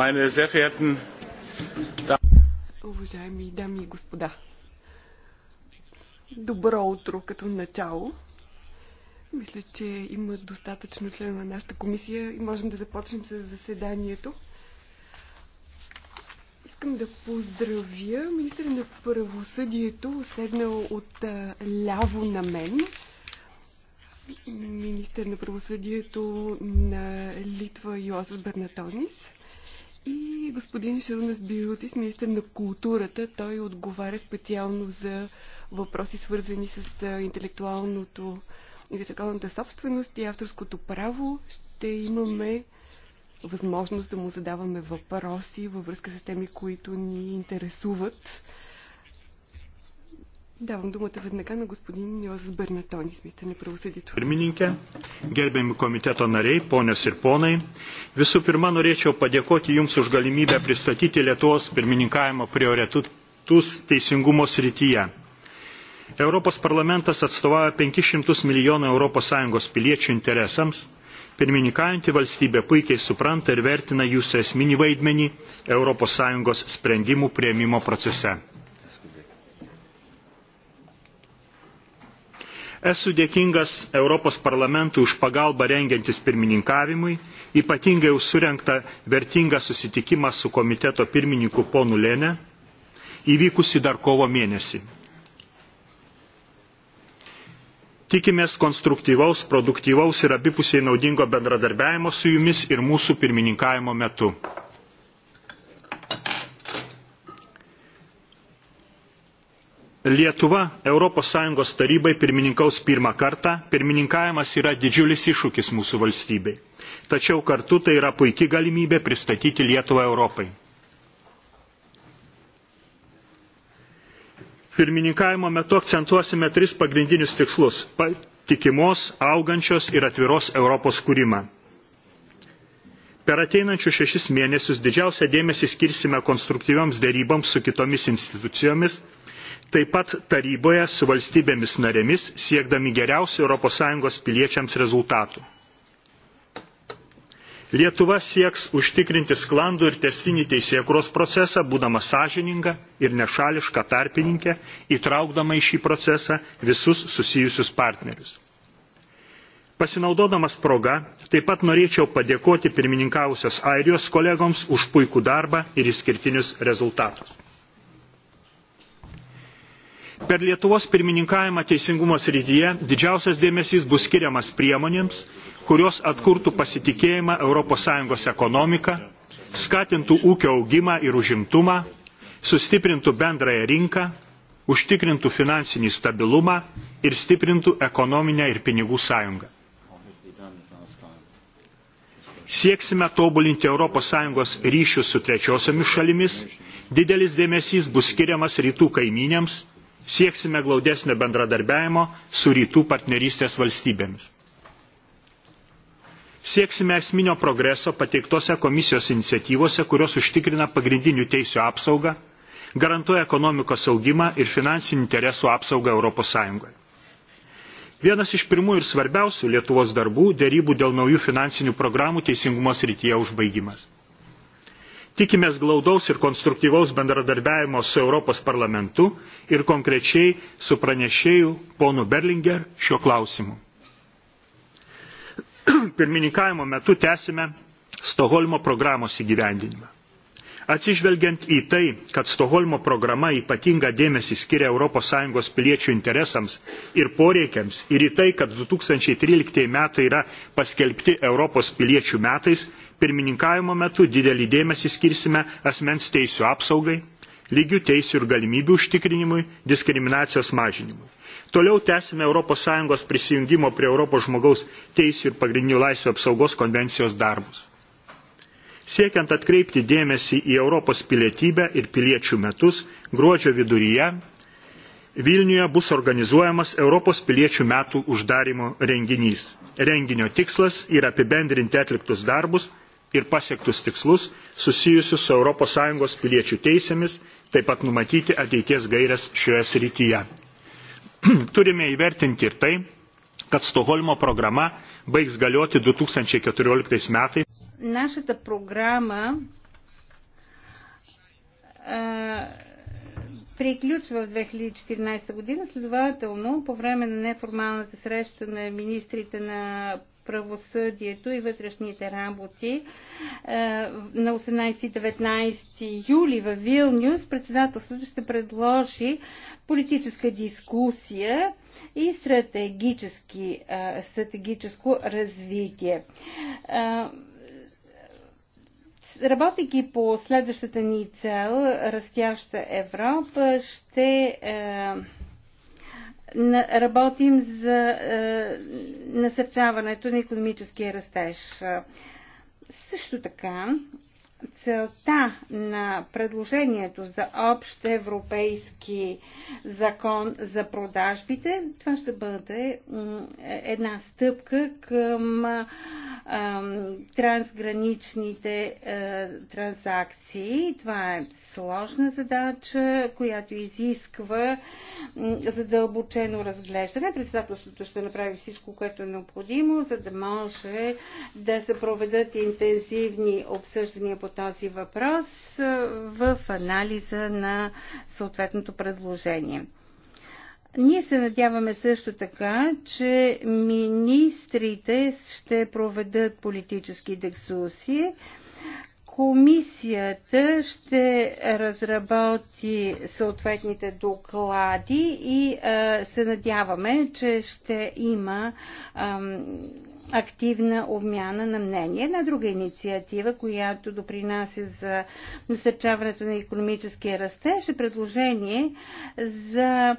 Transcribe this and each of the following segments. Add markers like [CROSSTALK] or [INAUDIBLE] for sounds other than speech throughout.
meine sehr verehrten Уважаеми дами и господа, добро утро като начало. Мисля, че има достатъчно членове на нашата комисия и можем да започнем с заседанието. Искам да поздравя министър на правосъдието, седнал от ляво на мен, министър на правосъдието на Литва Йосас Бернатонис и господин Шарунас Бирутис, министър на културата, той отговаря специално за въпроси свързани с интелектуалното интелектуалната собственост и авторското право. Ще имаме възможност да му задаваме въпроси във връзка с теми, които ни интересуват Давам думата веднага на господин Йозеф Бернатонис, министър на правосъдието. Pirmininkė, gerbiami komiteto nariai, ponios ir ponai, visų pirma norėčiau padėkoti Jums už galimybę pristatyti Lietuvos pirmininkavimo prioritetus teisingumo srityje. Europos parlamentas atstovauja 500 milijonų ES piliečių interesams. Pirmininkaujantį valstybę puikiai supranta ir vertina jūsų esminį vaidmenį ES sprendimų prieimimo procese Esu dėkingas Europos parlamentui už pagalbą rengiantis pirmininkavimui, ypatingai už surenktą vertingą susitikimą su komiteto pirmininku ponu Lėne, įvykusi dar kovo mėnesį. Tikimės konstruktyvaus, produktyvaus ir abipusiai naudingo bendradarbiavimo su jumis ir mūsų pirmininkavimo metu. Lietuva Europos Sąjungos tarybai pirmininkaus pirmą kartą. Pirmininkavimas yra didžiulis iššūkis mūsų valstybei. Tačiau kartu tai yra puiki galimybė pristatyti Lietuvą Europai. Pirmininkavimo metu akcentuosime tris pagrindinius tikslus – patikimos, augančios ir atviros Europos kūrimą. Per ateinančius šešis mėnesius didžiausią dėmesį skirsime konstruktyvioms dėryboms su kitomis institucijomis – taip pat taryboje su valstybėmis narėmis siekdami geriausių ES piliečiams rezultatų. Lietuva sieks užtikrinti sklandų ir testinį teisėkuros procesą, būdama sąžininga ir nešališka tarpininkė, įtraukdama į šį procesą visus susijusius partnerius. Pasinaudodamas proga, taip pat norėčiau padėkoti pirmininkavusios Airijos kolegoms už puikų darbą ir išskirtinius rezultatus. Per Lietuvos pirmininkavimą teisingumo srityje didžiausias dėmesys bus skiriamas priemonėms, kurios atkurtų pasitikėjimą ES ekonomiką, skatintų ūkio augimą ir užimtumą, sustiprintų bendrąją rinką, užtikrintų finansinį stabilumą ir stiprintų ekonominę ir pinigų sąjungą. Sieksime tobulinti ES ryšius su trečiosiomis šalimis, didelis dėmesys bus skiriamas rytų kaimynėms sieksime glaudesnio bendradarbiajimo su rytų partnerystės valstybėmis. Sieksime esminio progreso pateiktose komisijos iniciatyvose, kurios užtikrina pagrindinių teisų apsaugą, garantuoja ekonomikos augimą ir finansinių interesų apsaugą Europos Sąjungoje. Vienas iš pirmųjų ir svarbiausių Lietuvos darbų dėrybų dėl naujų finansinių programų teisingumo srityje užbaigimas tikimės glaudaus ir konstruktyvaus bendradarbiavimo su Europos parlamentu ir konkrečiai su pranešėju ponu Berlinger šiuo klausimu. Pirmininkavimo metu tęsime Stoholmo programos įgyvendinimą. Atsižvelgiant į tai, kad Stoholmo programa ypatingą dėmesį skiria ES piliečių interesams ir poreikiams ir į tai, kad 2013 metai yra paskelbti Europos piliečių metais, pirmininkavimo metu didelį dėmesį skirsime asmens teisų apsaugai, lygių teisų ir galimybių užtikrinimui, diskriminacijos mažinimui. Toliau tęsime ES prisijungimo prie Europos žmogaus teisų ir pagrindinių laisvių apsaugos konvencijos darbus. Siekiant atkreipti dėmesį į Europos pilietybę ir piliečių metus, gruodžio viduryje Vilniuje bus organizuojamas Europos piliečių metų uždarimo renginys. Renginio tikslas yra apibendrinti atliktus darbus ir pasiektus tikslus susijusius su ES piliečių teisėmis, taip pat numatyti ateities gairias šioje srityje. Turime įvertinti ir tai, kad Stoholmo programa baigs galioti 2014 metais. Нашата програма приключва в 2014 година, следователно по време на неформалната среща на министрите на правосъдието и вътрешните работи е, на 18 и 19 юли в Вилнюс председателството ще предложи политическа дискусия и стратегически, е, стратегическо развитие. Е, работейки по следващата ни цел, растяща Европа, ще работим за е, насърчаването на економическия растеж. Също така целта на предложението за общ европейски закон за продажбите, това ще бъде една стъпка към трансграничните е, транзакции. Това е сложна задача, която изисква задълбочено разглеждане. Председателството ще направи всичко, което е необходимо, за да може да се проведат интензивни обсъждания по този въпрос в анализа на съответното предложение. Ние се надяваме също така, че министрите ще проведат политически дискусии. Комисията ще разработи съответните доклади и а, се надяваме, че ще има активна обмяна на мнение. Една друга инициатива, която допринася за насърчаването на економическия растеж е предложение за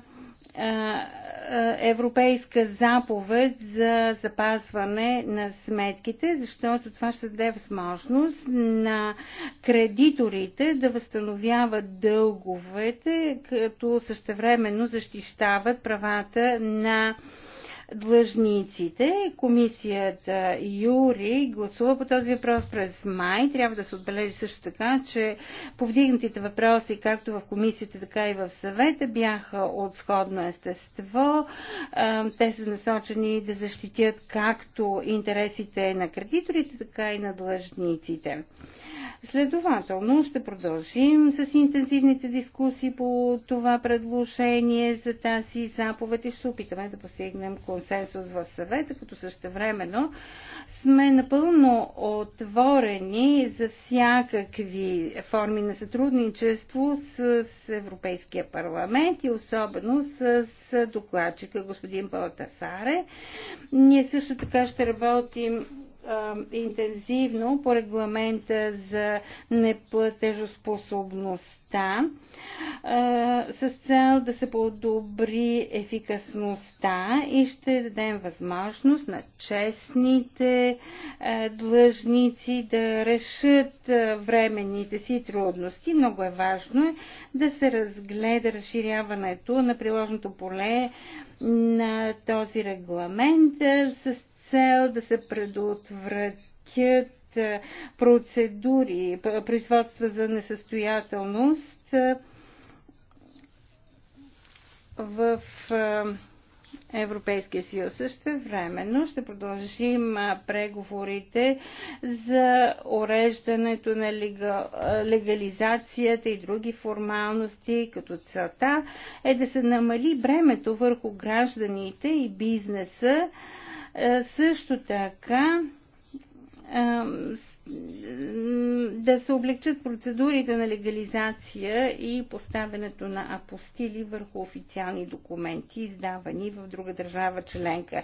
европейска заповед за запазване на сметките, защото това ще даде възможност на кредиторите да възстановяват дълговете, като същевременно защищават правата на длъжниците. Комисията Юри гласува по този въпрос през май. Трябва да се отбележи също така, че повдигнатите въпроси, както в комисията, така и в съвета, бяха от сходно естество. Те са насочени да защитят както интересите на кредиторите, така и на длъжниците. Следователно ще продължим с интензивните дискусии по това предложение за тази заповед и ще опитаме да постигнем консенсус в съвета, като същевременно сме напълно отворени за всякакви форми на сътрудничество с Европейския парламент и особено с докладчика господин Балтасаре. Ние също така ще работим интензивно по регламента за неплатежоспособността с цел да се подобри ефикасността и ще дадем възможност на честните длъжници да решат временните си трудности. Много е важно е да се разгледа разширяването на приложното поле на този регламент с цел да се предотвратят е, процедури, производства за несъстоятелност е, в е, Европейския съюз. Също времено ще продължим преговорите за уреждането на легализацията и други формалности, като целта е да се намали бремето върху гражданите и бизнеса е, също така е, да се облегчат процедурите на легализация и поставянето на апостили върху официални документи, издавани в друга държава членка.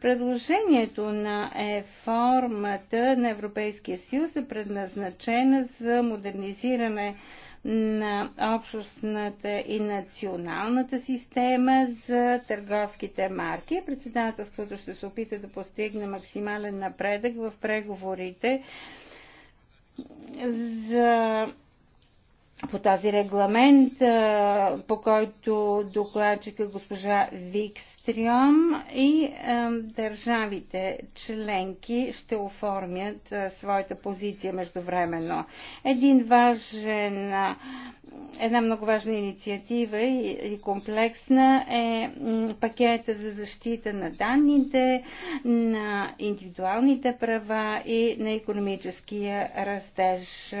Предложението на реформата на Европейския съюз е предназначена за модернизиране на общностната и националната система за търговските марки. Председателството ще се опита да постигне максимален напредък в преговорите за по този регламент, по който докладчика госпожа Викстрюм и държавите членки ще оформят своята позиция междувременно. Един важен, една много важна инициатива и комплексна е пакета за защита на данните, на индивидуалните права и на економическия растеж.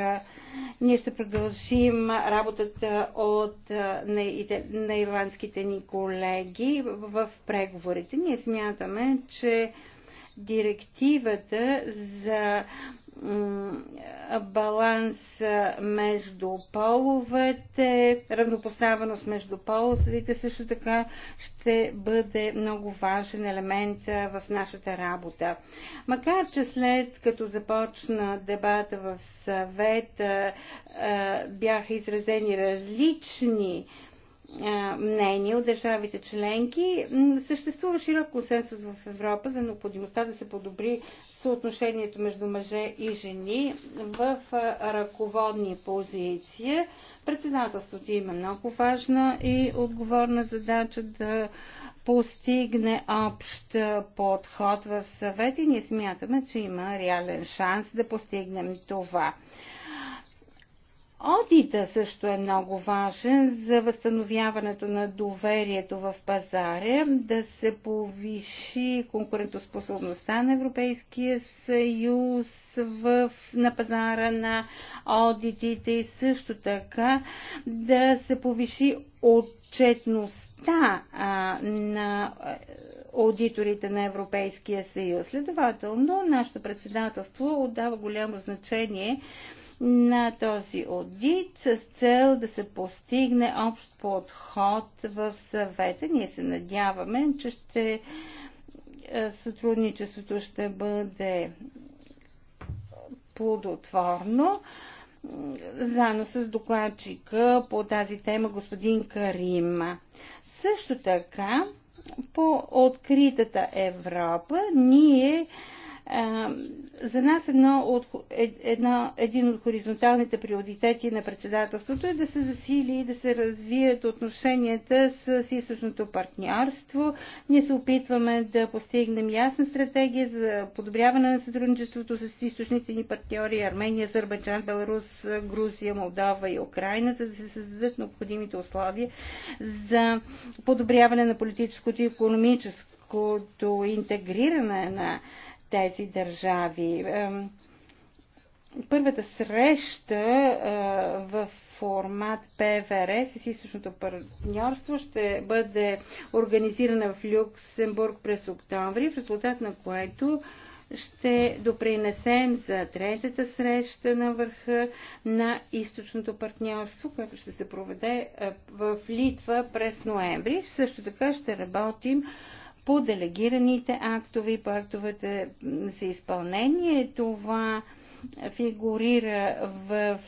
Ние ще продължим работата от, на, на ирландските ни колеги в преговорите. Ние смятаме, че директивата за баланс между половете, равнопоставеност между половете също така ще бъде много важен елемент в нашата работа. Макар, че след като започна дебата в съвета бяха изразени различни мнение от държавите членки. Съществува широк консенсус в Европа за необходимостта да се подобри съотношението между мъже и жени в ръководни позиции. Председателството има много важна и отговорна задача да постигне общ подход в съвет и ние смятаме, че има реален шанс да постигнем това. Одита също е много важен за възстановяването на доверието в пазаря, да се повиши конкурентоспособността на Европейския съюз в, на пазара на одитите и също така да се повиши отчетността а, на аудиторите на Европейския съюз. Следователно, нашето председателство отдава голямо значение на този одит с цел да се постигне общ подход в съвета. Ние се надяваме, че ще е, сътрудничеството ще бъде плодотворно. Заедно с докладчика по тази тема господин Карим. Също така, по откритата Европа ние за нас едно от, едно, един от хоризонталните приоритети на председателството е да се засили и да се развият отношенията с източното партньорство. Ние се опитваме да постигнем ясна стратегия за подобряване на сътрудничеството с източните ни партньори Армения, Азербайджан, Беларус, Грузия, Молдова и Украина, за да се създадат необходимите условия за подобряване на политическото и економическото интегриране на тези държави. Първата среща е, в формат ПВР с източното партньорство ще бъде организирана в Люксембург през октомври, в резултат на което ще допринесем за третата среща на върха на източното партньорство, което ще се проведе е, в Литва през ноември. Също така ще работим по делегираните актове и по актовете за изпълнение. Това фигурира в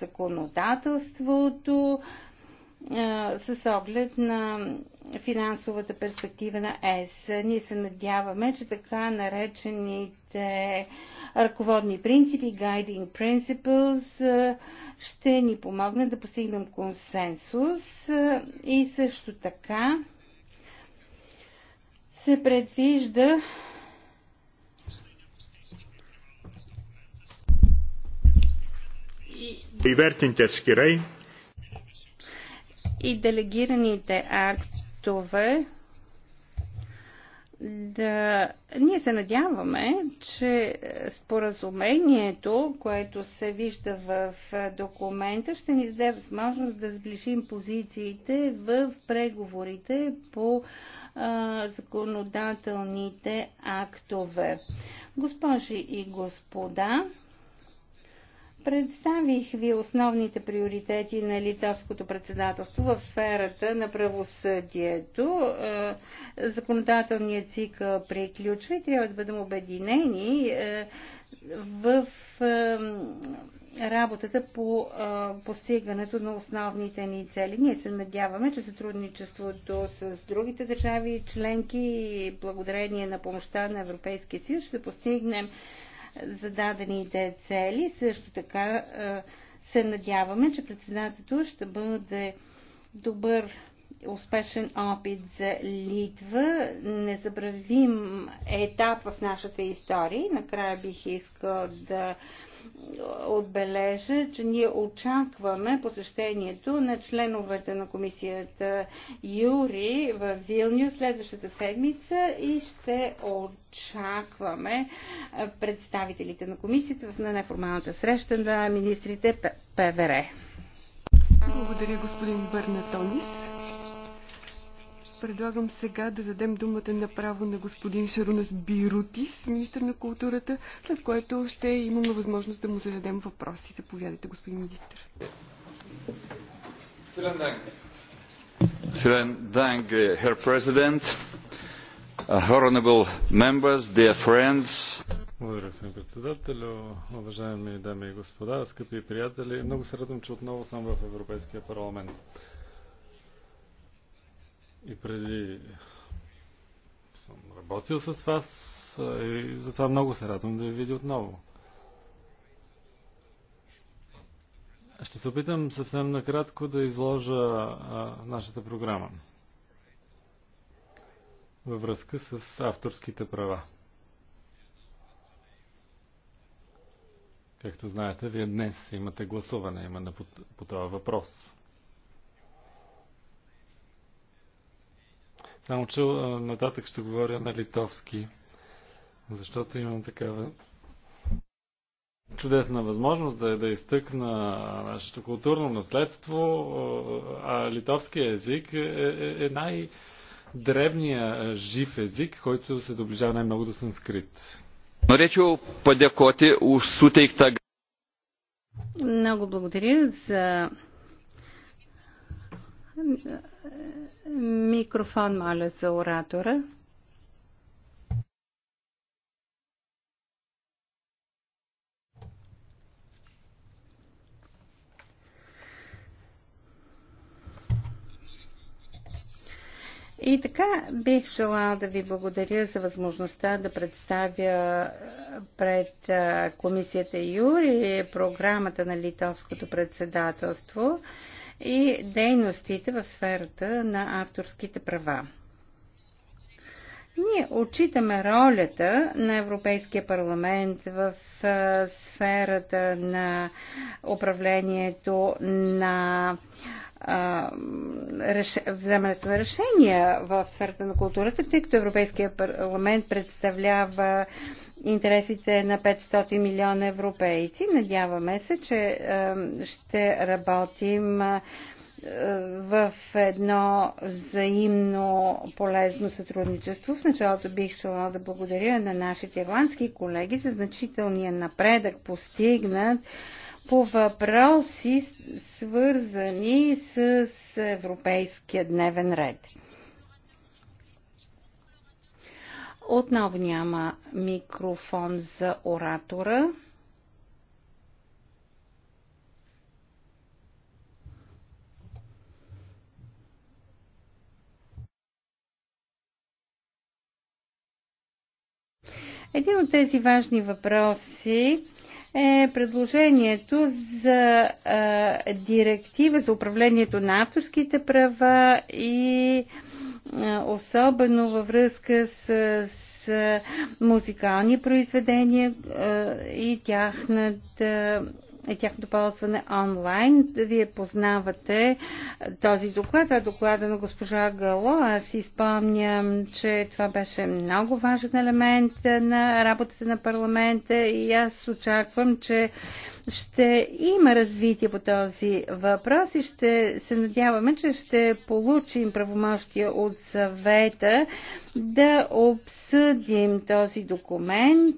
законодателството с оглед на финансовата перспектива на ЕС. Ние се надяваме, че така наречените ръководни принципи, guiding principles, ще ни помогнат да постигнем консенсус и също така се предвижда и делегираните актове да... Ние се надяваме, че споразумението, което се вижда в документа, ще ни даде възможност да сближим позициите в преговорите по а, законодателните актове. Госпожи и господа, Представих ви основните приоритети на литовското председателство в сферата на правосъдието. Е, законодателният цикъл приключва и трябва да бъдем обединени е, в е, работата по постигането на основните ни цели. Ние се надяваме, че сътрудничеството с другите държави членки и благодарение на помощта на Европейския съюз ще постигнем зададените цели. Също така е, се надяваме, че председателството ще бъде добър успешен опит за Литва, незабравим етап в нашата история. Накрая бих искал да отбележа, че ние очакваме посещението на членовете на комисията Юри в Вилнюс следващата седмица и ще очакваме представителите на комисията на неформалната среща на министрите ПВР. Благодаря, господин Бърнатонис. Предлагам сега да задем думата направо на господин Шарунас Бирутис, министр на културата, след което ще имаме възможност да му зададем въпроси. Заповядайте, господин министр. Vielen Dank, Herr Präsident, honorable members, dear friends. Благодаря, господин председател. Уважаеми дами и господа, скъпи приятели, много се радвам, че отново съм в Европейския парламент. И преди съм работил с вас и затова много се радвам да ви видя отново. Ще се опитам съвсем накратко да изложа а, нашата програма във връзка с авторските права. Както знаете, вие днес имате гласуване, има по, по това въпрос. Само че нататък ще говоря на литовски, защото имам такава чудесна възможност да, да изтъкна нашето културно наследство, а литовския език е, е, е най-древния жив език, който се доближава най-много до санскрит. уж сутейкта. Много благодаря за Микрофон, моля, за оратора. И така бих желала да ви благодаря за възможността да представя пред комисията Юри програмата на литовското председателство и дейностите в сферата на авторските права. Ние отчитаме ролята на Европейския парламент в сферата на управлението на вземането на решения в сферата на културата, тъй като Европейския парламент представлява интересите на 500 милиона европейци. Надяваме се, че ще работим в едно взаимно полезно сътрудничество. В началото бих желала да благодаря на нашите ирландски колеги за значителния напредък постигнат по въпроси, свързани с европейския дневен ред. Отново няма микрофон за оратора. Един от тези важни въпроси е предложението за а, директива за управлението на авторските права и а, особено във връзка с, с музикални произведения а, и тяхната и тяхното ползване онлайн. Вие познавате този доклад, това е доклада на госпожа Гало. Аз си спомням, че това беше много важен елемент на работата на парламента и аз очаквам, че ще има развитие по този въпрос и ще се надяваме, че ще получим правомощия от съвета да обсъдим този документ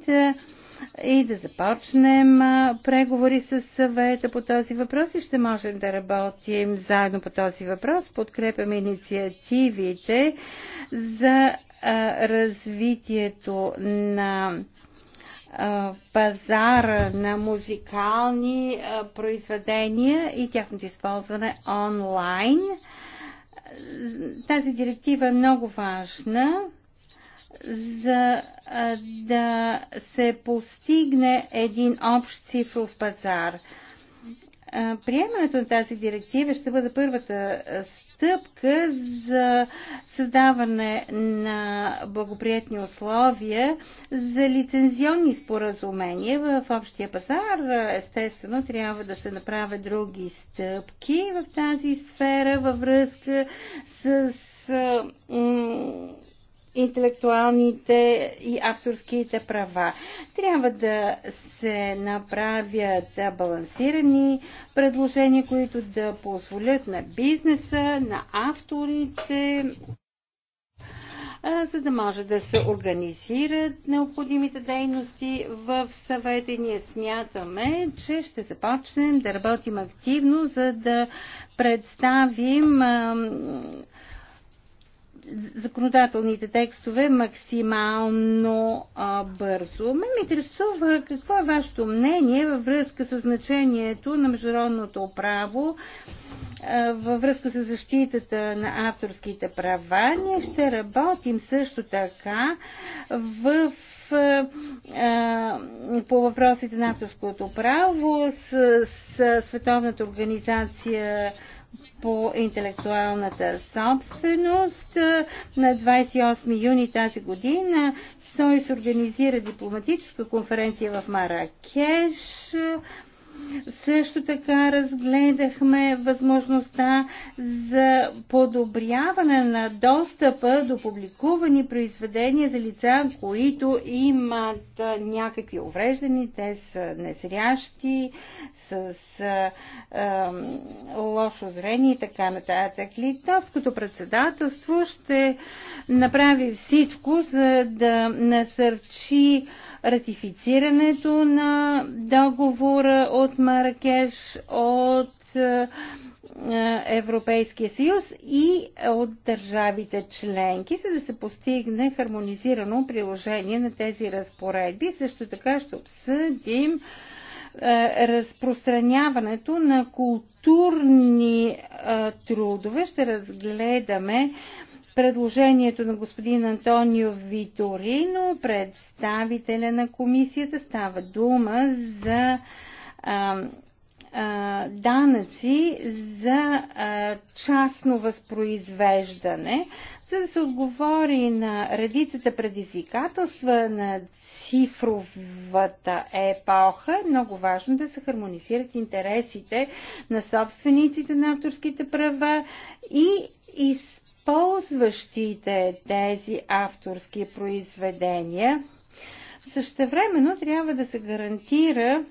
и да започнем преговори с съвета по този въпрос и ще можем да работим заедно по този въпрос. Подкрепяме инициативите за развитието на пазара на музикални произведения и тяхното използване онлайн. Тази директива е много важна за да се постигне един общ цифров пазар. Приемането на тази директива ще бъде първата стъпка за създаване на благоприятни условия за лицензионни споразумения в общия пазар. Естествено, трябва да се направят други стъпки в тази сфера във връзка с интелектуалните и авторските права. Трябва да се направят балансирани предложения, които да позволят на бизнеса, на авторите, за да може да се организират необходимите дейности в съвета ние смятаме, че ще започнем да работим активно, за да представим законодателните текстове максимално а, бързо. Ме ми интересува какво е вашето мнение във връзка с значението на международното право, а, във връзка с защитата на авторските права. Ние ще работим също така в по въпросите на авторското право с, с Световната организация по интелектуалната собственост. На 28 юни тази година СОИС организира дипломатическа конференция в Маракеш също така разгледахме възможността за подобряване на достъпа до публикувани произведения за лица, които имат някакви увреждани, те са незрящи, с а, лошо зрение и така нататък. Литовското председателство ще направи всичко, за да насърчи ратифицирането на договора от Маракеш от е, е, Европейския съюз и от държавите членки, за да се постигне хармонизирано приложение на тези разпоредби. Също така ще обсъдим е, разпространяването на културни трудове. Ще разгледаме предложението на господин Антонио Виторино, представителя на комисията, става дума за а, а, данъци за а, частно възпроизвеждане, за да се отговори на редицата предизвикателства на цифровата епоха, е много важно да се хармонизират интересите на собствениците на авторските права и из ползващите тези авторски произведения. Същевременно трябва да се гарантира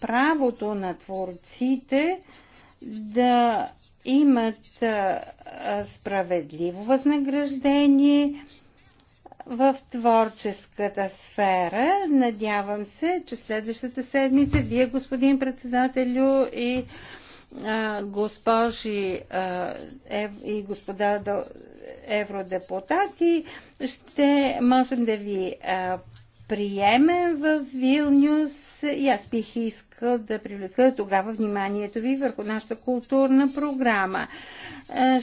правото на творците да имат справедливо възнаграждение в творческата сфера. Надявам се, че следващата седмица вие, господин председателю, и госпожи и господа евродепутати, ще можем да ви приемем в Вилнюс и аз бих искал да привлека тогава вниманието ви върху нашата културна програма.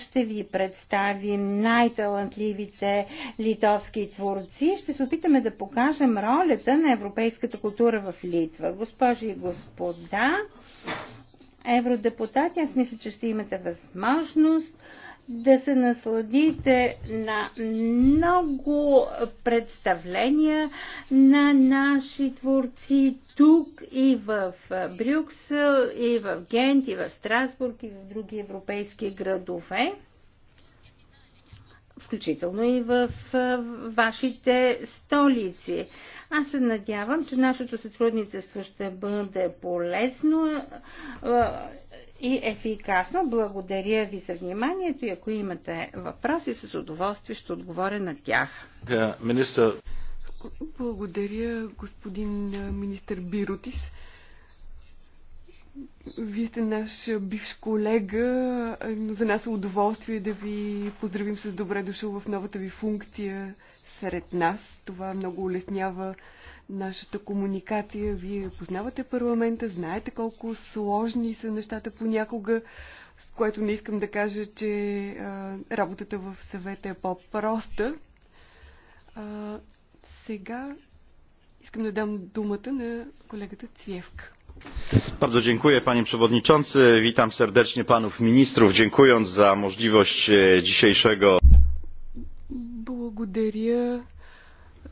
Ще ви представим най-талантливите литовски творци. Ще се опитаме да покажем ролята на европейската култура в Литва. Госпожи и господа, евродепутати. Аз мисля, че ще имате възможност да се насладите на много представления на наши творци тук и в Брюксел, и в Гент, и в Страсбург, и в други европейски градове, включително и в вашите столици. Аз се надявам, че нашето сътрудничество ще бъде полезно и ефикасно. Благодаря ви за вниманието и ако имате въпроси, с удоволствие ще отговоря на тях. Е, министър. Благодаря, господин министър Биротис. Вие сте наш бивш колега, но за нас е удоволствие да ви поздравим с добре дошъл в новата ви функция сред нас. Това много улеснява нашата комуникация. Вие познавате парламента, знаете колко сложни са нещата понякога, с което не искам да кажа, че а, работата в съвета е по-проста. сега искам да дам думата на колегата Цвевка. Bardzo dziękuję panie przewodniczący. Witam serdecznie panów ministrów, dziękując za możliwość e, dzisiejszego благодаря,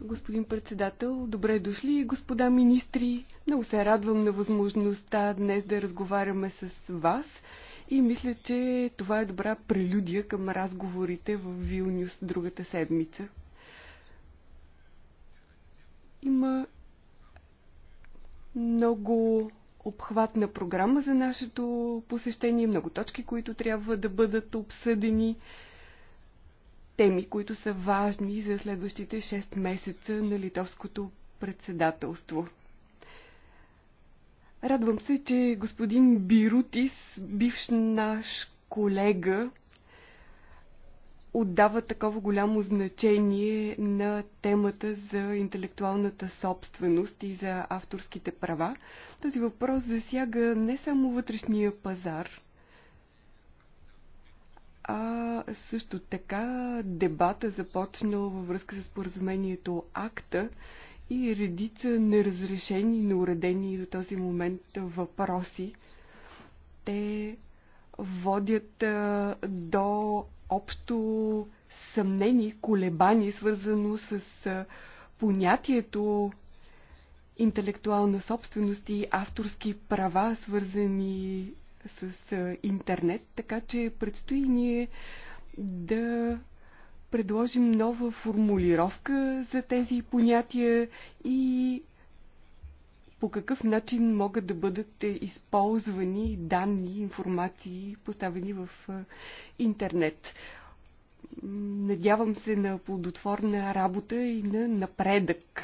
господин председател. Добре дошли, господа министри. Много се радвам на възможността днес да разговаряме с вас и мисля, че това е добра прелюдия към разговорите в Вилнюс другата седмица. Има много обхватна програма за нашето посещение, много точки, които трябва да бъдат обсъдени теми, които са важни за следващите 6 месеца на литовското председателство. Радвам се, че господин Бирутис, бивш наш колега, отдава такова голямо значение на темата за интелектуалната собственост и за авторските права. Този въпрос засяга не само вътрешния пазар, а също така дебата започна във връзка с поразумението АКТА и редица неразрешени, неуредени до този момент въпроси. Те водят до общо съмнени, колебани, свързано с понятието интелектуална собственост и авторски права, свързани с а, интернет, така че предстои ние да предложим нова формулировка за тези понятия и по какъв начин могат да бъдат е, използвани данни, информации, поставени в интернет. Надявам се на плодотворна работа и на напредък.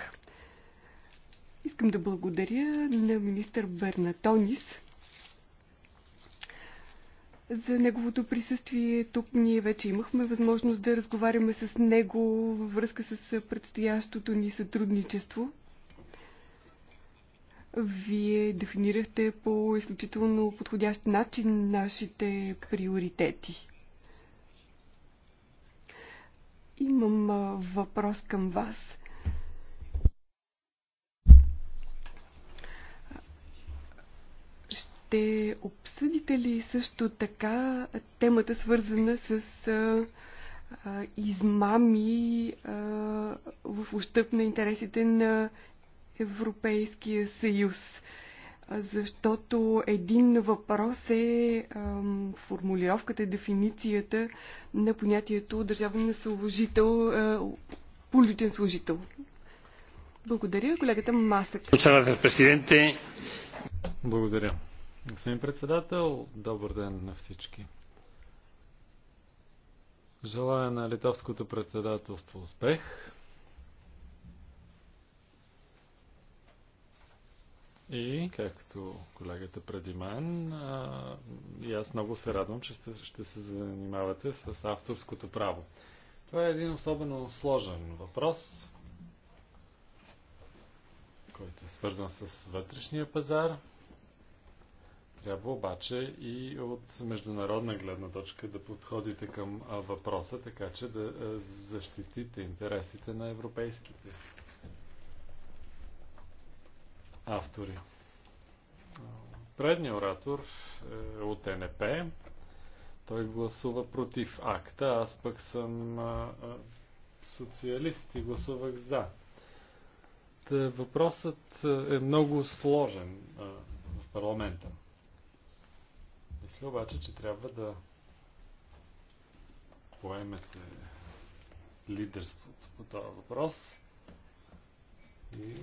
Искам да благодаря на министър Бернатонис за неговото присъствие тук. Ние вече имахме възможност да разговаряме с него във връзка с предстоящото ни сътрудничество. Вие дефинирахте по изключително подходящ начин нашите приоритети. Имам въпрос към вас. Ще обсъдите ли също така темата свързана с а, а, измами а, в ущъп на интересите на Европейския съюз? Защото един въпрос е а, формулировката, дефиницията на понятието държавен служител, а, публичен служител. Благодаря, колегата Масък. Благодаря. Господин председател, добър ден на всички. Желая на литовското председателство успех и, както колегата преди мен, а, и аз много се радвам, че ще, ще се занимавате с авторското право. Това е един особено сложен въпрос, който е свързан с вътрешния пазар – трябва обаче и от международна гледна точка да подходите към въпроса, така че да защитите интересите на европейските автори. Предният оратор е от НП. Той гласува против акта, аз пък съм социалист и гласувах за. въпросът е много сложен в парламента. Мисля обаче, че трябва да поемете лидерството по този въпрос и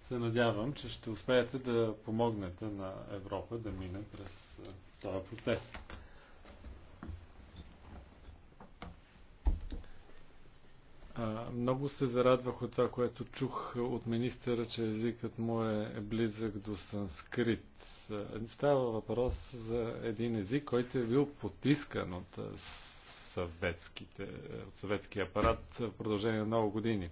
се надявам, че ще успеете да помогнете на Европа да мине през е, този процес. А, много се зарадвах от това, което чух от министъра, че езикът му е близък до санскрит. Става въпрос за един език, който е бил потискан от, съветските, от съветския апарат в продължение на много години.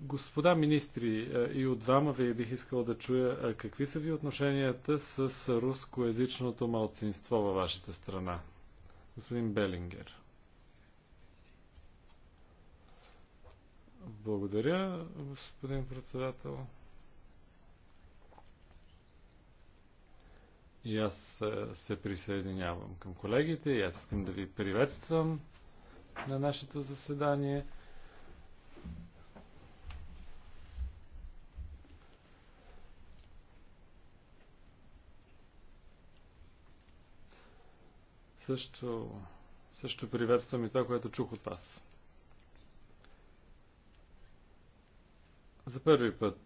Господа министри, и от двама ви бих искал да чуя какви са ви отношенията с рускоязичното малцинство във вашата страна. Господин Белингер. Благодаря, господин председател. И аз е, се присъединявам към колегите и аз искам да ви приветствам на нашето заседание. Също, също приветствам и това, което чух от вас. За първи път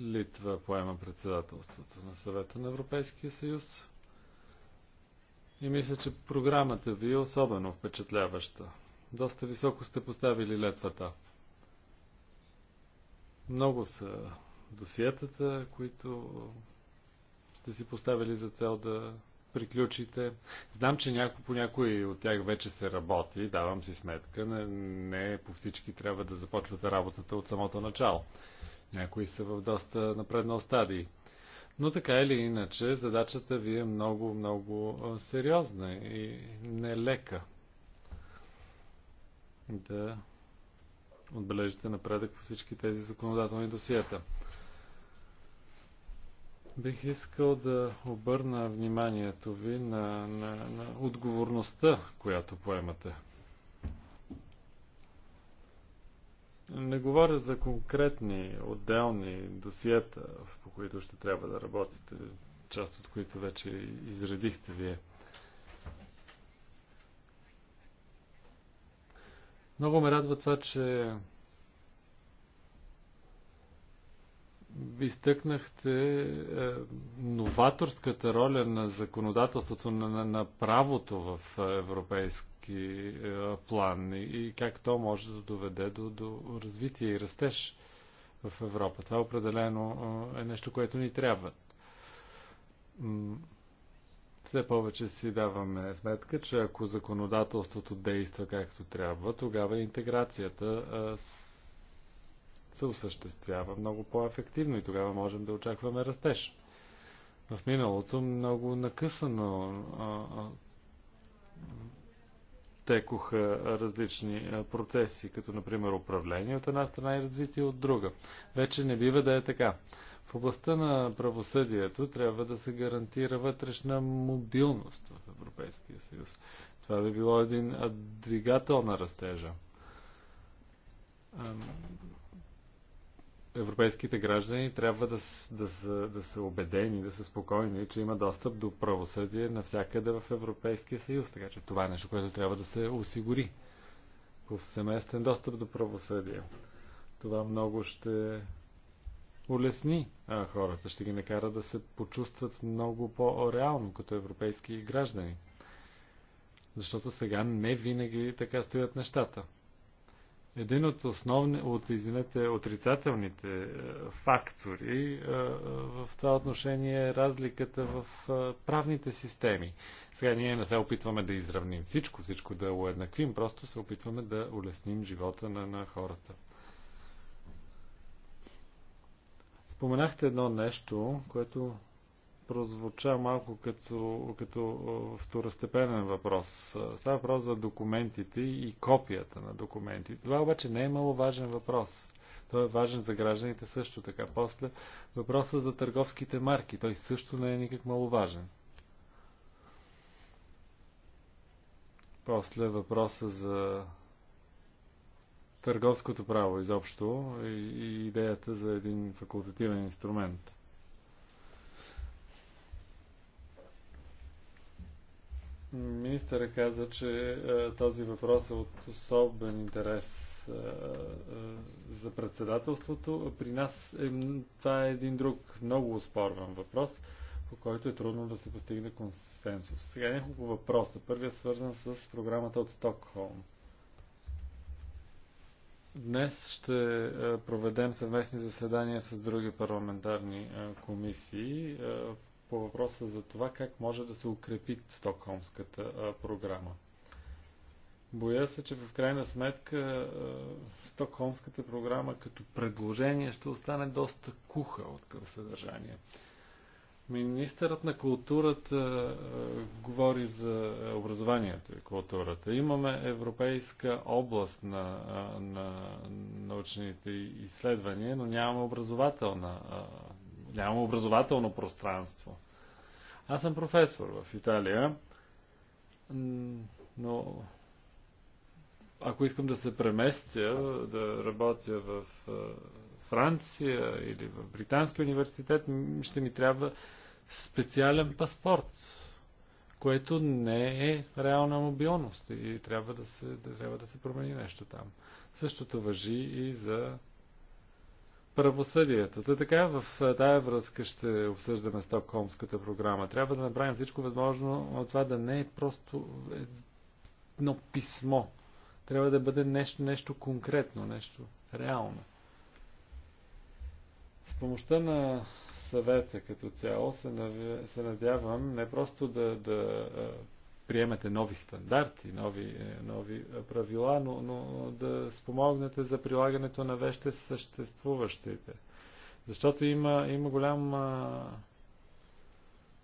Литва поема председателството на съвета на Европейския съюз. И мисля, че програмата ви е особено впечатляваща. Доста високо сте поставили летвата. Много са досиетата, които сте си поставили за цел да приключите. Знам, че няко, по някои от тях вече се работи, давам си сметка. Не, не по всички трябва да започвате работата от самото начало. Някои са в доста напреднал стадии. Но така или иначе, задачата ви е много, много сериозна и нелека. Да отбележите напредък по всички тези законодателни досиета. Бих искал да обърна вниманието ви на, на, на отговорността, която поемате. Не говоря за конкретни, отделни досиета, по които ще трябва да работите, част от които вече изредихте вие. Много ме радва това, че изтъкнахте е, новаторската роля на законодателството, на, на, на правото в европейски е, план и, и как то може да доведе до, до развитие и растеж в Европа. Това определено е, е нещо, което ни трябва. Все повече си даваме сметка, че ако законодателството действа както трябва, тогава интеграцията е, се осъществява много по-ефективно и тогава можем да очакваме растеж. В миналото много накъсано а, а, текоха различни процеси, като например управление от една страна и развитие от друга. Вече не бива да е така. В областта на правосъдието трябва да се гарантира вътрешна мобилност в Европейския съюз. Това би било един двигател на растежа европейските граждани трябва да, да, са, да са убедени, да са спокойни, че има достъп до правосъдие навсякъде в Европейския съюз. Така че това е нещо, което трябва да се осигури. Повсеместен достъп до правосъдие. Това много ще улесни а, хората, ще ги накара да се почувстват много по-реално като европейски граждани. Защото сега не винаги така стоят нещата един от основни, от, извинете, отрицателните е, фактори е, е, в това отношение е разликата в правните системи. Сега ние не се опитваме да изравним всичко, всичко да уеднаквим, просто се опитваме да улесним живота на, на хората. Споменахте едно нещо, което прозвуча малко като, като второстепенен въпрос. Става въпрос за документите и копията на документите. Това обаче не е много важен въпрос. Той е важен за гражданите също така. После въпроса за търговските марки. Той също не е никак маловажен. После въпроса за търговското право изобщо и идеята за един факултативен инструмент. Министъра каза, че е, този въпрос е от особен интерес е, е, за председателството. При нас е, това е един друг много спорван въпрос, по който е трудно да се постигне консенсус. Сега е няколко въпроса. Първият е свързан с програмата от Стокхолм. Днес ще проведем съвместни заседания с други парламентарни комисии по въпроса за това как може да се укрепи Стокхолмската програма. Боя се, че в крайна сметка Стокхолмската програма като предложение ще остане доста куха от към съдържание. Министърът на културата а, говори за образованието и културата. Имаме европейска област на, а, на научните изследвания, но нямаме образователна а, Нямам образователно пространство. Аз съм професор в Италия, но ако искам да се преместя, да работя в Франция или в Британски университет, ще ми трябва специален паспорт, което не е реална мобилност и трябва да се, да, трябва да се промени нещо там. Същото въжи и за правосъдието. Та така, в тая връзка ще обсъждаме Стокхолмската програма. Трябва да направим всичко възможно, но това да не е просто едно писмо. Трябва да бъде нещо, нещо конкретно, нещо реално. С помощта на съвета като цяло се, надявам не просто да, да приемете нови стандарти, нови, е, нови е, правила, но, но да спомогнете за прилагането на вещите съществуващите. Защото има, има голяма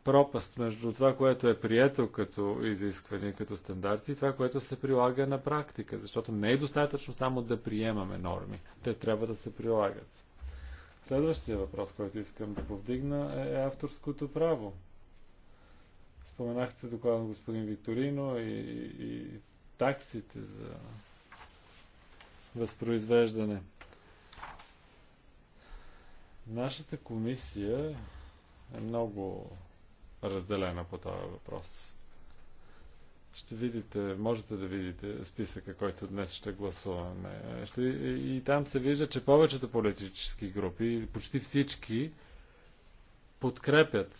пропаст между това, което е прието като изискване, като стандарти и това, което се прилага на практика. Защото не е достатъчно само да приемаме норми. Те трябва да се прилагат. Следващия въпрос, който искам да повдигна е авторското право. Споменахте доклада на господин Викторино и, и таксите за възпроизвеждане. Нашата комисия е много разделена по този въпрос. Ще видите, можете да видите списъка, който днес ще гласуваме. Ще, и, и там се вижда, че повечето политически групи, почти всички, подкрепят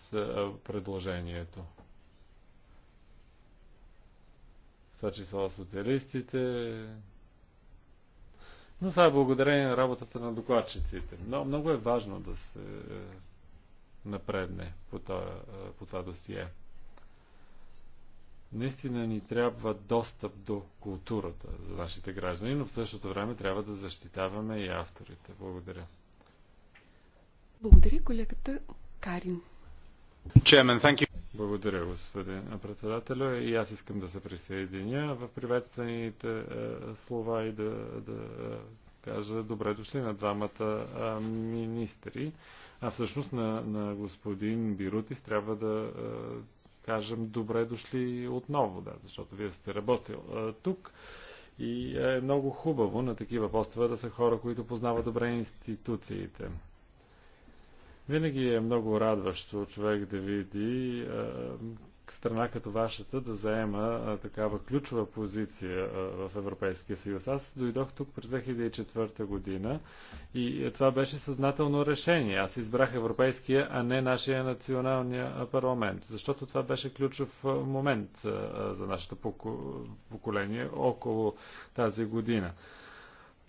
предложението. това число социалистите. Но това е благодарение на работата на докладчиците. Но много е важно да се е, напредне по това, е, по това досие. Наистина ни трябва достъп до културата за нашите граждани, но в същото време трябва да защитаваме и авторите. Благодаря. Благодаря колегата Карин. Благодаря, господин председател, И аз искам да се присъединя в приветствените е, слова и да, да е, кажа добре дошли на двамата е, министри. А всъщност на, на господин Бирутис трябва да кажем добре дошли отново, да, защото вие сте работил тук. И е много хубаво на такива постове да са хора, които познават добре институциите. Винаги е много радващо човек да види а, страна като вашата да заема а, такава ключова позиция а, в Европейския съюз. Аз дойдох тук през 2004 година и е, това беше съзнателно решение. Аз избрах Европейския, а не нашия националния парламент, защото това беше ключов момент а, за нашето поколение около тази година.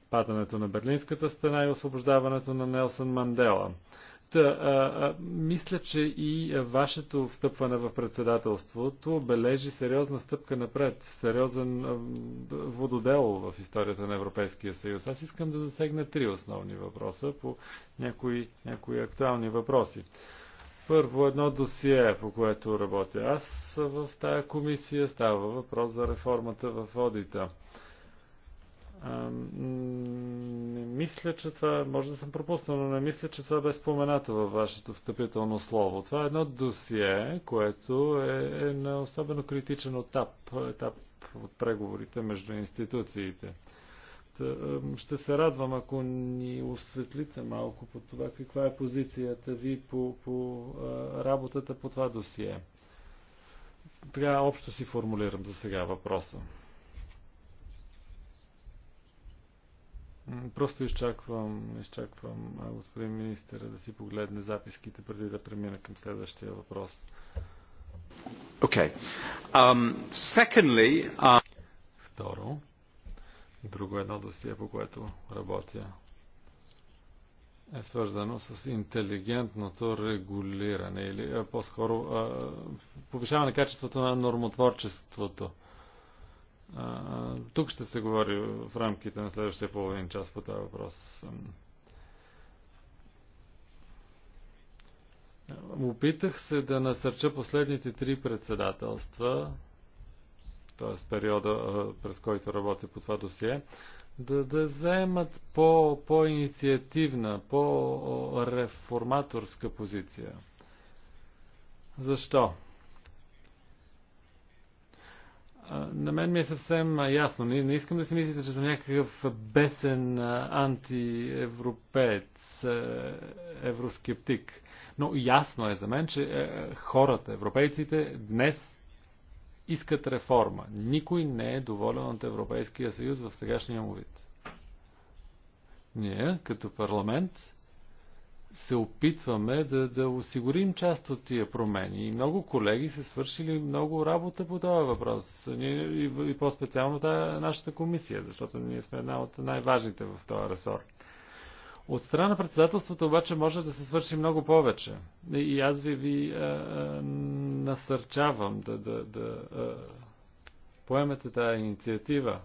Падането на Берлинската стена и освобождаването на Нелсън Мандела – Та, а, а, мисля, че и вашето встъпване в председателството бележи сериозна стъпка напред, сериозен а, вододел в историята на Европейския съюз. Аз искам да засегна три основни въпроса по някои, някои актуални въпроси. Първо едно досие, по което работя аз в тая комисия, става въпрос за реформата в одита не мисля, че това, може да съм пропуснал, но не мисля, че това бе споменато във вашето встъпително слово. Това е едно досие, което е, е на особено критичен етап, етап от преговорите между институциите. ще се радвам, ако ни осветлите малко по това, каква е позицията ви по, по работата по това досие. Така общо си формулирам за сега въпроса. Просто изчаквам, изчаквам господин министър да си погледне записките преди да премина към следващия въпрос. Okay. Um, secondly, uh... Второ, друго едно досие, по което работя, е свързано с интелигентното регулиране или по-скоро повишаване качеството на нормотворчеството тук ще се говори в рамките на следващия половин час по този въпрос. Опитах се да насърча последните три председателства, т.е. периода, през който работя по това досие, да, да заемат по, по-инициативна, по-реформаторска позиция. Защо? на мен ми е съвсем ясно. Не, не искам да си мислите, че съм някакъв бесен антиевропеец, евроскептик. Но ясно е за мен, че хората, европейците, днес искат реформа. Никой не е доволен от Европейския съюз в сегашния му вид. Ние, като парламент, се опитваме да, да осигурим част от тия промени. И много колеги са свършили много работа по този въпрос. Ние, и, и по-специално да, нашата комисия, защото ние сме една от най-важните в този ресор. От страна на председателството обаче може да се свърши много повече. И аз ви, ви а, а, насърчавам да, да, да а, поемете тази инициатива.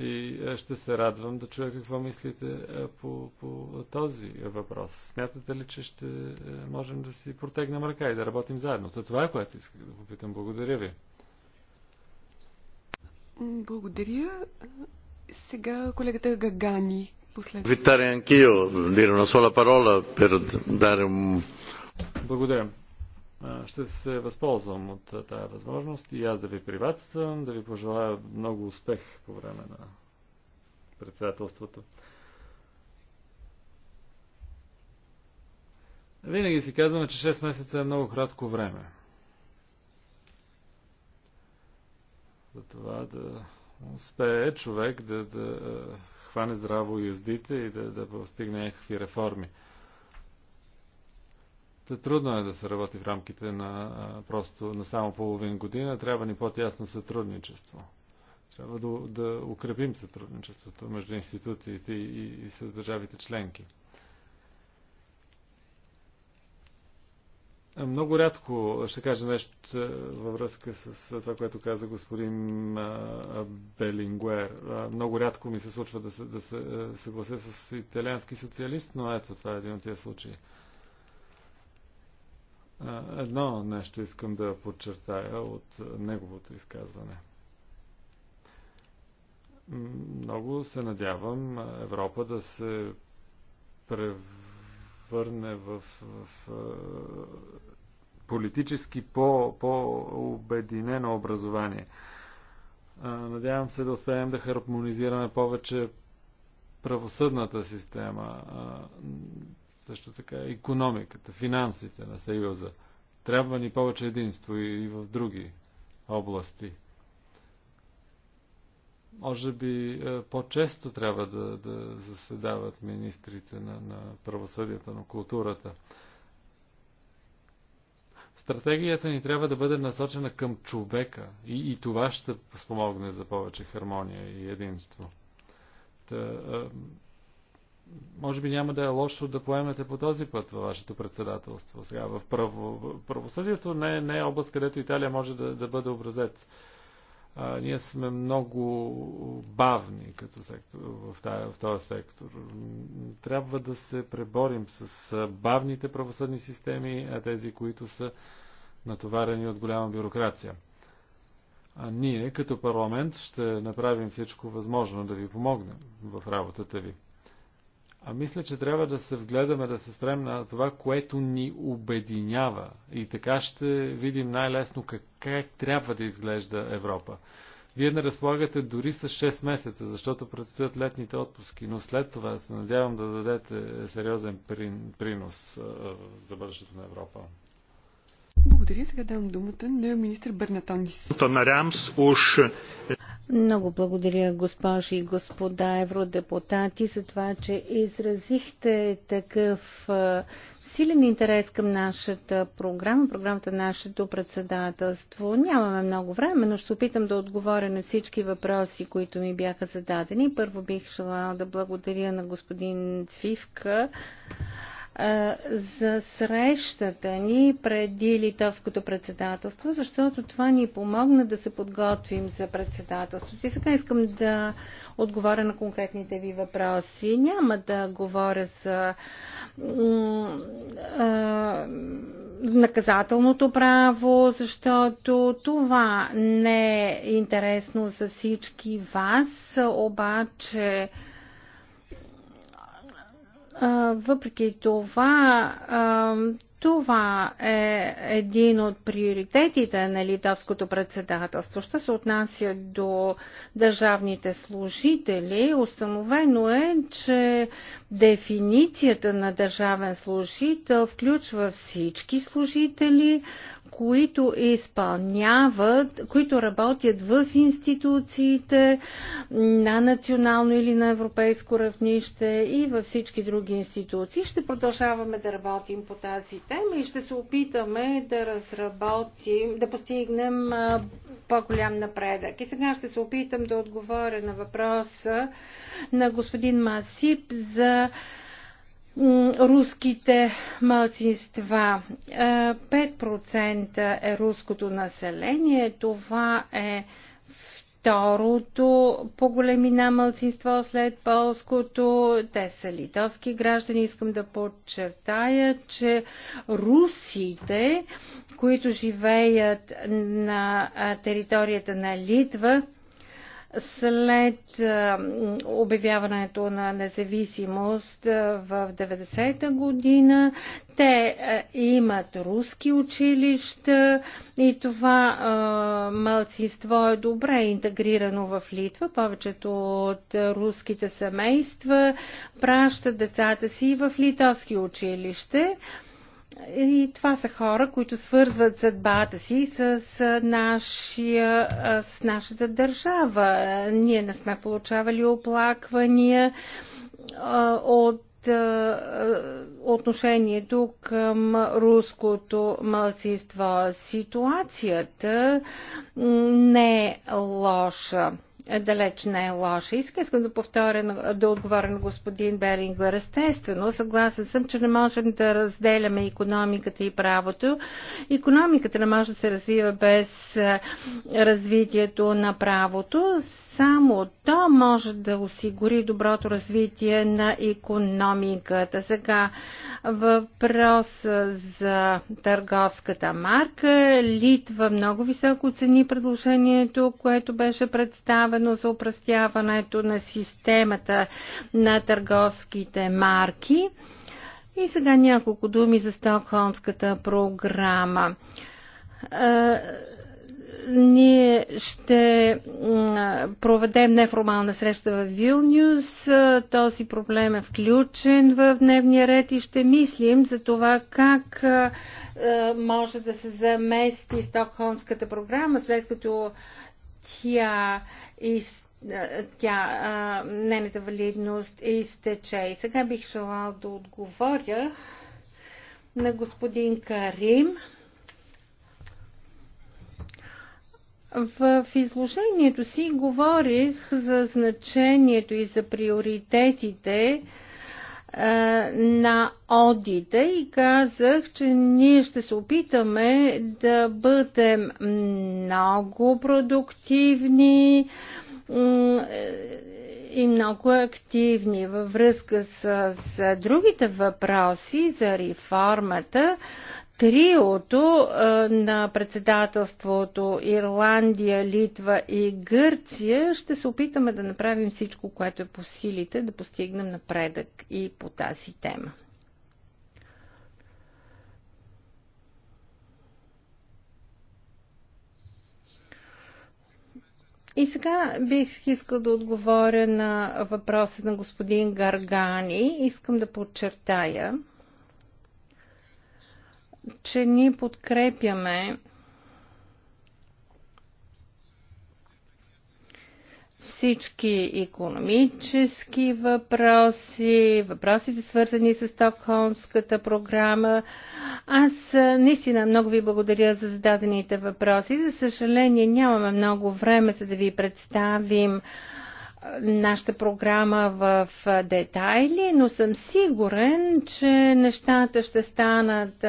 И е, ще се радвам да чуя какво мислите е, по, по този въпрос. Смятате ли, че ще е, можем да си протегнем ръка и да работим заедно? То това е което исках да попитам. Благодаря ви. Благодаря. Сега колегата Гагани. Последно. Витарен Кио, сола парола, пер дарем... Благодаря. Ще се възползвам от тази възможност и аз да ви приветствам, да ви пожелая много успех по време на председателството. Винаги си казваме, че 6 месеца е много кратко време. За това да успее човек да, да хване здраво юздите и да, да постигне някакви реформи. Та трудно е да се работи в рамките на просто на само половин година. Трябва ни по-тясно сътрудничество. Трябва да, да укрепим сътрудничеството между институциите и, и, и с държавите членки. Много рядко ще кажа нещо във връзка с това, което каза господин Белингуер. Много рядко ми се случва да се, да се съглася с италиански социалист, но ето това е един от тези случаи. Едно нещо искам да подчертая от неговото изказване. Много се надявам Европа да се превърне в, в политически по-обединено по образование. Надявам се да успеем да хармонизираме повече правосъдната система също така економиката, финансите на Съюза. Трябва ни повече единство и в други области. Може би е, по-често трябва да, да заседават министрите на, на правосъдието, на културата. Стратегията ни трябва да бъде насочена към човека и, и това ще спомогне за повече хармония и единство. Та, е, може би няма да е лошо да поемете по този път във вашето председателство. Сега в право, правосъдието не, не е област, където Италия може да, да бъде образец. А, ние сме много бавни като сектор, в, тая, в този сектор. Трябва да се преборим с бавните правосъдни системи, а тези, които са натоварени от голяма бюрокрация. А ние като парламент ще направим всичко възможно да ви помогнем в работата ви. А мисля, че трябва да се вгледаме, да се спрем на това, което ни обединява. И така ще видим най-лесно как, как трябва да изглежда Европа. Вие не разполагате дори с 6 месеца, защото предстоят летните отпуски, но след това се надявам да дадете сериозен принос за бъдещето на Европа. Благодаря. Сега давам думата на министр Бернатонис. Много благодаря, госпожи и господа евродепутати, за това, че изразихте такъв силен интерес към нашата програма, програмата на нашето председателство. Нямаме много време, но ще се опитам да отговоря на всички въпроси, които ми бяха зададени. Първо бих желала да благодаря на господин Цвивка за срещата ни преди литовското председателство, защото това ни помогна да се подготвим за председателството. И сега искам да отговоря на конкретните ви въпроси. Няма да говоря за наказателното право, защото това не е интересно за всички вас, обаче въпреки това, това е един от приоритетите на литовското председателство. Ще се отнася до държавните служители. Установено е, че дефиницията на държавен служител включва всички служители, които изпълняват, които работят в институциите на национално или на европейско равнище и във всички други институции. Ще продължаваме да работим по тази тема и ще се опитаме да разработим, да постигнем по-голям напредък. И сега ще се опитам да отговоря на въпроса на господин Масип за руските мълцинства. 5% е, е руското население. Това е второто по големина мълцинство след полското. Те са литовски граждани. Искам да подчертая, че русите, които живеят на територията на Литва, след обявяването на независимост в 90-та година. Те имат руски училища и това мълцинство е добре интегрирано в Литва. Повечето от руските семейства пращат децата си в литовски училище. И това са хора, които свързват съдбата си с, нашия, с нашата държава. Ние не сме получавали оплаквания от отношението към руското малцинство. Ситуацията не е лоша далеч не е лоша. Иска искам да повторя, да отговоря на господин Берингер. Естествено, съгласен съм, че не можем да разделяме економиката и правото. Економиката не може да се развива без е, развитието на правото. Само то може да осигури доброто развитие на економиката. Сега въпрос за търговската марка. Литва много високо цени предложението, което беше представено за упростяването на системата на търговските марки. И сега няколко думи за Стокхолмската програма е, ние ще проведем неформална среща в Вилнюс. Този проблем е включен в дневния ред и ще мислим за това как е, може да се замести Стокхолмската програма, след като тя из е, тя, е, а, валидност изтече. И сега бих желала да отговоря на господин Карим. В изложението си говорих за значението и за приоритетите е, на одита и казах, че ние ще се опитаме да бъдем много продуктивни и много активни във връзка с, с другите въпроси за реформата. Триото на председателството Ирландия, Литва и Гърция ще се опитаме да направим всичко, което е по силите, да постигнем напредък и по тази тема. И сега бих искал да отговоря на въпроса на господин Гаргани. Искам да подчертая, че ние подкрепяме всички економически въпроси, въпросите свързани с Стокхолмската програма. Аз наистина много ви благодаря за зададените въпроси. За съжаление нямаме много време, за да ви представим нашата програма в детайли, но съм сигурен, че нещата ще станат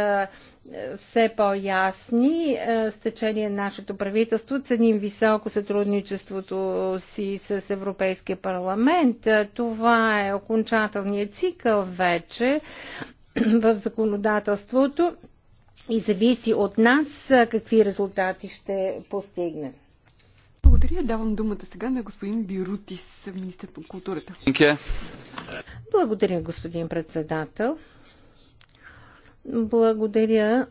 все по-ясни е, с течение на нашето правителство. Ценим високо сътрудничеството си с Европейския парламент. Е, това е окончателният цикъл вече [CLEARS THROAT] в законодателството и зависи от нас е, какви резултати ще постигнем. Благодаря. Давам думата сега на господин Бирутис, министър по културата. Благодаря, господин председател. Благодаря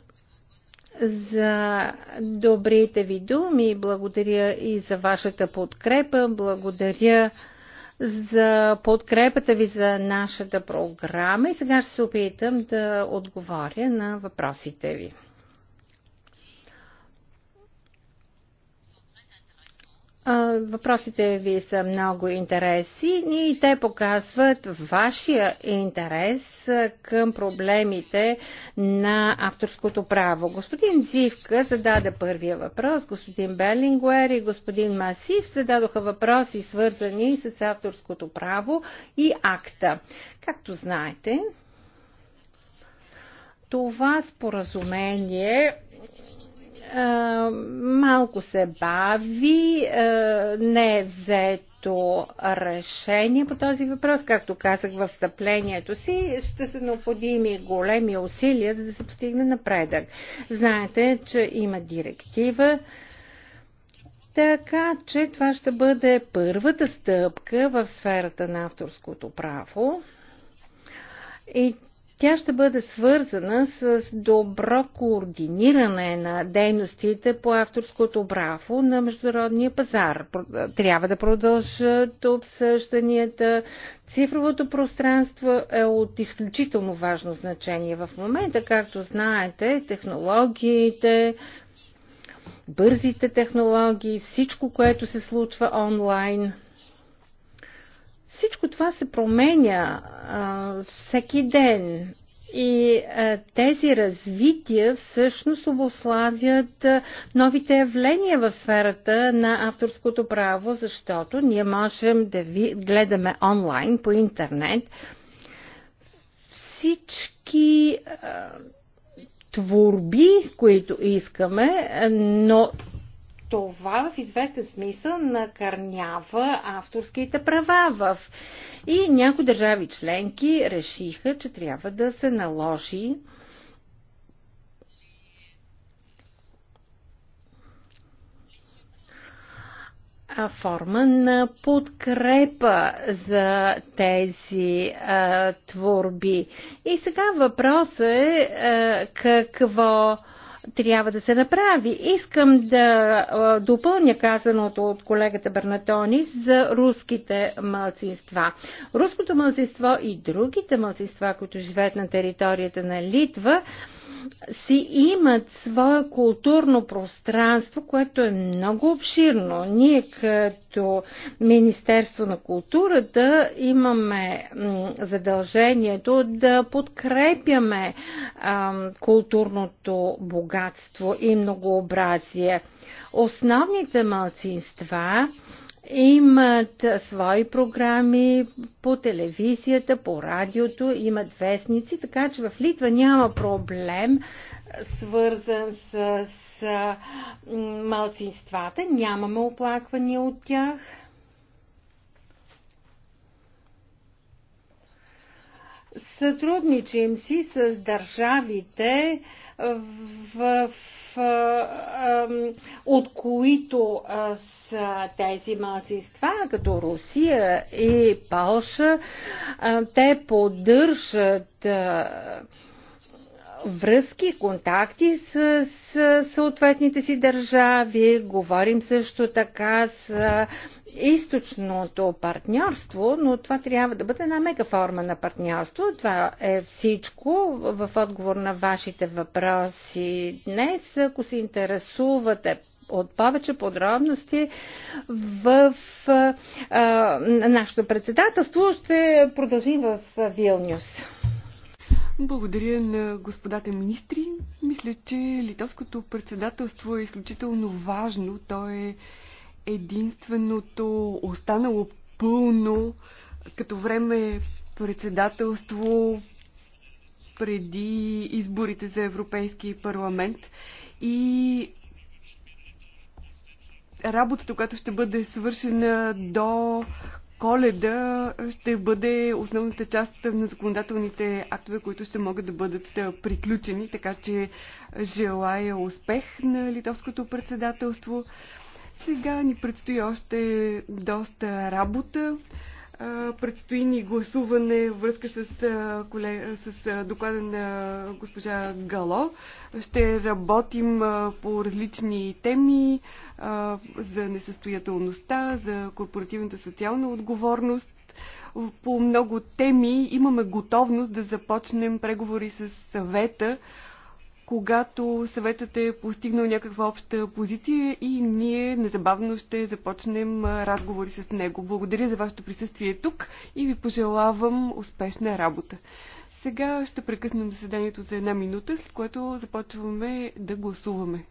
за добрите ви думи, благодаря и за вашата подкрепа, благодаря за подкрепата ви за нашата програма и сега ще се опитам да отговоря на въпросите ви. Въпросите ви са много интересни и те показват вашия интерес към проблемите на авторското право. Господин Зивка зададе първия въпрос, господин Белингуер и господин Масив зададоха въпроси свързани с авторското право и акта. Както знаете, това споразумение е, малко се бави, е, не е взето решение по този въпрос. Както казах в встъплението си, ще са необходими големи усилия, за да се постигне напредък. Знаете, че има директива, така че това ще бъде първата стъпка в сферата на авторското право. И тя ще бъде свързана с добро координиране на дейностите по авторското право на международния пазар. Трябва да продължат обсъжданията. Цифровото пространство е от изключително важно значение в момента, както знаете, технологиите, бързите технологии, всичко, което се случва онлайн – всичко това се променя а, всеки ден. И а, тези развития всъщност обославят а, новите явления в сферата на авторското право, защото ние можем да ви гледаме онлайн по интернет всички а, творби, които искаме, но това в известен смисъл накърнява авторските права в. И някои държави членки решиха, че трябва да се наложи форма на подкрепа за тези а, творби. И сега въпросът е а, какво а, трябва да се направи. Искам да допълня казаното от колегата Бернатони за руските мълцинства. Руското мълцинство и другите мълцинства, които живеят на територията на Литва, си имат свое културно пространство, което е много обширно. Ние като Министерство на културата имаме задължението да подкрепяме културното богатство и многообразие. Основните малцинства имат свои програми по телевизията, по радиото, имат вестници, така че в Литва няма проблем свързан с, с малцинствата, нямаме оплаквания от тях. Сътрудничим си с държавите в, в от които са тези малцинства, като Русия и Полша. Те поддържат връзки, контакти с, с съответните си държави. Говорим също така с източното партньорство, но това трябва да бъде една мега форма на партньорство. Това е всичко в отговор на вашите въпроси днес. Ако се интересувате от повече подробности в а, нашето председателство, ще продължим в Вилнюс. Благодаря на господата министри. Мисля, че литовското председателство е изключително важно. То е единственото останало пълно като време председателство преди изборите за Европейски парламент и работата, която ще бъде свършена до Коледа ще бъде основната част на законодателните актове, които ще могат да бъдат приключени, така че желая успех на литовското председателство. Сега ни предстои още доста работа. Предстои ни гласуване връзка с, колег... с доклада на госпожа Гало. Ще работим по различни теми за несъстоятелността, за корпоративната социална отговорност. По много теми имаме готовност да започнем преговори с съвета когато съветът е постигнал някаква обща позиция и ние незабавно ще започнем разговори с него. Благодаря за вашето присъствие тук и ви пожелавам успешна работа. Сега ще прекъснем заседанието за една минута, с което започваме да гласуваме.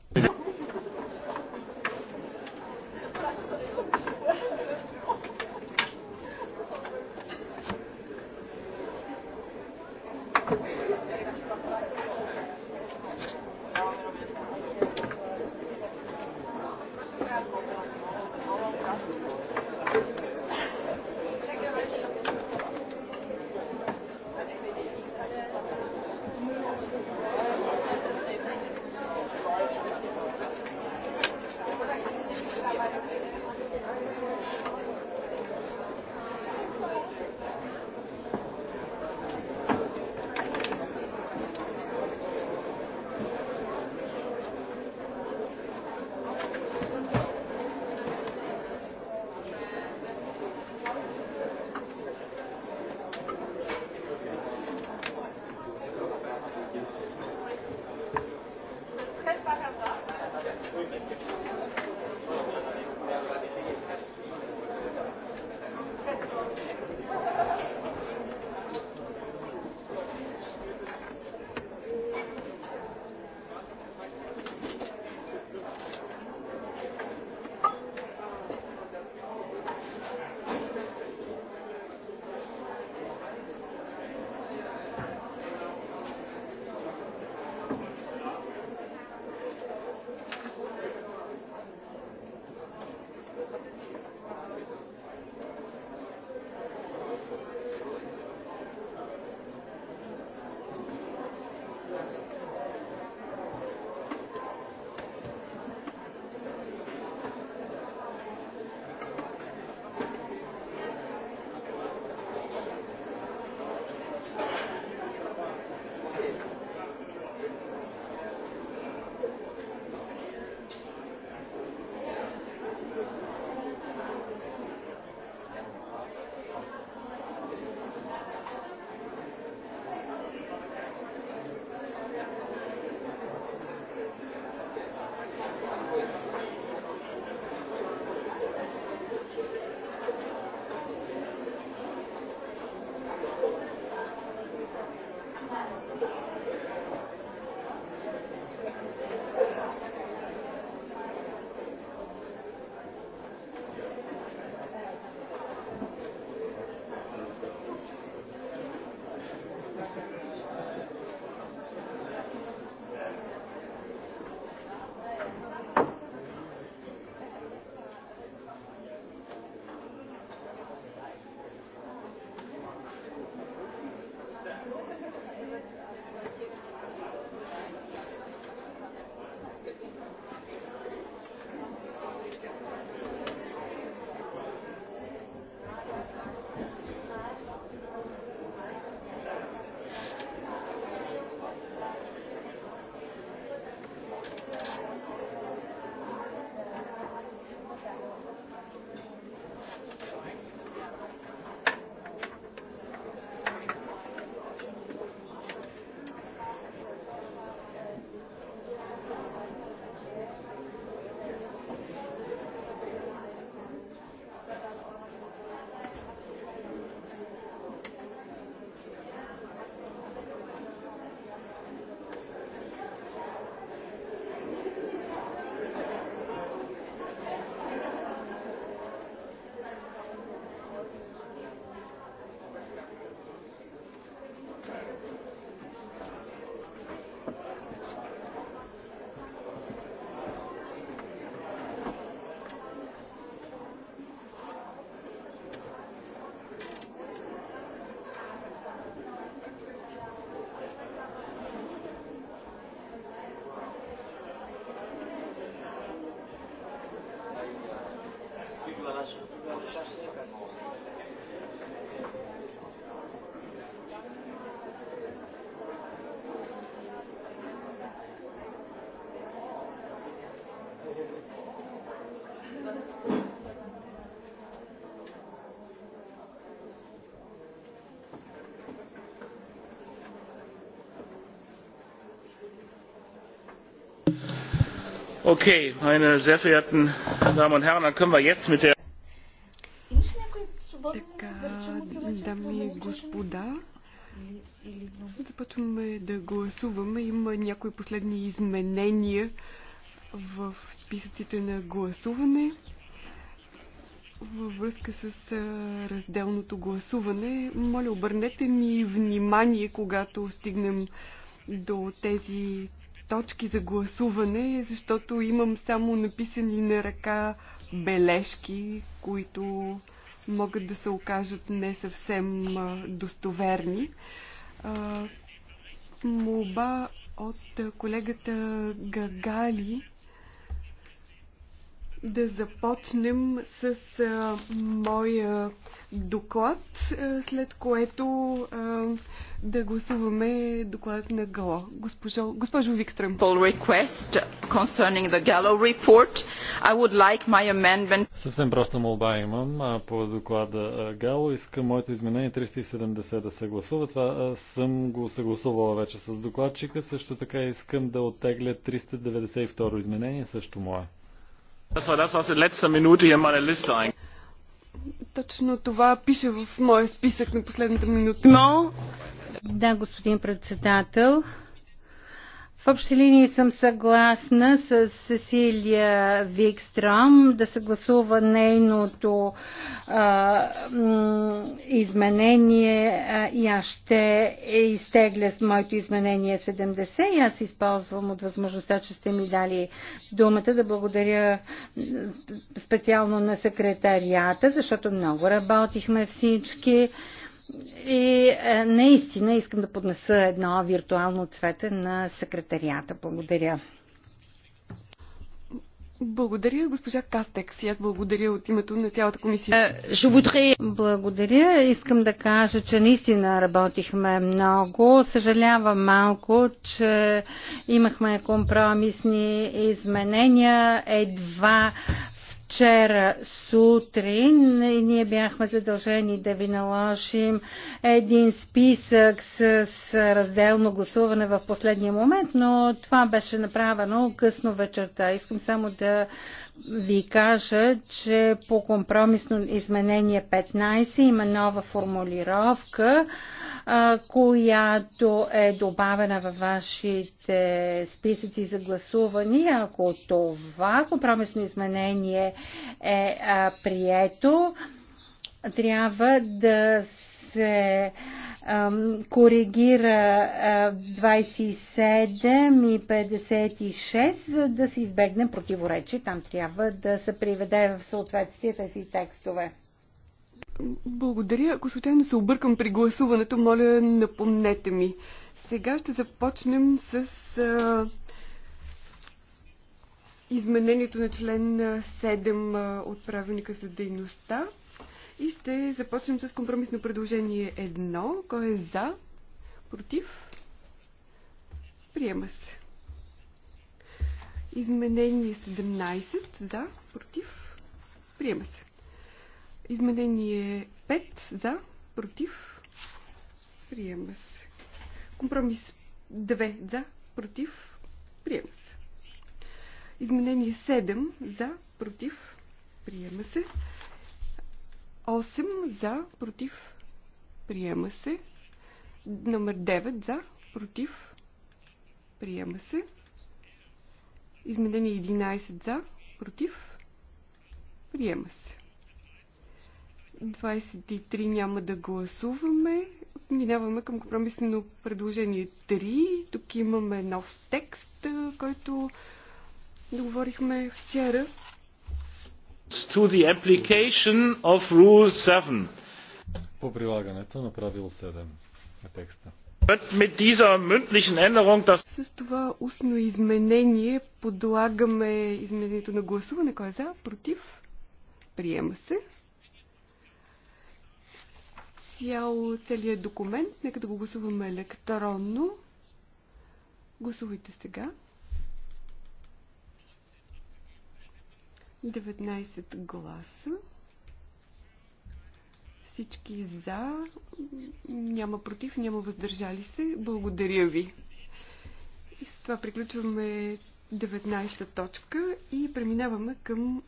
Okay, meine sehr verehrten Damen und Herren, dann können wir jetzt mit der. Така, дами и господа, започваме да гласуваме. Има някои последни изменения в списъците на гласуване във връзка с разделното гласуване. Моля, обърнете ми внимание, когато стигнем до тези точки за гласуване, защото имам само написани на ръка бележки, които могат да се окажат не съвсем достоверни. Молба от колегата Гагали да започнем с а, моя доклад, а, след което а, да гласуваме доклад на ГАЛО. Госпожо, госпожо Викстрем. request concerning the Gallo report. I would like my amendment... Съвсем проста молба имам а, по доклада ГАЛО. Искам моето изменение 370 да се гласува. Това а, съм го съгласувала вече с докладчика. Също така искам да оттегля 392 изменение, също мое. Точно това пише в моя списък на последната минута. Но... Да, господин председател, в общи линии съм съгласна с Сесилия Викстрам да се гласува нейното а, изменение и аз ще изтегля моето изменение 70 и аз използвам от възможността, че сте ми дали думата да благодаря специално на секретарията, защото много работихме всички. И е, наистина искам да поднеса едно виртуално цвете на секретарията. Благодаря. Благодаря, госпожа Кастекс. аз благодаря от името на цялата комисия. Е, благодаря. Искам да кажа, че наистина работихме много. Съжалявам малко, че имахме компромисни изменения едва вчера сутрин ние бяхме задължени да ви наложим един списък с разделно гласуване в последния момент, но това беше направено късно вечерта. Искам само да ви кажа, че по компромисно изменение 15 има нова формулировка която е добавена във вашите списъци за гласуване. Ако това компромисно изменение е прието, трябва да се коригира 27 и 56, за да се избегне противоречие. Там трябва да се приведе в съответствие тези текстове. Благодаря. Ако случайно се объркам при гласуването, моля, напомнете ми. Сега ще започнем с а, изменението на член 7 от правилника за дейността. И ще започнем с компромисно предложение 1. Кой е за? Против? Приема се. Изменение 17. За? Против? Приема се. Изменение 5 за, против, приема се. Компромис 2 за, против, приема се. Изменение 7 за, против, приема се. 8 за, против, приема се. Номер 9 за, против, приема се. Изменение 11 за, против, приема се. 23 няма да гласуваме. Минаваме към компромисно предложение 3. Тук имаме нов текст, който договорихме вчера. To the application of Rule 7. По прилагането на правило 7 на текста. С това устно изменение подлагаме изменението на гласуване. Кой е за? Против? Приема се цяло, целият документ. Нека да го гласуваме електронно. Гласувайте сега. 19 гласа. Всички за, няма против, няма въздържали се. Благодаря ви. И с това приключваме 19-та точка и преминаваме към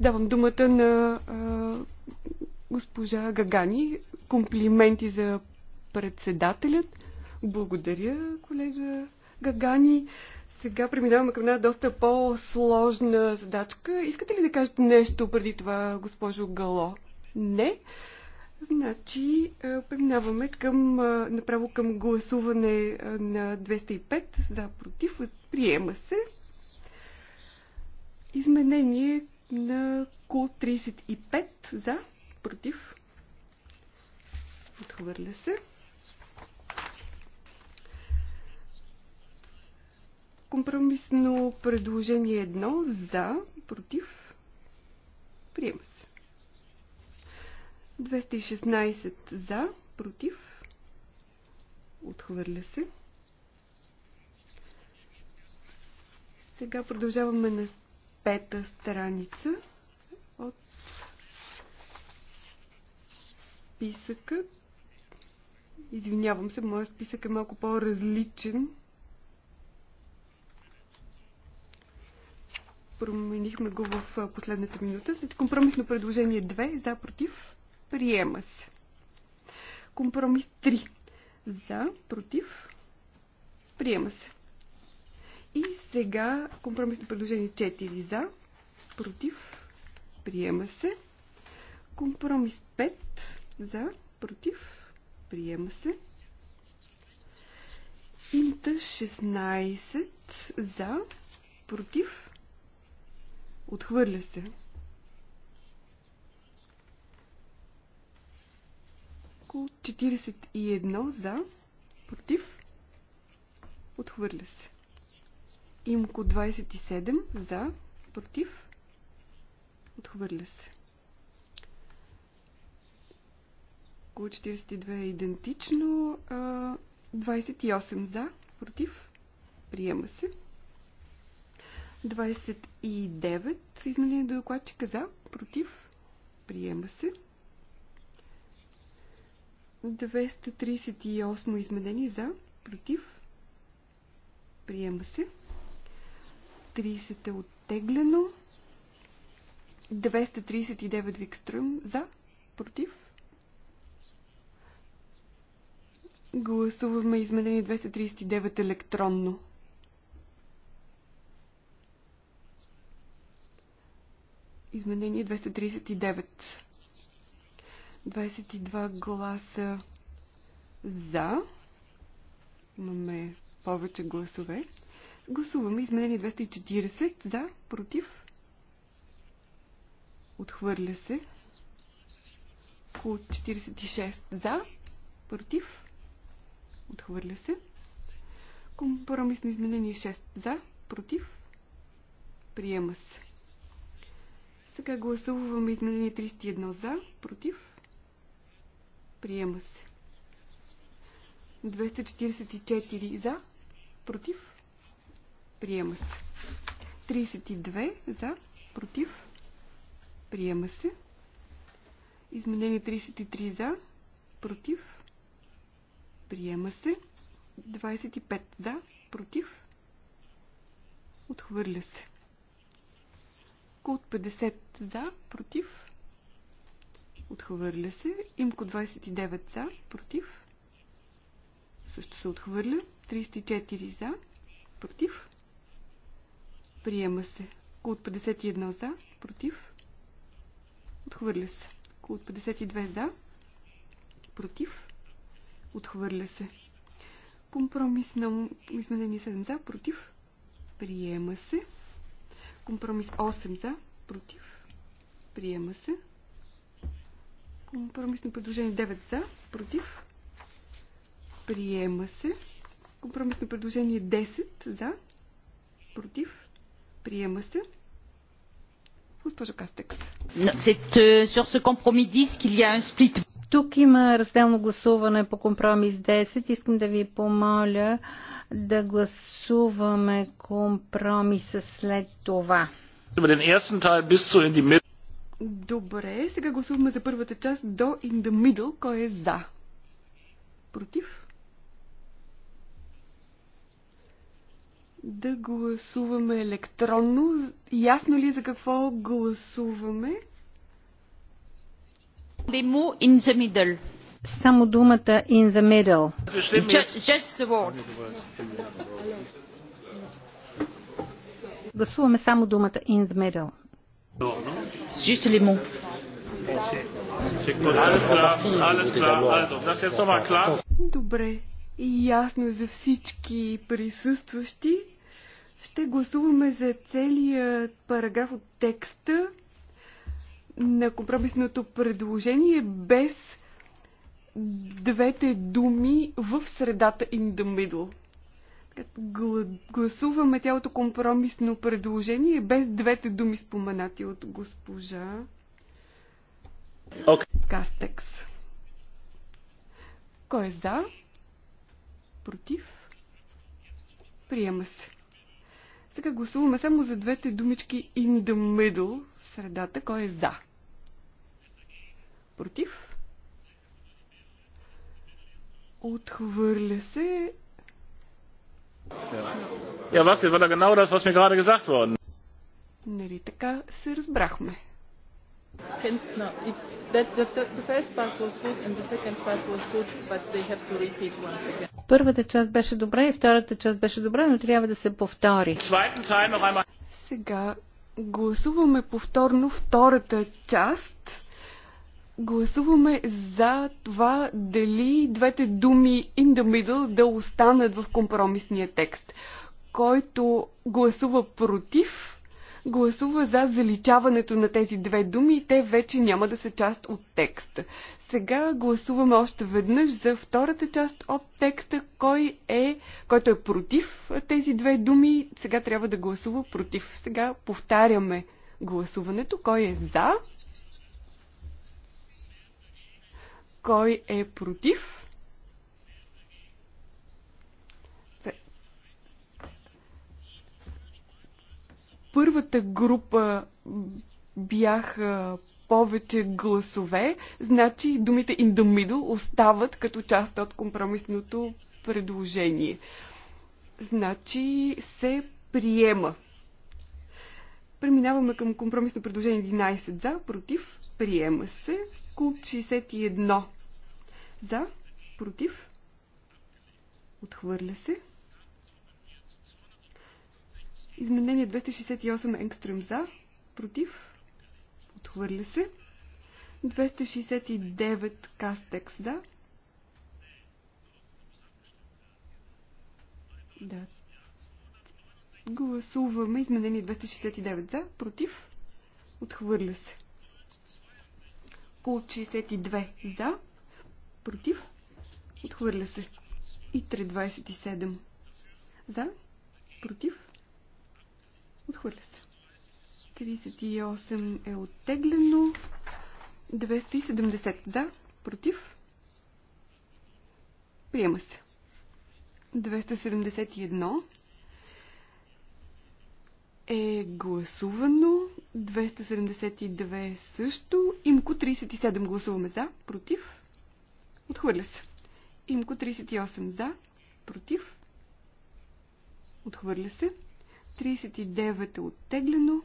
давам думата на Госпожа Гагани, комплименти за председателят. Благодаря, колега Гагани. Сега преминаваме към една доста по-сложна задачка. Искате ли да кажете нещо преди това, госпожо Гало? Не. Значи, е, преминаваме към, е, направо към гласуване е, на 205 за против. Приема се. Изменение на КУ 35 за против, отхвърля се. Компромисно предложение 1 за, против, приема се. 216 за, против, отхвърля се. Сега продължаваме на пета страница. списъка. Извинявам се, моят списък е малко по-различен. Променихме го в последната минута. След компромисно предложение 2, за, против, приема се. Компромис 3, за, против, приема се. И сега компромисно предложение 4, за, против, приема се. Компромис 5, за, против, приема се. Инта 16 за, против, отхвърля се. Около 41 за, против, отхвърля се. Имко 27 за, против, отхвърля се. Около 42 е идентично. 28 за, против. Приема се. 29 изменение до докладчика за, против. Приема се. 238 изменение за, против. Приема се. 30 е оттеглено. 239 Викстрюм за, против. Гласуваме изменение 239 електронно. Изменение 239. 22 гласа за. Имаме повече гласове. Гласуваме изменение 240 за, против. Отхвърля се. Около 46 за, против. Отхвърля се. Компромисно изменение 6 за, против. Приема се. Сега гласуваме изменение 31 за, против. Приема се. 244 за, против. Приема се. 32 за, против. Приема се. Изменение 33 за, против. Приема се. 25 за, против. Отхвърля се. Култ 50 за, против. Отхвърля се. Имко 29 за, против. Също се отхвърля. 34 за, против. Приема се. Култ 51 за, против. Отхвърля се. Култ 52 за, против. Отхвърля се. Компромис на изменение 7 за, против. Приема се. Компромис 8 за, против. Приема се. Компромисно предложение 9 за, против. Приема се. Компромисно предложение 10 за, против. Приема се. Госпожо Кастекс. Сет, euh, sur ce compromis 10 qu'il y a un split тук има разделно гласуване по компромис 10. Искам да ви помоля да гласуваме компромиса след това. Добре, сега гласуваме за първата част до in the middle. Кой е за? Против? Да гласуваме електронно. Ясно ли е за какво гласуваме? Само думата in the middle. Just, just the word. Гласуваме само думата in the middle. Добре les mots. Добре, ясно за всички присъстващи. Ще гласуваме за целият параграф от текста на компромисното предложение без двете думи в средата in the middle. Гласуваме тялото компромисно предложение без двете думи споменати от госпожа okay. Кастекс. Кой е за? Против? Приема се. Сега гласуваме само за двете думички in the middle средата. Кой е за? Против? Отхвърля се. Ja, was war da genau das, was mir gerade gesagt worden? Нали така се разбрахме. Първата част беше добра и втората част беше добра, но трябва да се повтори. Сега Гласуваме повторно втората част. Гласуваме за това дали двете думи in the middle да останат в компромисния текст. Който гласува против, гласува за заличаването на тези две думи и те вече няма да са част от текста. Сега гласуваме още веднъж за втората част от текста, кой е, който е против тези две думи, сега трябва да гласува против. Сега повтаряме гласуването, кой е за, кой е против. Първата група бяха повече гласове, значи думите in the middle остават като част от компромисното предложение. Значи се приема. Преминаваме към компромисно предложение 11 за, против, приема се. Клуб 61 за, против, отхвърля се. Изменение 268 екстрем за, против, Отхвърля се. 269 Кастекс, да. Да. Гласуваме изменени 269 за, против. Отхвърля се. Култ 62 за, против. Отхвърля се. И 327 за, против. Отхвърля се. 38 е оттеглено. 270 за, против. Приема се. 271 е гласувано. 272 също. Имко 37 гласуваме за, против. Отхвърля се. Имко 38 за, против. Отхвърля се. 39 е оттеглено.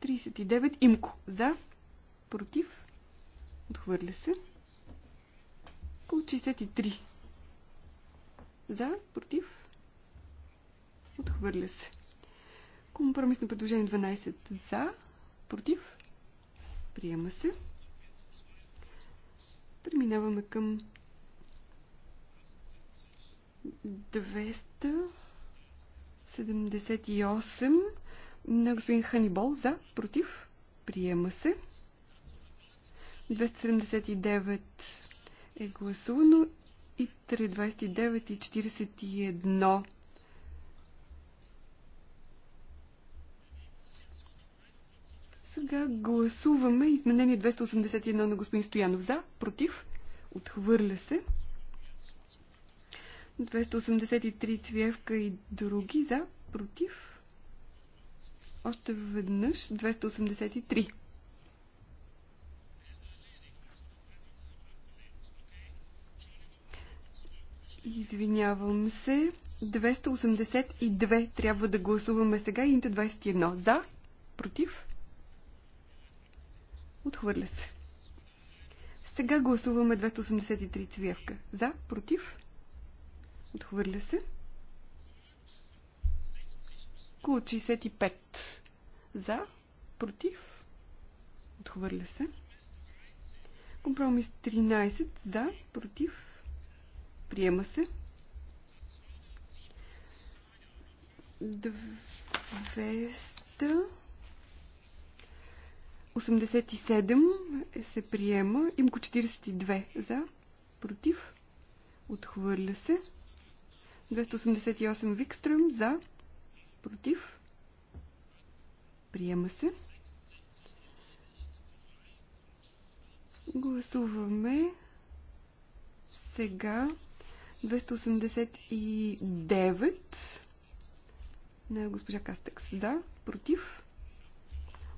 39 имко. За. Против. Отхвърля се. По 63. За. Против. Отхвърля се. Компромисно предложение 12 за. Против. Приема се. Преминаваме към 278 на господин Ханибол за, против, приема се. 279 е гласувано и 329 и 41 Сега гласуваме изменение 281 на господин Стоянов за, против, отхвърля се. 283 Цвиевка и други за, против, още веднъж 283. Извинявам се. 282 трябва да гласуваме сега. Инте 21. За? Против? Отхвърля се. Сега гласуваме 283 цвявка. За? Против? Отхвърля се около 65. За. Против. Отхвърля се. Компромис 13. За. Против. Приема се. 87 се приема. Имко 42 за. Против. Отхвърля се. 288 Викстрем за Против. Приема се. Гласуваме сега 289 на госпожа Кастекс. Да, против.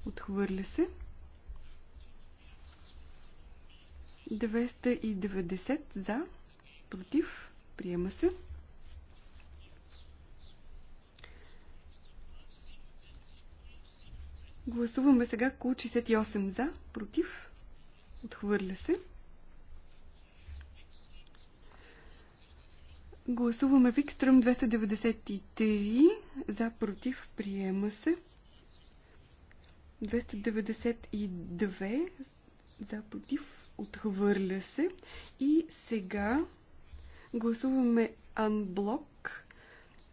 Отхвърля се. 290 за, против, приема се. Гласуваме сега кул 68 за, против. Отхвърля се. Гласуваме Викстръм 293 за, против, приема се. 292 за, против, отхвърля се. И сега гласуваме анблок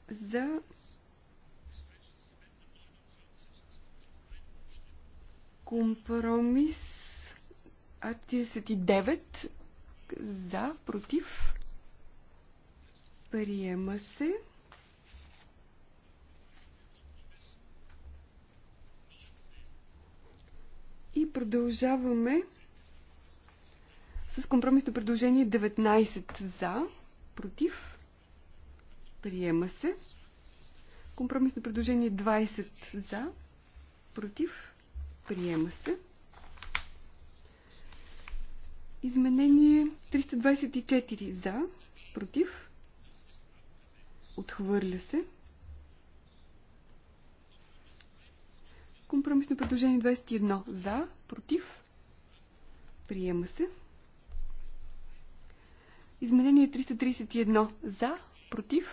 за Компромис А49 за, против. Приема се. И продължаваме с компромисно предложение 19 за, против. Приема се. Компромисно предложение 20 за, против. Приема се. Изменение 324 за, против, отхвърля се. Компромисно предложение 21 за, против, приема се. Изменение 331 за, против,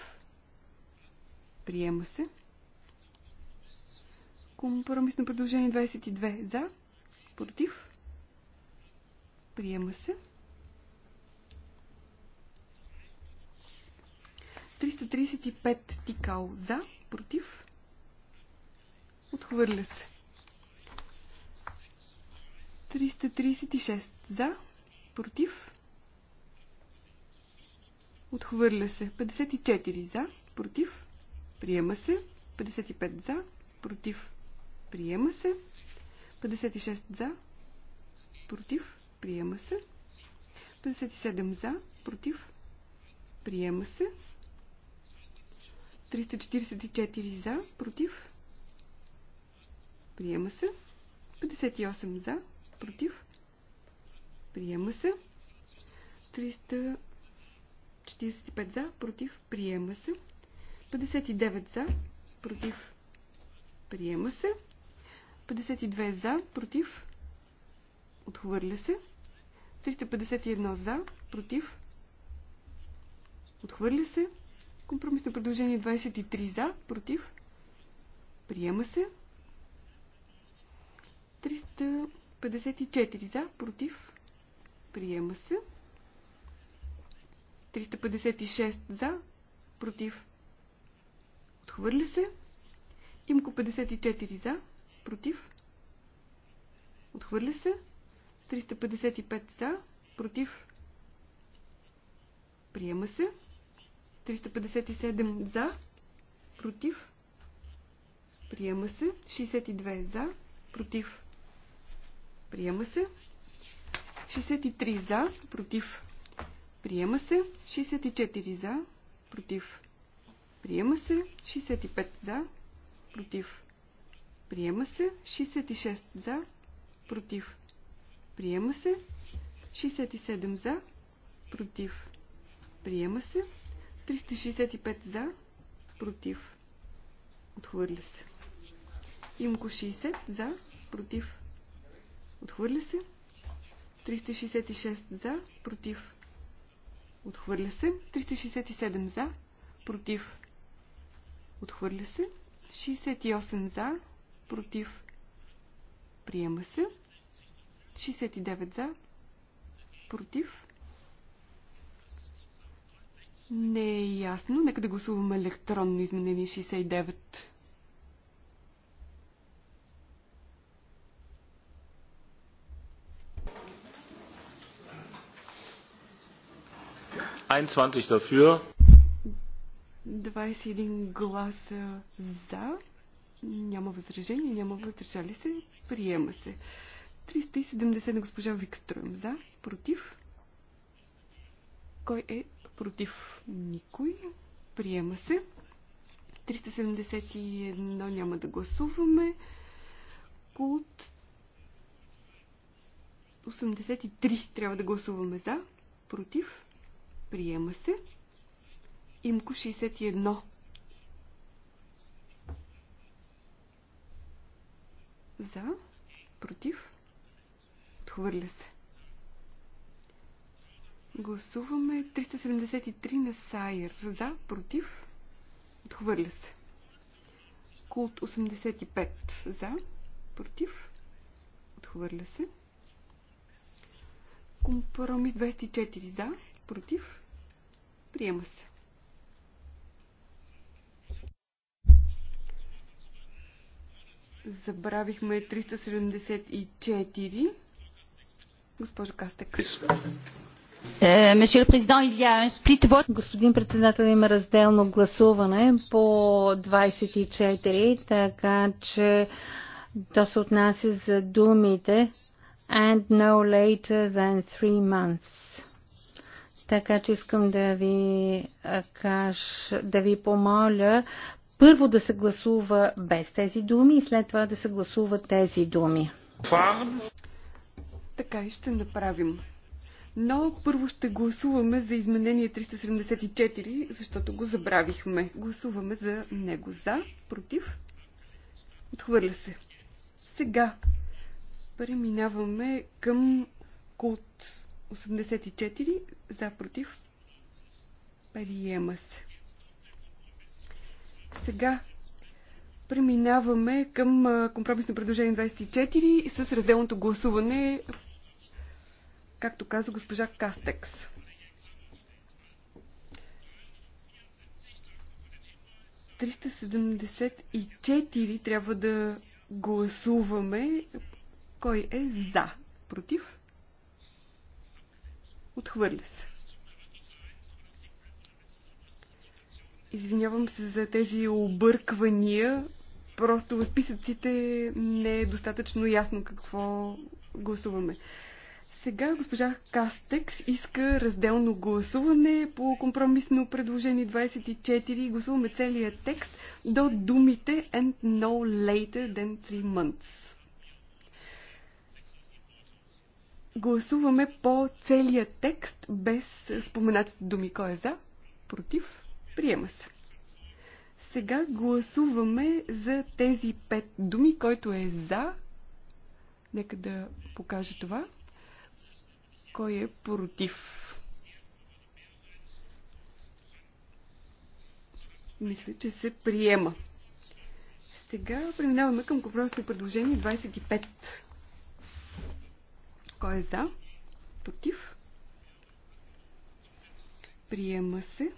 приема се. Компромисно предложение 22 за, против, приема се. 335 тикал за, против, отхвърля се. 336 за, против, отхвърля се. 54 за, против, приема се. 55 за, против, приема се. 56 за, против, приема се. 57 за, против, приема се. 344 за, против, приема се. 58 за, против, приема се. 345 за, против, приема се. 59 за, против, приема се. 52 за, против, отхвърля се. 351 за, против, отхвърля се. Компромисно предложение 23 за, против, приема се. 354 за, против, приема се. 356 за, против, отхвърля се. Имко 54 за, против, отхвърля се. 355 за, против, приема се. 357 за, против, приема се. 62 за, против, приема се. 63 за, против, приема се. 64 за, против, приема се. 65 за, против, Приема се. 66 за. Против. Приема се. 67 за. Против. Приема се. 365 за. Против. Отхвърля се. Имко 60 за. Против. Отхвърля се. 366 за. Против. Отхвърля се. 367 за. Против. Отхвърля се. 68 за против, приема се. 69 за, против. Не е ясно. Нека да гласуваме електронно изменение 69. и 21 гласа за, няма възражение, няма въздържали се. Приема се. 370 на госпожа Викстрюм. За, против. Кой е против? Никой. Приема се. 371 няма да гласуваме. Култ 83 трябва да гласуваме за. Против. Приема се. Имко 61 За. Против. Отхвърля се. Гласуваме 373 на Сайер. За. Против. Отхвърля се. Култ 85. За. Против. Отхвърля се. Компромис 24. За. Против. Приема се. Забравихме 374. Госпожо Кастек. Е, Господин председател, има разделно гласуване по 24, така че то се отнася за думите and no later than three months. Така че искам да ви, е, каж, да ви помоля първо да се гласува без тези думи и след това да се гласува тези думи. Така и ще направим. Но първо ще гласуваме за изменение 374, защото го забравихме. Гласуваме за него за, против. Отхвърля се. Сега преминаваме към култ 84 за, против. Приема се. Сега преминаваме към компромисно предложение 24 с разделното гласуване, както каза госпожа Кастекс. ...374 трябва да гласуваме. Кой е за? Против? Отхвърля се. Извинявам се за тези обърквания. Просто в списъците не е достатъчно ясно какво гласуваме. Сега госпожа Кастекс иска разделно гласуване по компромисно предложение 24. Гласуваме целия текст до думите and no later than 3 months. Гласуваме по целия текст без споменатите думи. Кой е за? Против? Приема се. Сега гласуваме за тези пет думи, който е за. Нека да покажа това. Кой е против? Мисля, че се приема. Сега преминаваме към компромисно предложение 25. Кой е за? Против? Приема се.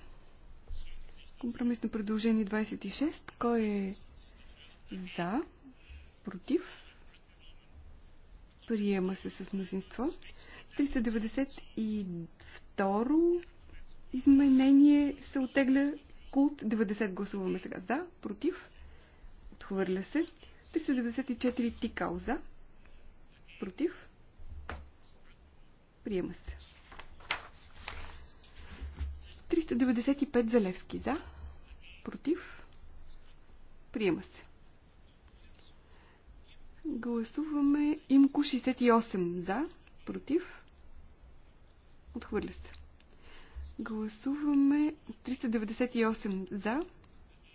Компромисно предложение 26. Кой е за? Против? Приема се с мнозинство. 392 изменение се отегля култ. 90 гласуваме сега за, против. Отхвърля се. 394 тикал за. Против. Приема се. 395 Левски, за. Против. Приема се. Гласуваме имко 68 за. Против. Отхвърля се. Гласуваме 398 за.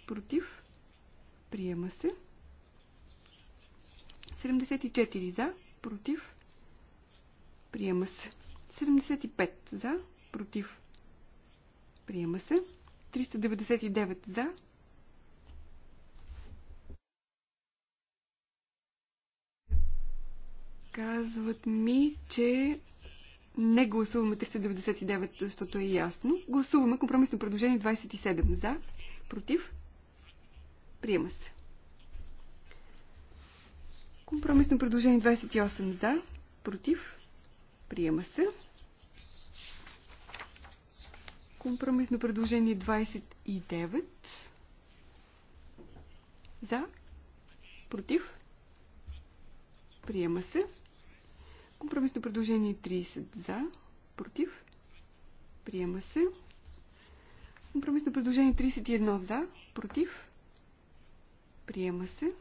Против. Приема се. 74 за. Против. Приема се. 75 за. Против. Приема се. 399 за. Казват ми, че не гласуваме 399, защото е ясно. Гласуваме компромисно предложение 27 за. Против. Приема се. Компромисно предложение 28 за. Против. Приема се. Компромисно предложение 29. За. Против. Приема се. Компромисно предложение 30. За. Против. Приема се. Компромисно предложение 31. За. Против. Приема се.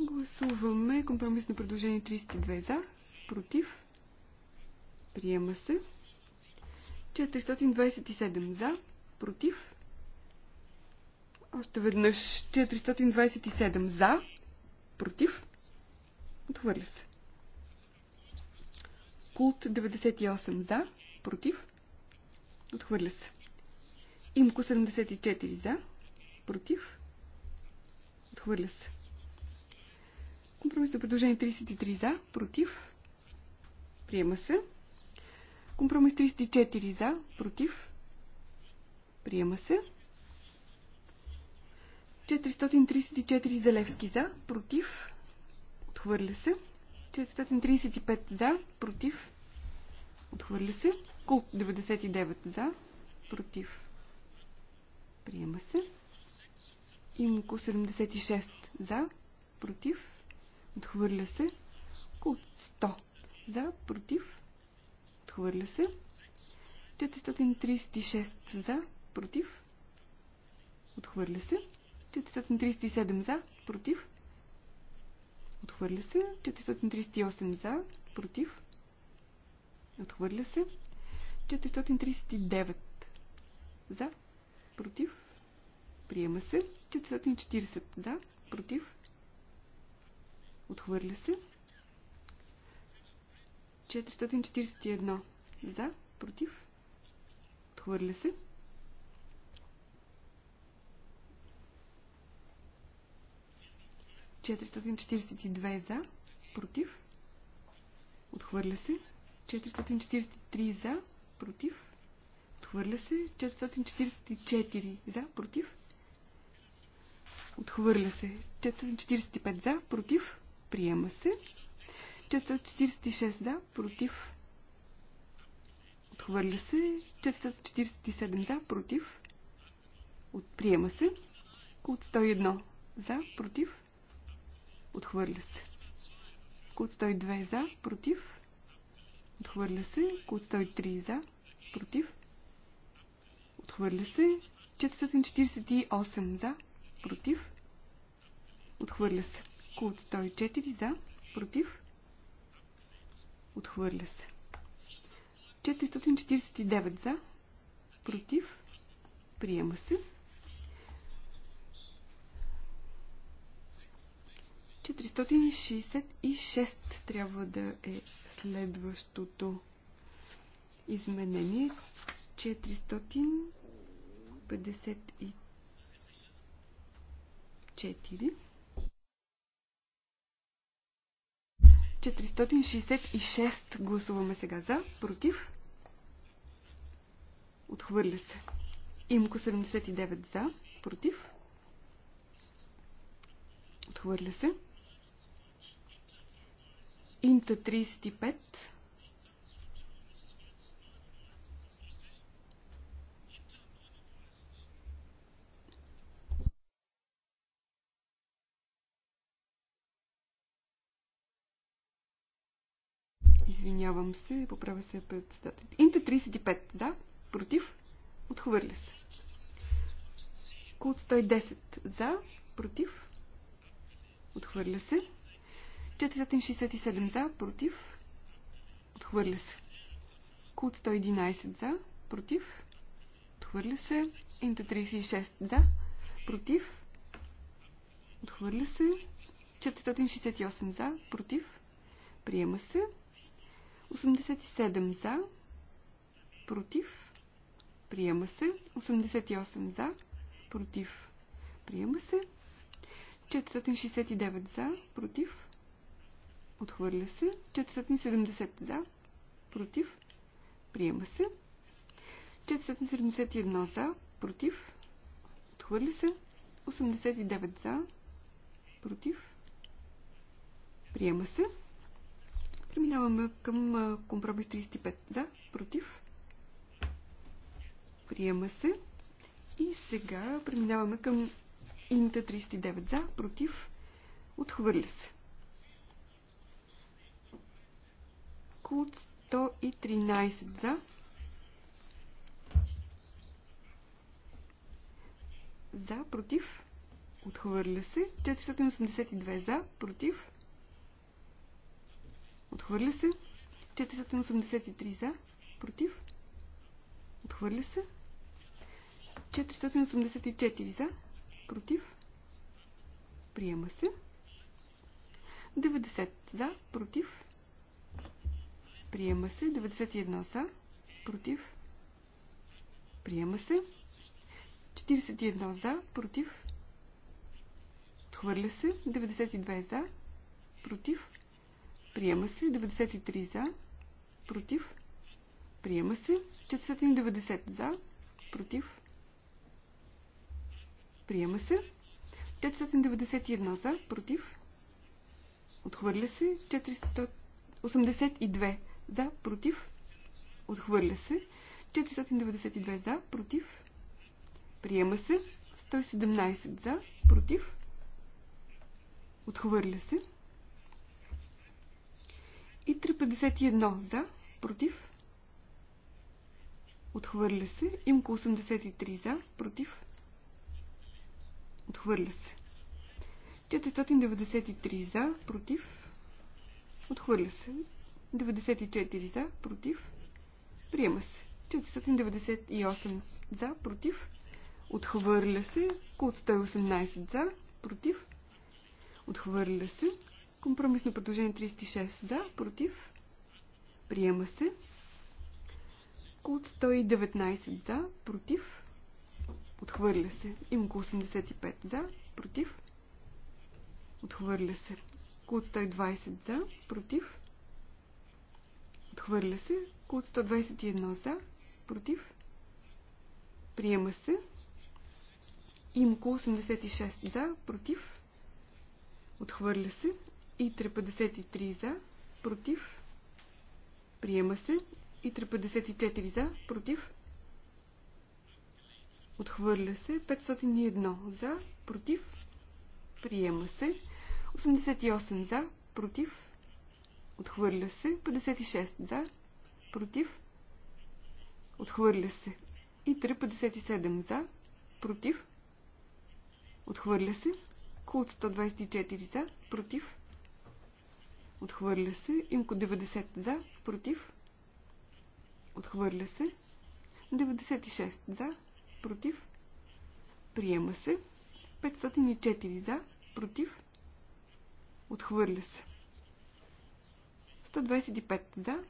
Гласуваме компромисно предложение 32 за, против, приема се. 427 за, против. Още веднъж 427 за, против. Отхвърля се. Култ 98 за, против. Отхвърля се. Имко 74 за, против. Отхвърля се. Компромисно предложение 33 за, против. Приема се. Компромис 34 за, против. Приема се. 434 Залевски за, против. Отхвърля се. 435 за, против. Отхвърля се. Кул 99 за, против. Приема се. Имко 76 за, против. Отхвърля се. Кул 100 за, против. Отхвърля се. 436 за. Против. Отхвърля се. 437 за. Против. Отхвърля се. 438 за. Против. Отхвърля се. 439 за. Против. Приема се. 440 за. Против. Отхвърля се. 441 за, против, отхвърля се. Четиристотин за, против, отхвърля се. 443 за, против, отхвърля се. 444 за, против, отхвърля се. 445 за, против, приема се. 446 за, против. Отхвърля се. 447 за, против. Отприема се. Код 101 за, против. Отхвърля се. Код 102 за, против. Отхвърля се. Код 103 за, против. Отхвърля се. 448 за, против. Отхвърля се. Код 104 за, против. Отхвърля се. 449 за. Против. Приема се. 466 трябва да е следващото изменение. 454. 466 гласуваме сега за, против. Отхвърля се. Имко 79 за, против. Отхвърля се. Инта 35 Извинявам се, поправя се председател. Инте 35, да? Против? Отхвърля се. Култ 110 за, против? Отхвърля се. 467 за, против? Отхвърля се. Култ 111 за, против? Отхвърля се. Инте 36 за, против? Отхвърля се. 468 за, против? Приема се. 87 за, против, приема се. 88 за, против, приема се. 469 за, против, отхвърля се. 470 за, против, приема се. 471 за, против, отхвърля се. 89 за, против, приема се. Преминаваме към компромис 35. За, против. Приема се. И сега преминаваме към Инта 39 за, против, отхвърля се. Култ 113 за. За, против, отхвърля се. 482 за, против, Отхвърля се. 483 за. Против. Отхвърля се. 484 за. Против. Приема се. 90 за. Против. Приема се. 91 за. Против. Приема се. 41 за. Против. Отхвърля се. 92 за. Против. Приема се. 93 за. Против. Приема се. 490 за. Против. Приема се. 491 за. Против. Отхвърля се. 482 за. Против. Отхвърля се. 492 за. Против. Приема се. 117 за. Против. Отхвърля се. И 351 за, против. Отхвърля се. Имко 83 за, против. Отхвърля се. 493 за, против. Отхвърля се. 94 за, против. Приема се. 498 за, против. Отхвърля се. Код 118 за, против. Отхвърля се. Компромисно предложение 36 за, против, приема се. Култ 119 за, против, отхвърля се. Имко 85 за, против, отхвърля се. Култ 120 за, против, отхвърля се. Култ 121 за, против, приема се. Имко 86 за, против, отхвърля се. И 353 за, против, приема се. И 354 за, против, отхвърля се. 501 за, против, приема се. 88 за, против, отхвърля се. 56 за, против, отхвърля се. И 357 за, против, отхвърля се. Култ 124 за, против, Отхвърля се. Имко 90 за. Против. Отхвърля се. 96 за. Против. Приема се. 504 за. Против. Отхвърля се. 125 за.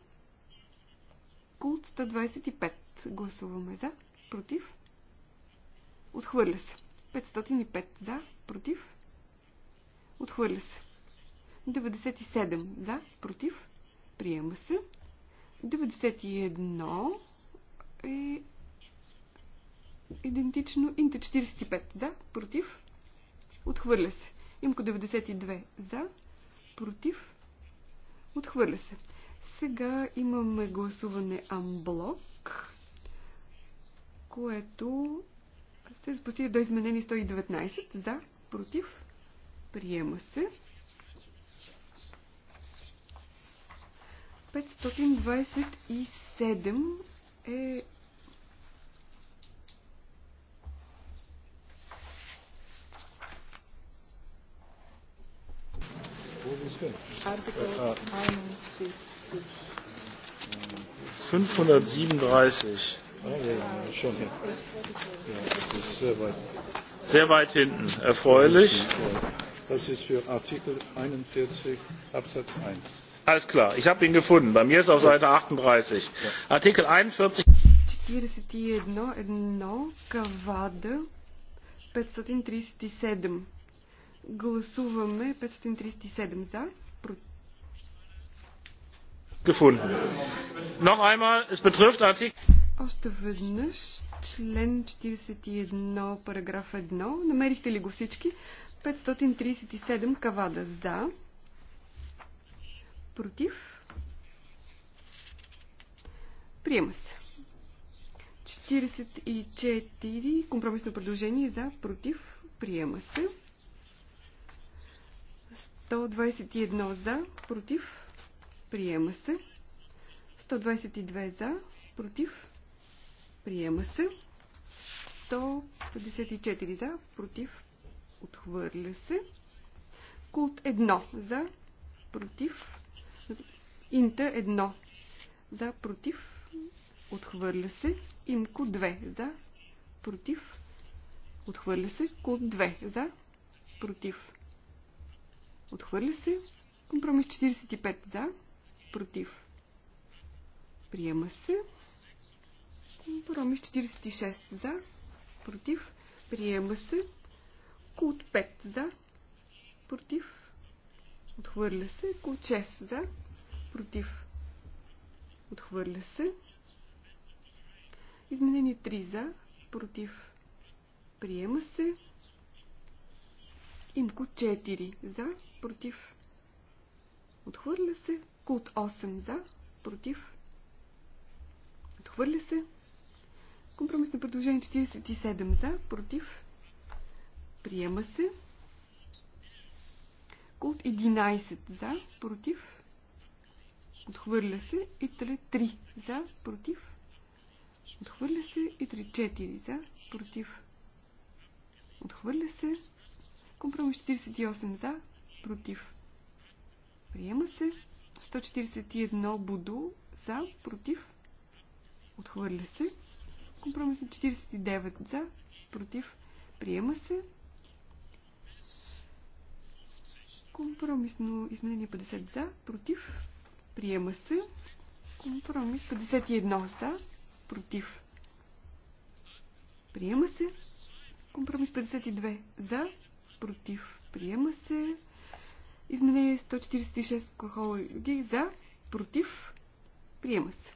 Култ 125. Гласуваме за. Против. Отхвърля се. 505 за. Против. Отхвърля се. 97 за, против, приема се. 91 е идентично. Инте 45 за, против, отхвърля се. Имко 92 за, против, отхвърля се. Сега имаме гласуване амблок, което се разпусти до изменение 119 за, против, приема се. 527 е Artikel 537. Sehr weit hinten. Erfreulich. Das ist für Artikel 41 Absatz 1 alles klar ich habe ihn gefunden bei mir ist er auf seite achtunddreißig artikel einundvierzig gefunden. Noch einmal, es betrifft Artikel. Още веднъж, член 41, параграф 1. Намерихте ли го всички? 537 кавада за. Против. Приема се. 44. Компромисно предложение за. Против. Приема се. 121 за. Против. Приема се. 122 за. Против. Приема се. 154 за. Против. Отхвърля се. Култ 1 за. Против. Инта 1 за против. Отхвърля се. Имко 2 за против. Отхвърля се. Код 2 за против. Отхвърля се. Компромис 45 за против. Приема се. Компромис 46 за против. Приема се. Код 5 за против. Отхвърля се. Куче 6 за. Против. Отхвърля се. Изменени 3 за. Против. Приема се. Имко 4 за. Против. Отхвърля се. Култ 8 за. Против. Отхвърля се. Компромисно предложение 47 за. Против. Приема се. Култ 11 за, против. Отхвърля се и 3, 3 за, против. Отхвърля се и 3, 4 за, против. Отхвърля се. Компромис 48 за, против. Приема се. 141 Буду за, против. Отхвърля се. Компромис 49 за, против. Приема се. Компромисно изменение 50 за, против, приема се. Компромис 51 за, против, приема се. Компромис 52 за, против, приема се. Изменение 146 кохологи за, против, приема се.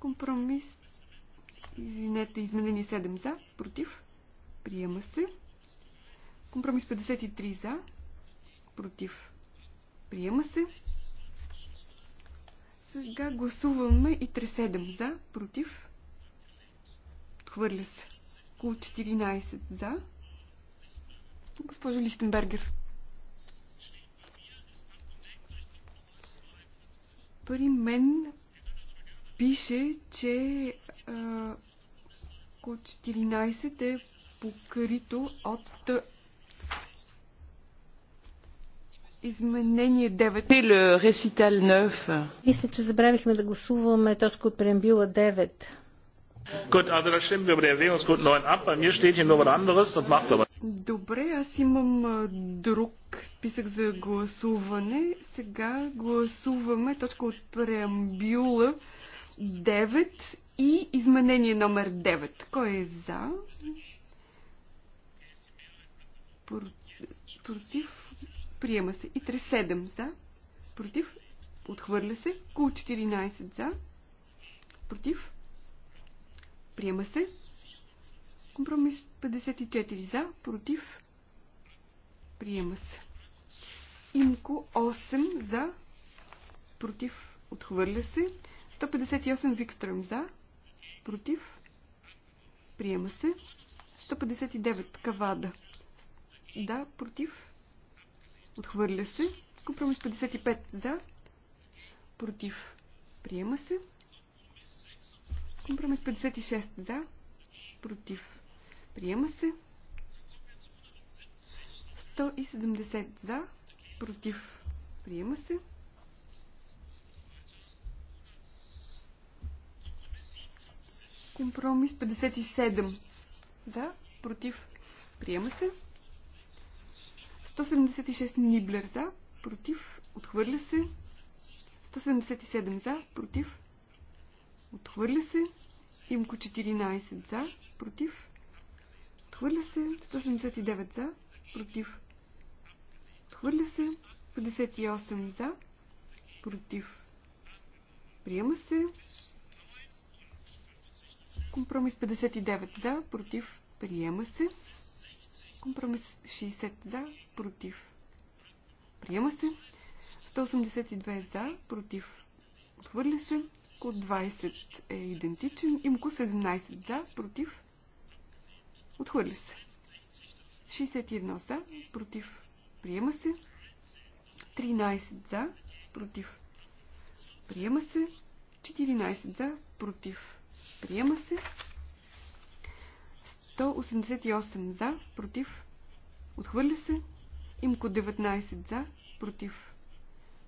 Компромис, извинете, изменение 7 за, против, приема се. Компромис 53 за, против. Приема се. Сега гласуваме и 37 за, против. Хвърля се. Кул 14 за. Госпожо Лихтенбергер. При мен пише, че кул 14 е покрито от Изменение 9. Мисля, че забравихме да гласуваме точка от преамбюла 9. Gut, also stimmen wir über Erwägungsgrund 9 ab. Bei mir steht hier nur was anderes, das macht aber. Добре, аз имам друг списък за гласуване. Сега гласуваме точка от преамбюла 9 и изменение номер 9. Кой е за? Против? приема се. И 37 за, против, отхвърля се. Кул 14 за, против, приема се. Компромис 54 за, против, приема се. Имко 8 за, против, отхвърля се. 158 Викстрем за, против, приема се. 159 Кавада. Да, против, Отхвърля се. Компромис 55 за. Против. Приема се. Компромис 56 за. Против. Приема се. 170 за. Против. Приема се. Компромис 57 за. Против. Приема се. 176 Ниблер за, против, отхвърля се. 177 за, против, отхвърля се. Имко 14 за, против, отхвърля се. 179 за, против, отхвърля се. 58 за, против, приема се. Компромис 59 за, против, приема се. Компромис 60 за, против. Приема се. 182 за, против. Отхвърля се. Код 20 е идентичен. Имко 17 за, против. Отхвърля се. 61 за, против. Приема се. 13 за, против. Приема се. 14 за, против. Приема се. 188 за, против. Отхвърля се. Имко 19 за, против.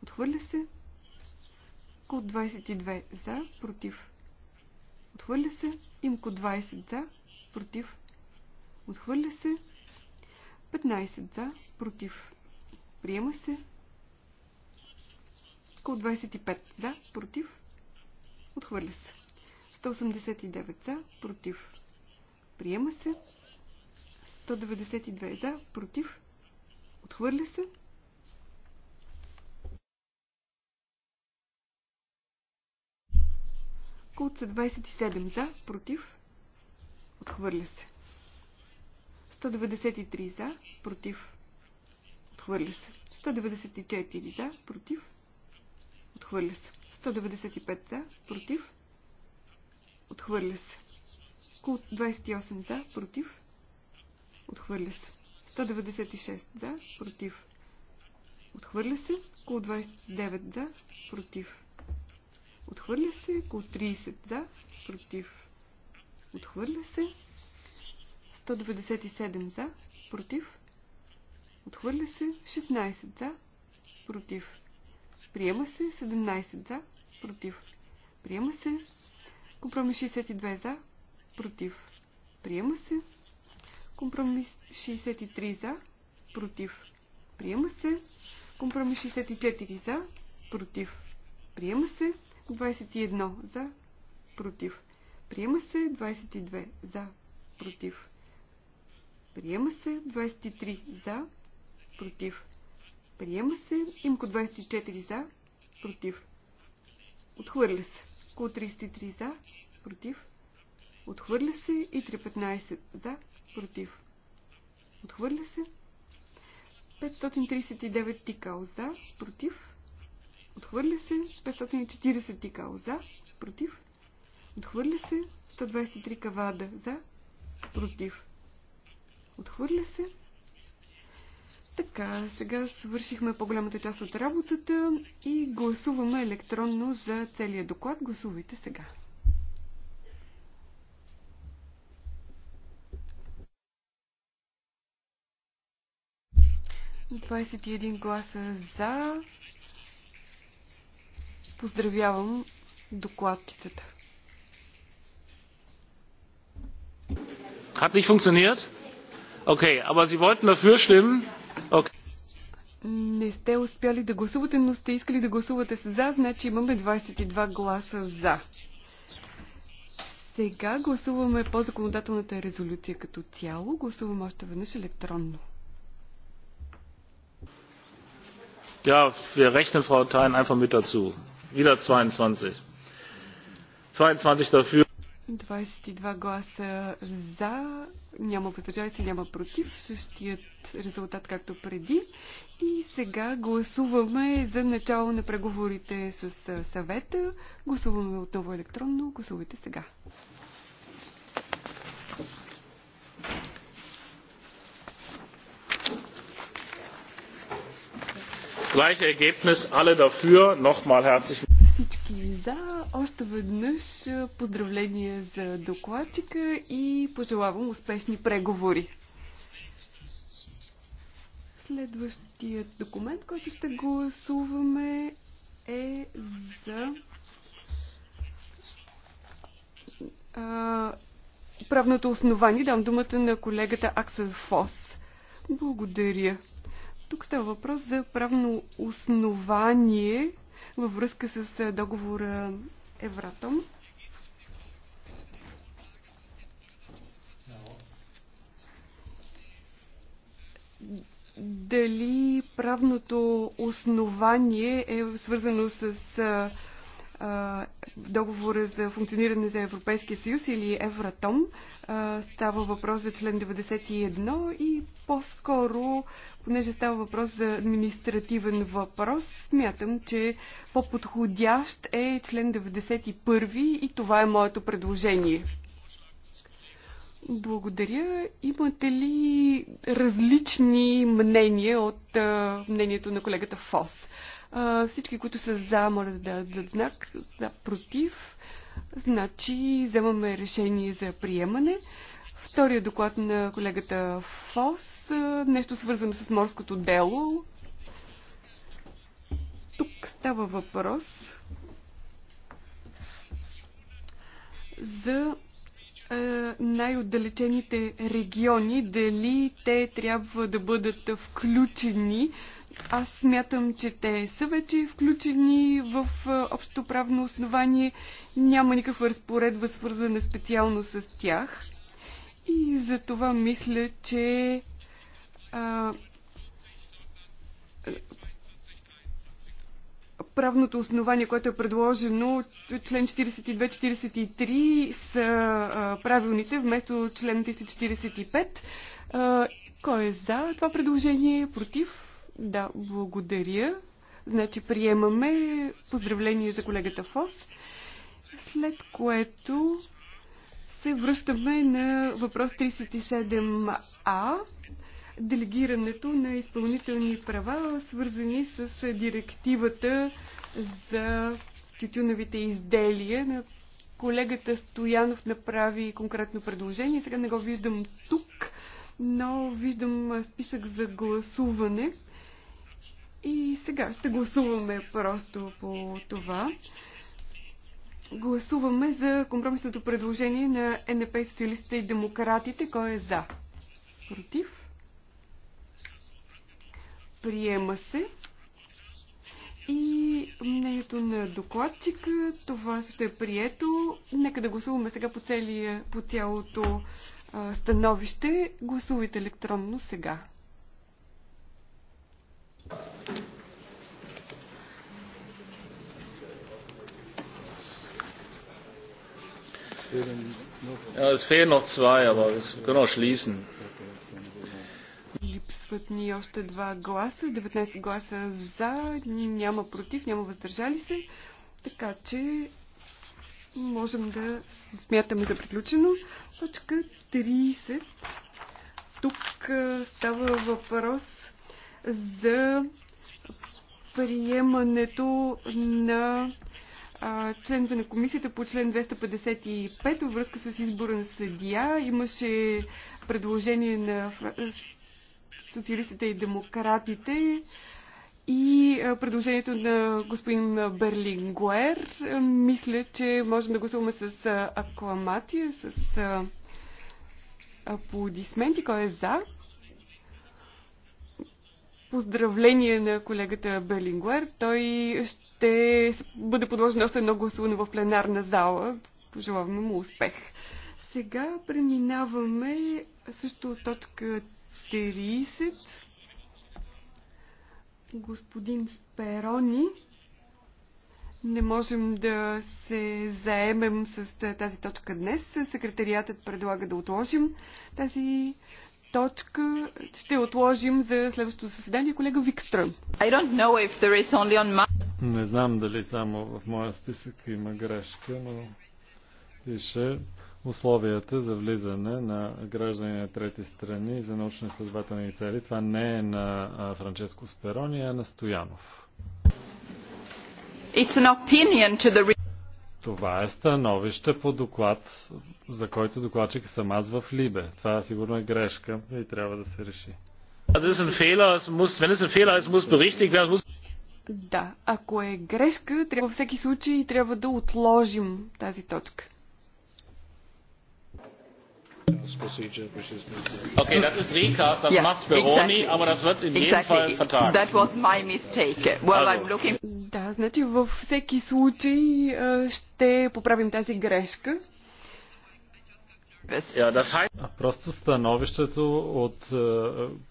Отхвърля се. Ко 22 за, против. Отхвърля се. Имко 20 за, против. Отхвърля се. 15 за, против. Приема се. Ко 25 за, против. Отхвърля се. 189 за, против. Приема се. 192 за, против. Отхвърли се. Култ са 27 за, против. Отхвърля се. 193 за, против. Отхвърля се. 194 за, против. Отхвърля се. 195 за, против. Отхвърля се. Култ 28 за, против. Отхвърля се. 196 за, против. Отхвърля се. Около 29 за, против. Отхвърля се. Около 30 за, против. Отхвърля се. 197 за, против. Отхвърля се. 16 за, против. Приема се. 17 за, против. Приема се. Компромис 62 за, против. Приема се. Компромис 63 за, против, приема се. Компромис 64 за, против, приема се. 21 за, против, приема се. 22 за, против, приема се. 23 за, против, приема се. Имко 24 за, против, отхвърля се. Ко 33 за, против, отхвърля се. И 315 за, против против. Отхвърля се. 539 тикал за, против. Отхвърля се. 540 тикал за, против. Отхвърля се. 123 кавада за, против. Отхвърля се. Така, сега свършихме по-голямата част от работата и гласуваме електронно за целия доклад. Гласувайте сега. 21 гласа за. Поздравявам докладчицата. Hat nicht funktioniert? Okay, aber Sie wollten dafür stimmen? Okay. Не сте успяли да гласувате, но сте искали да гласувате с за, значи имаме 22 гласа за. Сега гласуваме по законодателната резолюция като цяло. Гласуваме още веднъж електронно. ja wir rechnen frau thein einfach mit dazu wieder zweiundzwanzig zweiundzwanzig dafür 22 гласа za няма въздържали се, няма против, същият резултат както преди. И сега гласуваме за начало на преговорите с съвета. Гласуваме отново електронно. Гласувайте сега. gleiche Ergebnis, alle dafür. Nochmal herzlichen Всички за, още веднъж е, поздравления за докладчика и пожелавам успешни преговори. Следващият документ, който ще гласуваме е за а, правното основание. Дам думата на колегата Аксел Фос. Благодаря. Тук става въпрос за правно основание във връзка с договора Евратом. Дали правното основание е свързано с договора за функциониране за Европейския съюз или Евратом. А, става въпрос за член 91 и по-скоро, понеже става въпрос за административен въпрос, смятам, че по-подходящ е член 91 и това е моето предложение. Благодаря. Имате ли различни мнения от а, мнението на колегата Фос? Всички, които са за, моля да дадат знак. За, против. Значи, вземаме решение за приемане. Втория доклад на колегата Фос. Нещо свързано с морското дело. Тук става въпрос за най-отдалечените региони, дали те трябва да бъдат включени аз смятам, че те са вече включени в общото правно основание. Няма никаква разпоредба, свързана специално с тях. И за това мисля, че а, правното основание, което е предложено, член 42-43 са а, правилните, вместо член 345. А, кой е за това предложение? Против? Да, благодаря. Значи приемаме поздравление за колегата Фос, след което се връщаме на въпрос 37а делегирането на изпълнителни права, свързани с директивата за тютюновите изделия. На колегата Стоянов направи конкретно предложение. Сега не го виждам тук, но виждам списък за гласуване. И сега ще гласуваме просто по това. Гласуваме за компромисното предложение на НП социалистите и демократите. Кой е за? Против? Приема се. И мнението на докладчика, това също е прието. Нека да гласуваме сега по, целия, по цялото а, становище. Гласувайте електронно сега. Es fehlen noch zwei, aber wir können auch schließen. Липсват ни още два гласа, 19 гласа за, няма против, няма въздържали се, така че можем да смятаме за приключено. Точка 30. Тук става въпрос за приемането на членове на комисията по член 255 във връзка с избора на съдия. Имаше предложение на социалистите и демократите и предложението на господин Берлингуер. Мисля, че можем да гласуваме с акламация, с аплодисменти. Кой е за? Поздравление на колегата Белингуер, Той ще бъде подложен още едно гласуване в пленарна зала. Пожелаваме му успех. Сега преминаваме също точка 30. Господин Сперони не можем да се заемем с тази точка днес. Секретариатът предлага да отложим тази точка ще отложим за следващото съседание колега Викстрън. My... Не знам дали само в моя списък има грешка, но пише условията за влизане на граждани на трети страни за научно-изследователни цели. Това не е на Франческо Сперони, а на Стоянов. It's an opinion to the това е становище по доклад, за който докладчик съм аз в Либе. Това сигурно е грешка и трябва да се реши. Да, ако е грешка, трябва във всеки случай трябва да отложим тази точка this procedure which is Okay, das ist recast, das yeah, Mats Beroni, exactly. aber das wird in exactly. jedem Fall vertagt. That was my mistake. Well, also. I'm looking... Да, значи във всеки случай ще поправим тази грешка. А просто становището от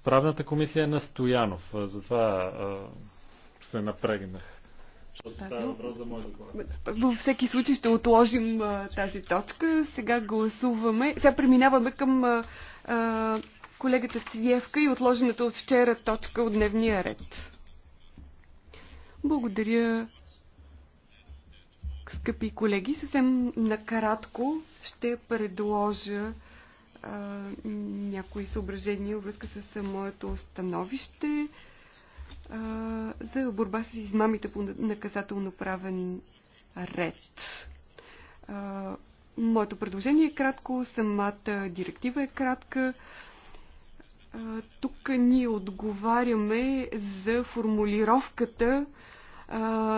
правната комисия е на Стоянов, затова се напрегнах. Във всеки случай ще отложим а, тази точка. Сега гласуваме. Сега преминаваме към а, колегата Цвиевка и отложената от вчера точка от дневния ред. Благодаря, скъпи колеги. Съвсем накратко ще предложа а, някои съображения във връзка с моето становище за борба с измамите по наказателно-правен ред. Моето предложение е кратко, самата директива е кратка. Тук ние отговаряме за формулировката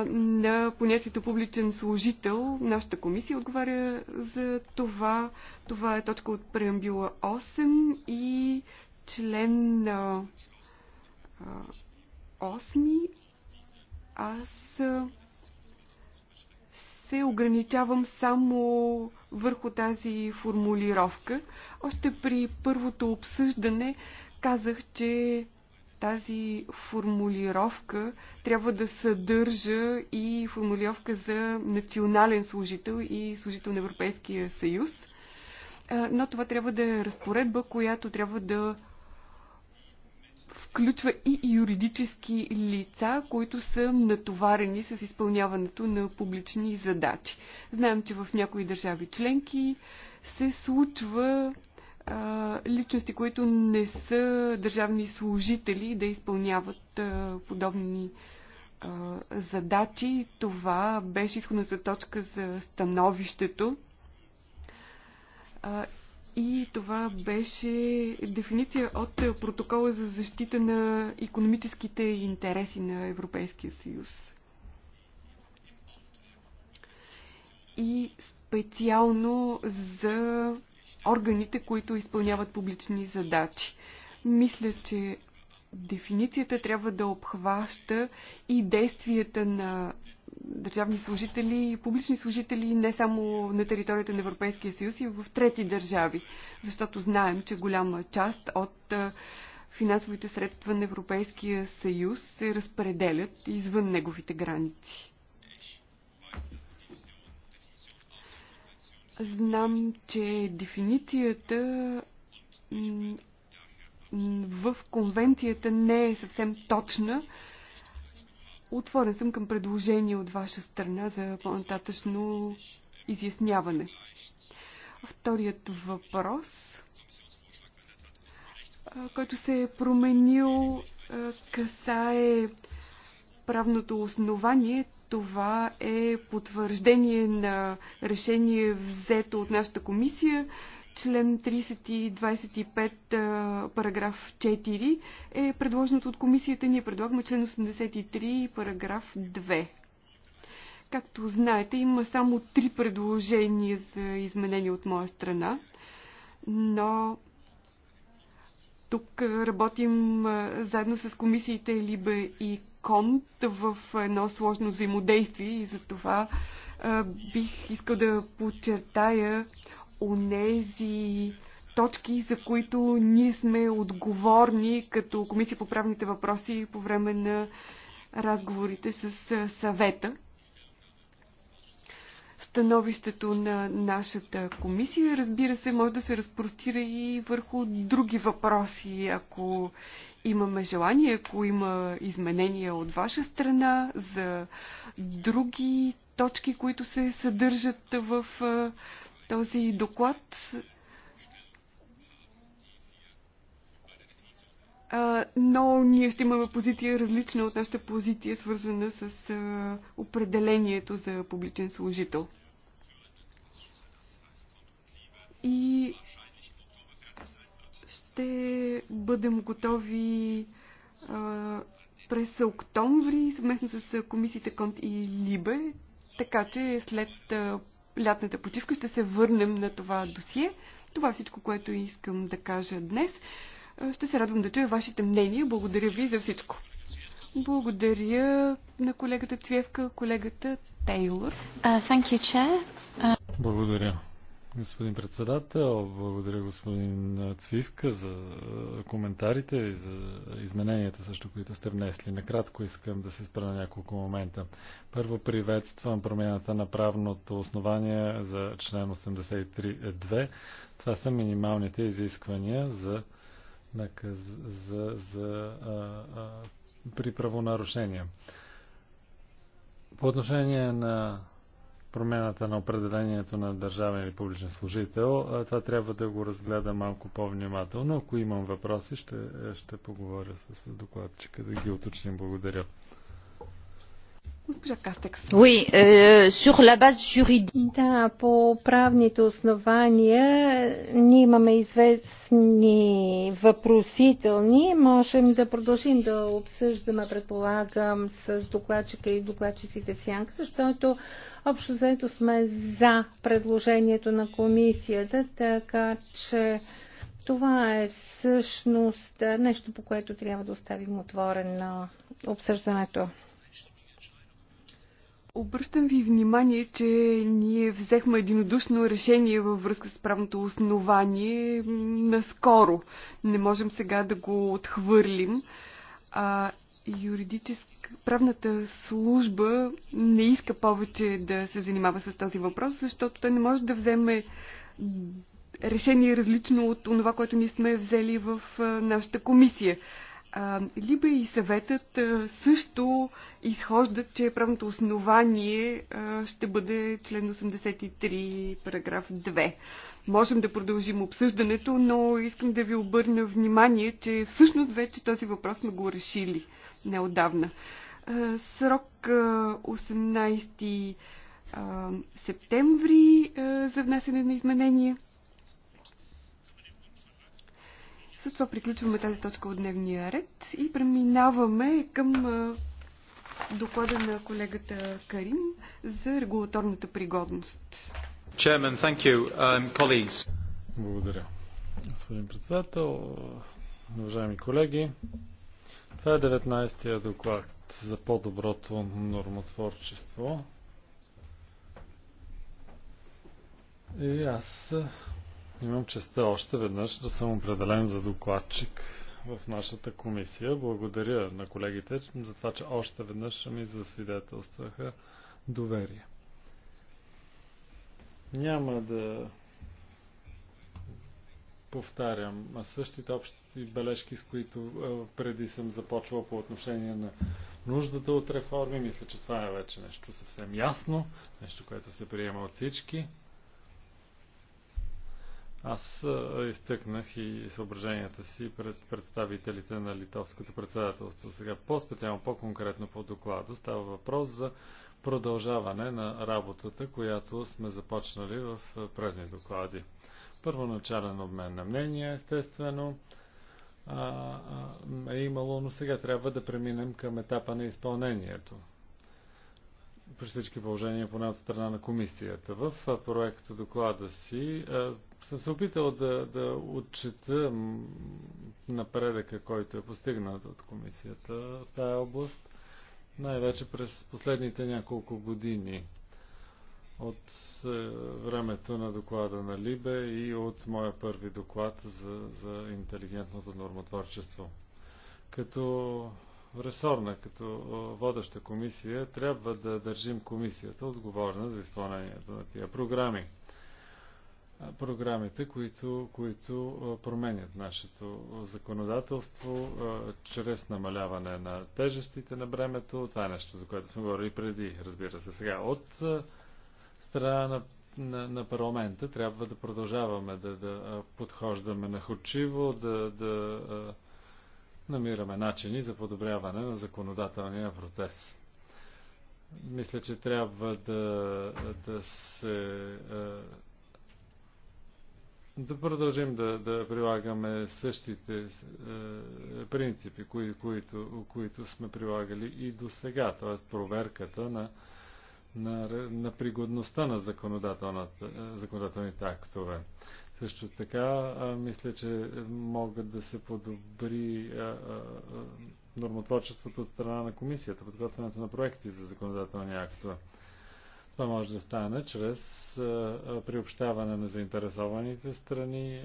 на понятието публичен служител. Нашата комисия отговаря за това. Това е точка от преамбюла 8 и член на 8 аз се ограничавам само върху тази формулировка. Още при първото обсъждане казах, че тази формулировка трябва да съдържа и формулировка за национален служител и служител на Европейския съюз. Но това трябва да е разпоредба, която трябва да включва и юридически лица, които са натоварени с изпълняването на публични задачи. Знаем, че в някои държави членки се случва а, личности, които не са държавни служители, да изпълняват а, подобни а, задачи. Това беше изходната точка за становището и това беше дефиниция от протокола за защита на економическите интереси на Европейския съюз. И специално за органите, които изпълняват публични задачи. Мисля, че дефиницията трябва да обхваща и действията на държавни служители и публични служители не само на територията на Европейския съюз и в трети държави, защото знаем, че голяма част от финансовите средства на Европейския съюз се разпределят извън неговите граници. Знам, че дефиницията в конвенцията не е съвсем точна, Отворен съм към предложение от ваша страна за по-нататъчно изясняване. Вторият въпрос, който се е променил, касае правното основание. Това е потвърждение на решение взето от нашата комисия член 3025, параграф 4 е предложеното от комисията. Ние предлагаме член 83, параграф 2. Както знаете, има само три предложения за изменения от моя страна, но тук работим заедно с комисиите Либе и Конт в едно сложно взаимодействие и за това бих искал да подчертая онези точки, за които ние сме отговорни като Комисия по правните въпроси по време на разговорите с съвета. Становището на нашата комисия, разбира се, може да се разпростира и върху други въпроси, ако имаме желание, ако има изменения от ваша страна за други точки, които се съдържат в този доклад но ние ще имаме позиция различна от нашата позиция, свързана с определението за публичен служител. И ще бъдем готови през октомври съвместно с комисиите Конт и Либе, така че след лятната почивка ще се върнем на това досие. Това е всичко, което искам да кажа днес. Ще се радвам да чуя вашите мнения. Благодаря ви за всичко. Благодаря на колегата Цвевка, колегата Тейлор. Uh, you, uh... Благодаря господин председател. Благодаря, господин Цвивка, за коментарите и за измененията, също които сте внесли. Накратко искам да се спра на няколко момента. Първо приветствам промената на правното основание за член 83.2. Това са минималните изисквания за, наказ... за, за а, а, при правонарушения. По отношение на промената на определението на държавен или публичен служител. Това трябва да го разгледа малко по-внимателно. Ако имам въпроси, ще, ще поговоря с докладчика да ги уточним. Благодаря. Госпожа Кастекс. Euh, да, по правните основания ние имаме известни въпросителни. Можем да продължим да обсъждаме, предполагам, с докладчика и докладчиците Сянка, защото общо заето сме за предложението на комисията, така че това е всъщност нещо, по което трябва да оставим отворено обсъждането. Обръщам ви внимание, че ние взехме единодушно решение във връзка с правното основание наскоро. Не можем сега да го отхвърлим. А, юридическа, правната служба не иска повече да се занимава с този въпрос, защото той не може да вземе решение различно от това, което ние сме взели в нашата комисия. Либо и съветът също изхождат, че правното основание ще бъде член 83, параграф 2. Можем да продължим обсъждането, но искам да ви обърна внимание, че всъщност вече този въпрос сме го решили неодавна. Срок 18 септември за внасяне на изменения. С това приключваме тази точка от дневния ред и преминаваме към доклада на колегата Карим за регулаторната пригодност. Chairman, thank you, um, colleagues. Благодаря. Господин председател, уважаеми колеги, това е 19-я доклад за по-доброто нормотворчество. И аз Имам честа още веднъж да съм определен за докладчик в нашата комисия. Благодаря на колегите за това, че още веднъж ми засвидетелстваха доверие. Няма да повтарям същите общи бележки, с които преди съм започвал по отношение на нуждата от реформи. Мисля, че това е вече нещо съвсем ясно, нещо, което се приема от всички. Аз изтъкнах и съображенията си пред представителите на литовското председателство. Сега по-специално, по-конкретно по доклада става въпрос за продължаване на работата, която сме започнали в предни доклади. Първоначален обмен на мнения, естествено, а, а, е имало, но сега трябва да преминем към етапа на изпълнението при всички положения, поне от страна на комисията. В проекта доклада си съм се опитал да, да отчета напредъка, който е постигнат от комисията в тази област, най-вече през последните няколко години от е, времето на доклада на Либе и от моя първи доклад за, за интелигентното нормотворчество. Като ресорна, като е, водеща комисия, трябва да държим комисията отговорна за изпълнението на тия програми програмите, които, които променят нашето законодателство чрез намаляване на тежестите на бремето. Това е нещо, за което сме говорили преди, разбира се. Сега от страна на, на, на парламента трябва да продължаваме да, да подхождаме нахочиво, да, да намираме начини за подобряване на законодателния процес мисля, че трябва да, да се да продължим да, да прилагаме същите е, принципи, кои, които, които сме прилагали и до сега, т.е. проверката на, на, на пригодността на е, законодателните актове. Също така, а, е, мисля, че могат да се подобри а, е, а, нормотворчеството от страна на комисията, подготвянето на проекти за законодателни актове. Това може да стане чрез приобщаване на заинтересованите страни,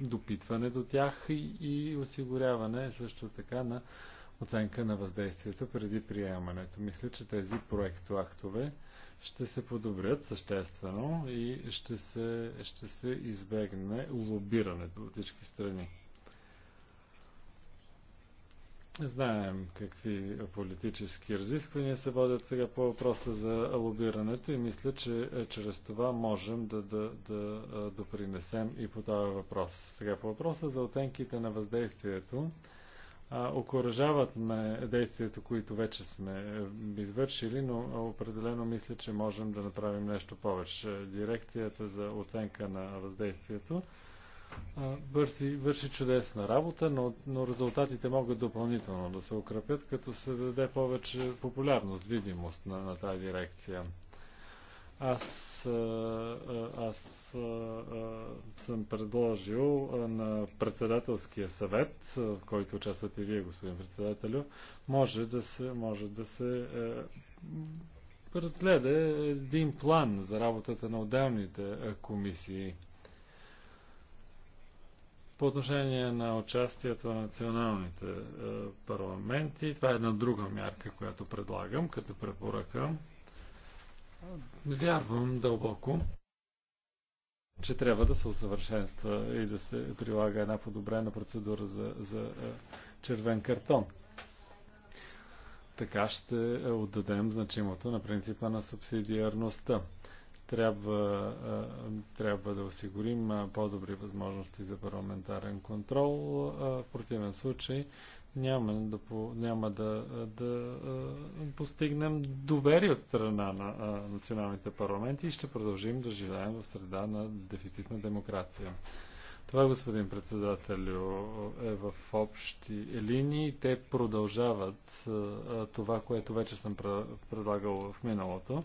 допитване до тях и, и осигуряване също така на оценка на въздействието преди приемането. Мисля, че тези проектоактове ще се подобрят съществено и ще се, ще се избегне лобирането от всички страни. Знаем какви политически разисквания се водят сега по въпроса за лобирането и мисля, че е, чрез това можем да, да, да е, допринесем и по този въпрос. Сега по въпроса за оценките на въздействието. Окоръжават ме действието, които вече сме е, извършили, но определено мисля, че можем да направим нещо повече. Дирекцията за оценка на въздействието бързи, върши чудесна работа, но, но резултатите могат допълнително да се укрепят, като се даде повече популярност, видимост на, на тази дирекция. Аз, аз съм предложил на председателския съвет, в който участвате и вие, господин председателю, може да се, може да се е, разгледа един план за работата на отделните е, комисии по отношение на участието на националните е, парламенти, това е една друга мярка, която предлагам като препоръка. Вярвам дълбоко, че трябва да се усъвършенства и да се прилага една подобрена процедура за, за е, червен картон. Така ще отдадем значимото на принципа на субсидиарността. Трябва, трябва да осигурим по-добри възможности за парламентарен контрол. В противен случай няма да, няма да, да постигнем доверие от страна на националните парламенти и ще продължим да живеем в среда на дефицитна демокрация. Това, господин председателю, е в общи линии. Те продължават това, което вече съм предлагал в миналото.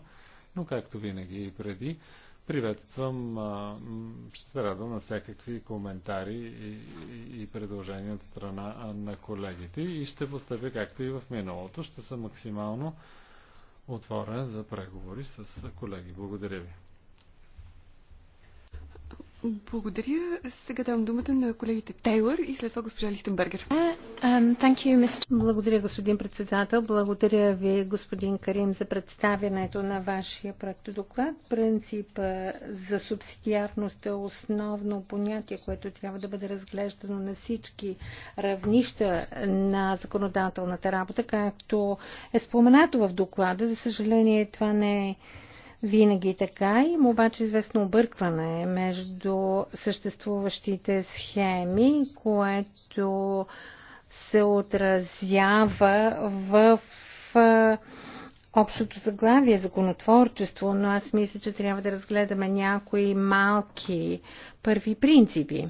Но както винаги и преди, приветствам, ще се радвам на всякакви коментари и, и, и предложения от страна на колегите и ще постъпя както и в миналото. Ще съм максимално отворен за преговори с колеги. Благодаря ви. Благодаря. Сега давам думата на колегите Тейлор и след това госпожа Лихтенбергер. Uh, um, you, Благодаря, господин председател. Благодаря ви, господин Карим, за представянето на вашия проект доклад. Принцип за субсидиарност е основно понятие, което трябва да бъде разглеждано на всички равнища на законодателната работа, както е споменато в доклада. За съжаление, това не е винаги така. Има обаче известно объркване между съществуващите схеми, което се отразява в общото заглавие законотворчество, но аз мисля, че трябва да разгледаме някои малки първи принципи.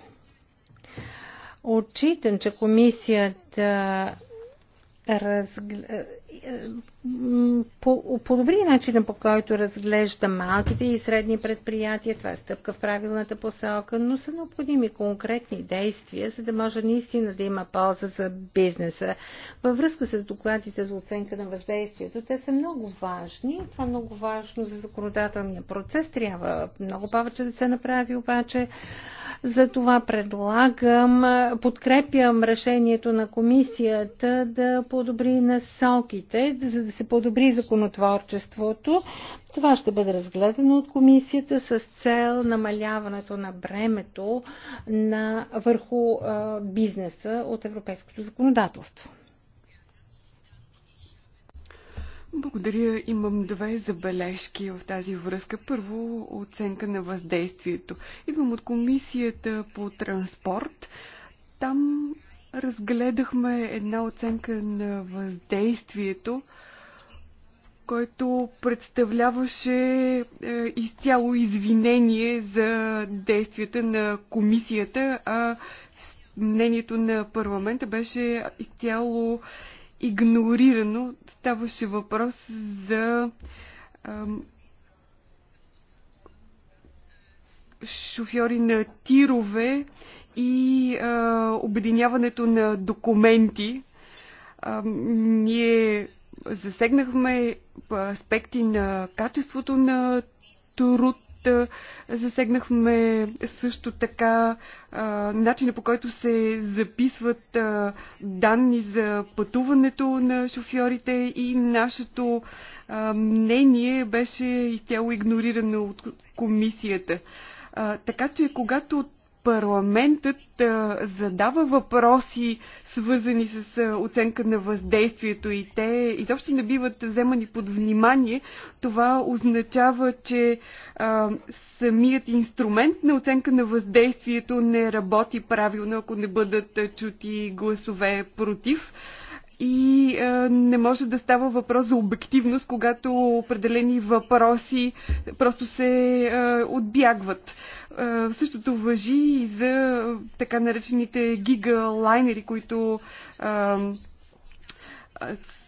Отчитам, че комисията разгледа по, подобри начина по който разглежда малките и средни предприятия. Това е стъпка в правилната посока, но са необходими конкретни действия, за да може наистина да има полза за бизнеса. Във връзка с докладите за оценка на въздействието, те са много важни. Това е много важно за законодателния процес. Трябва много повече да се направи, обаче за това предлагам, подкрепям решението на комисията да подобри насоките мерките, за да се подобри законотворчеството. Това ще бъде разгледано от комисията с цел намаляването на бремето на, върху а, бизнеса от европейското законодателство. Благодаря. Имам две забележки в тази връзка. Първо, оценка на въздействието. Идвам от комисията по транспорт. Там разгледахме една оценка на въздействието, който представляваше е, изцяло извинение за действията на комисията, а мнението на парламента беше изцяло игнорирано. Ставаше въпрос за е, шофьори на тирове и обединяването на документи. Ние засегнахме аспекти на качеството на труд, засегнахме също така а, начина по който се записват а, данни за пътуването на шофьорите и нашето а, мнение беше изцяло игнорирано от комисията. А, така че, когато парламентът задава въпроси, свързани с оценка на въздействието и те изобщо не биват вземани под внимание, това означава, че а, самият инструмент на оценка на въздействието не работи правилно, ако не бъдат чути гласове против и а, е, не може да става въпрос за обективност, когато определени въпроси просто се а, е, отбягват. А, е, същото въжи и за така наречените гигалайнери, които а,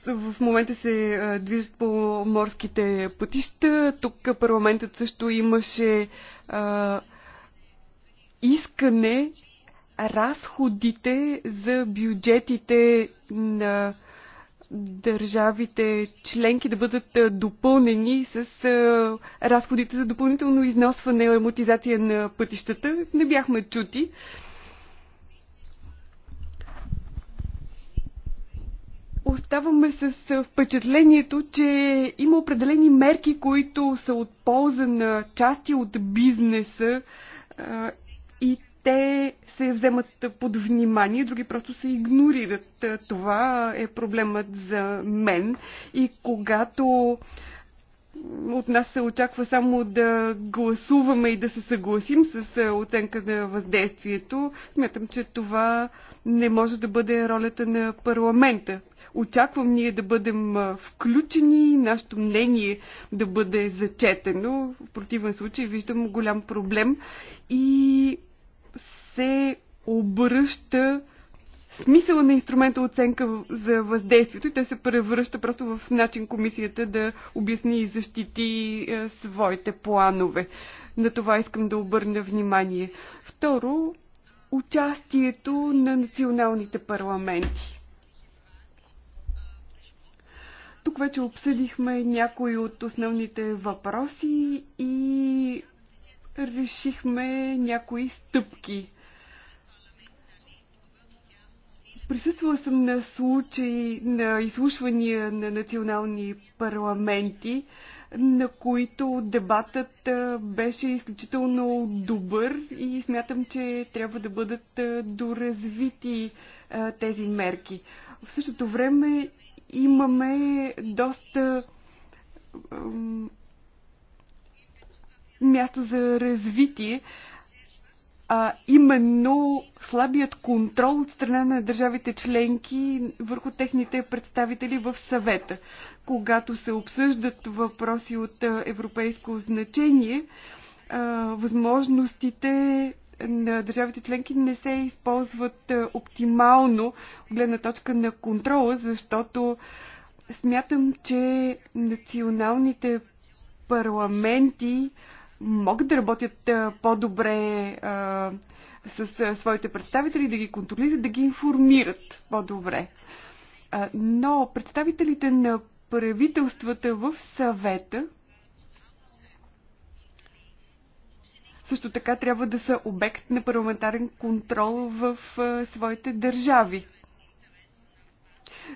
в момента се движат по морските пътища. Тук парламентът също имаше а, искане разходите за бюджетите на държавите членки да бъдат допълнени с разходите за допълнително износване и амортизация на пътищата. Не бяхме чути. оставаме с впечатлението, че има определени мерки, които са от полза на части от бизнеса те се вземат под внимание, други просто се игнорират. Е, това е проблемът за мен. И когато от нас се очаква само да гласуваме и да се съгласим с е, оценка на въздействието, смятам, че това не може да бъде ролята на парламента. Очаквам ние да бъдем е, включени, нашето мнение да бъде зачетено. В противен случай виждам голям проблем и се обръща смисъла на инструмента оценка за въздействието и той се превръща просто в начин комисията да обясни и защити е, своите планове. На това искам да обърна внимание. Второ, участието на националните парламенти. Тук вече обсъдихме някои от основните въпроси и решихме някои стъпки Присъствала съм на случаи на изслушвания на национални парламенти, на които дебатът беше изключително добър и смятам, че трябва да бъдат доразвити тези мерки. В същото време имаме доста място за развитие а именно слабият контрол от страна на държавите членки върху техните представители в съвета. Когато се обсъждат въпроси от европейско значение, възможностите на държавите членки не се използват оптимално от гледна точка на контрола, защото смятам, че националните парламенти могат да работят по-добре с своите представители, да ги контролират, да ги информират по-добре. Но представителите на правителствата в съвета също така трябва да са обект на парламентарен контрол в своите държави,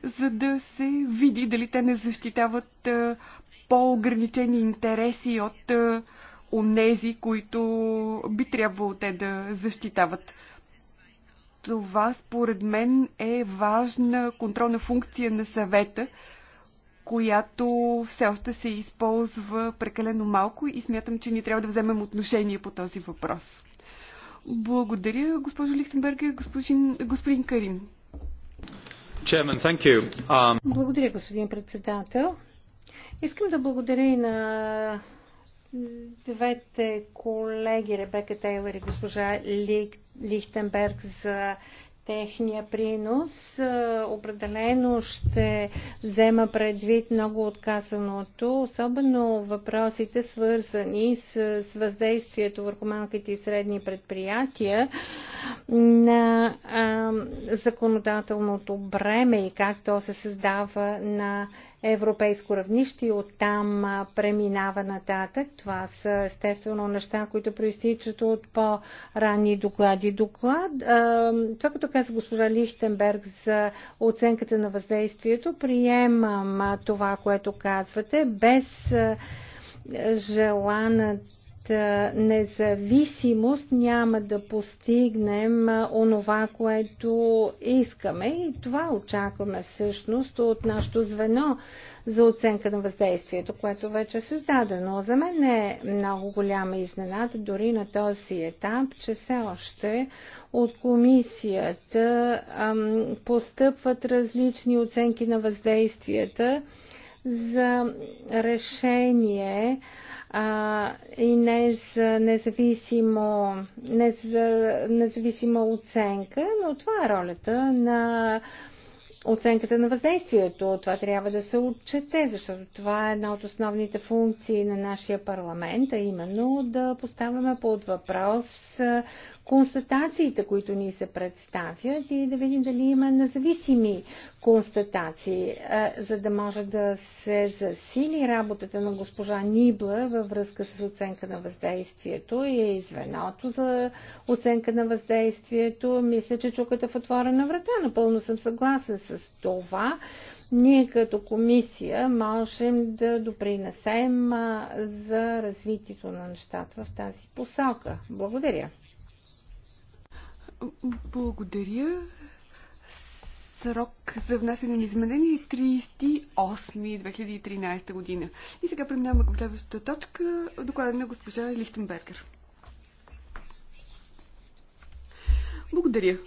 за да се види дали те не защитават по-ограничени интереси от онези, които би трябвало те да защитават. Това според мен е важна контролна функция на съвета, която все още се използва прекалено малко и смятам, че ние трябва да вземем отношение по този въпрос. Благодаря, госпожо Лихтенбергер, господин, господин Карим. Chairman, thank you. Um... Благодаря, господин председател. Искам да благодаря и на двете колеги, Ребека Тейлър и госпожа Лихтенберг за техния принос. Определено ще взема предвид много отказаното, особено въпросите свързани с въздействието върху малките и средни предприятия на законодателното бреме и как то се създава на европейско равнище и оттам преминава нататък. Това са естествено неща, които проистичат от по-ранни доклади. Доклад, това като каза госпожа Лихтенберг за оценката на въздействието. Приемам това, което казвате, без желаната независимост няма да постигнем онова, което искаме. И това очакваме всъщност от нашото звено за оценка на въздействието, което вече е създадено. За мен е много голяма изненада, дори на този етап, че все още от комисията постъпват различни оценки на въздействията за решение а, и не за, независимо, не за независима оценка, но това е ролята на оценката на въздействието. Това трябва да се отчете, защото това е една от основните функции на нашия парламент, а именно да поставяме под въпрос констатациите, които ни се представят и да видим дали има независими констатации, е, за да може да се засили работата на госпожа Нибла във връзка с оценка на въздействието и звеното за оценка на въздействието. Мисля, че чуката в отворена врата. Напълно съм съгласен с това. Ние като комисия можем да допринесем е, за развитието на нещата в тази посока. Благодаря. Благодаря. Срок за внасяне на изменение е година. И сега преминаваме към следващата точка, доклада на госпожа Лихтенбергер. Благодаря.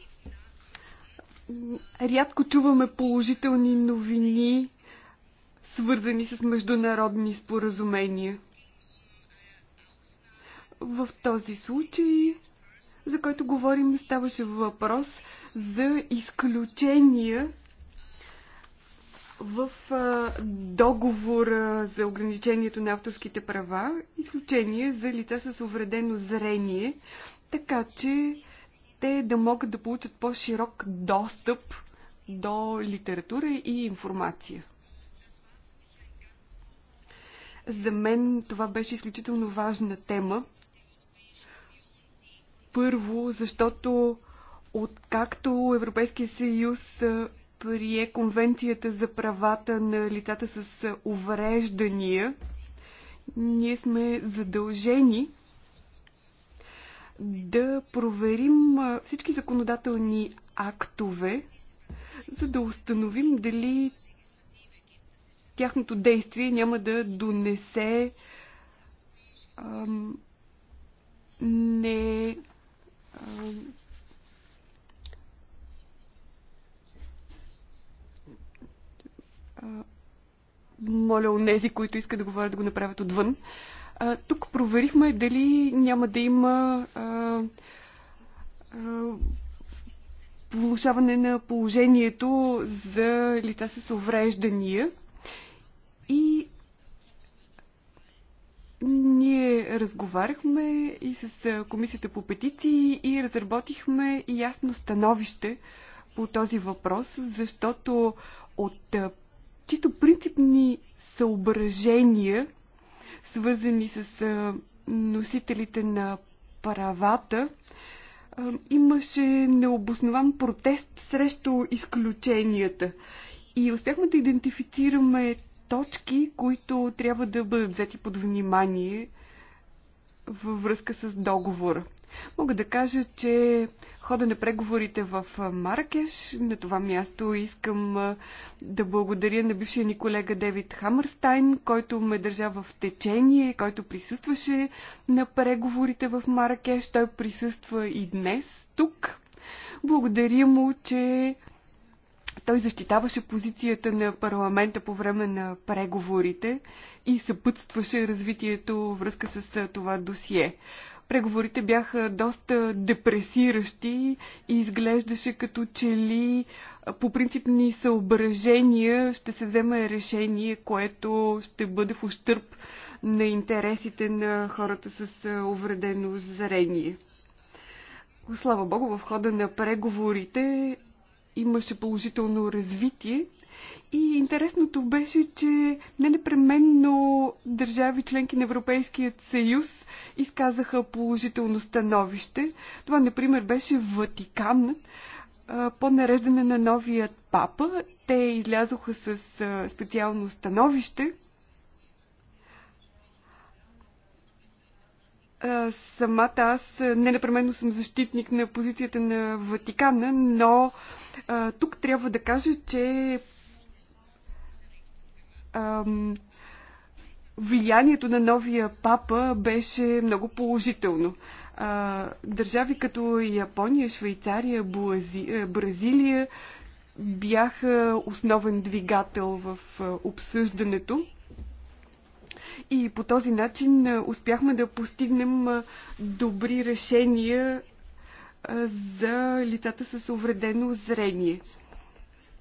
Рядко чуваме положителни новини, свързани с международни споразумения. В този случай за който говорим, ставаше въпрос за изключения в договора за ограничението на авторските права, изключение за лица с увредено зрение, така че те да могат да получат по-широк достъп до литература и информация. За мен това беше изключително важна тема. Първо, защото откакто Европейския съюз прие Конвенцията за правата на лицата с увреждания, ние сме задължени да проверим всички законодателни актове, за да установим дали тяхното действие няма да донесе ам, не моля нези, които искат да говорят, да го направят отвън. А, тук проверихме дали няма да има а, а, на положението за лица с увреждания. Ние разговаряхме и с комисията по петиции и разработихме и ясно становище по този въпрос, защото от чисто принципни съображения, свързани с носителите на правата, имаше необоснован протест срещу изключенията. И успяхме да идентифицираме точки, които трябва да бъдат взети под внимание във връзка с договор. Мога да кажа, че хода на преговорите в Маракеш, на това място искам да благодаря на бившия ни колега Девид Хамърстайн, който ме държа в течение, който присъстваше на преговорите в Маракеш. Той присъства и днес тук. Благодаря му, че той защитаваше позицията на парламента по време на преговорите и съпътстваше развитието връзка с това досие. Преговорите бяха доста депресиращи и изглеждаше като че ли по принципни съображения ще се вземе решение, което ще бъде в ущърп на интересите на хората с увредено зрение. Слава Богу, в хода на преговорите имаше положително развитие. И интересното беше, че не непременно държави членки на Европейският съюз изказаха положително становище. Това, например, беше Ватикан. По нареждане на новият папа, те излязоха с специално становище – самата аз не непременно съм защитник на позицията на Ватикана, но а, тук трябва да кажа, че ам, влиянието на новия папа беше много положително. А, държави като Япония, Швейцария, Буази, Бразилия бяха основен двигател в обсъждането и по този начин успяхме да постигнем добри решения за лицата с увредено зрение.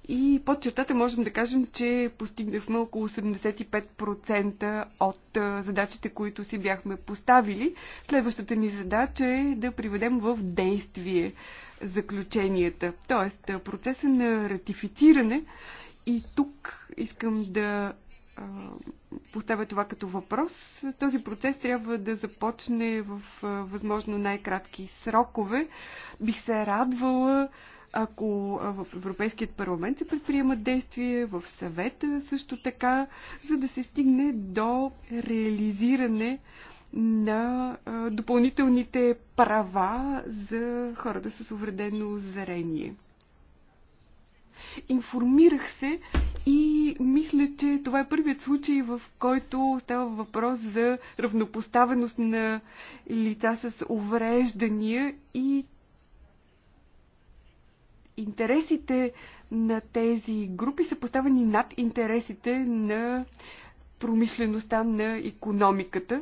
И под чертата можем да кажем, че постигнахме около 85% от задачите, които си бяхме поставили. Следващата ни задача е да приведем в действие заключенията, т.е. процеса на ратифициране. И тук искам да поставя това като въпрос. Този процес трябва да започне в възможно най-кратки срокове. Бих се радвала, ако в Европейският парламент се предприемат действия, в съвета също така, за да се стигне до реализиране на допълнителните права за хората с увредено зрение. Информирах се и мисля, че това е първият случай, в който става въпрос за равнопоставеност на лица с увреждания и интересите на тези групи са поставени над интересите на промишлеността на економиката.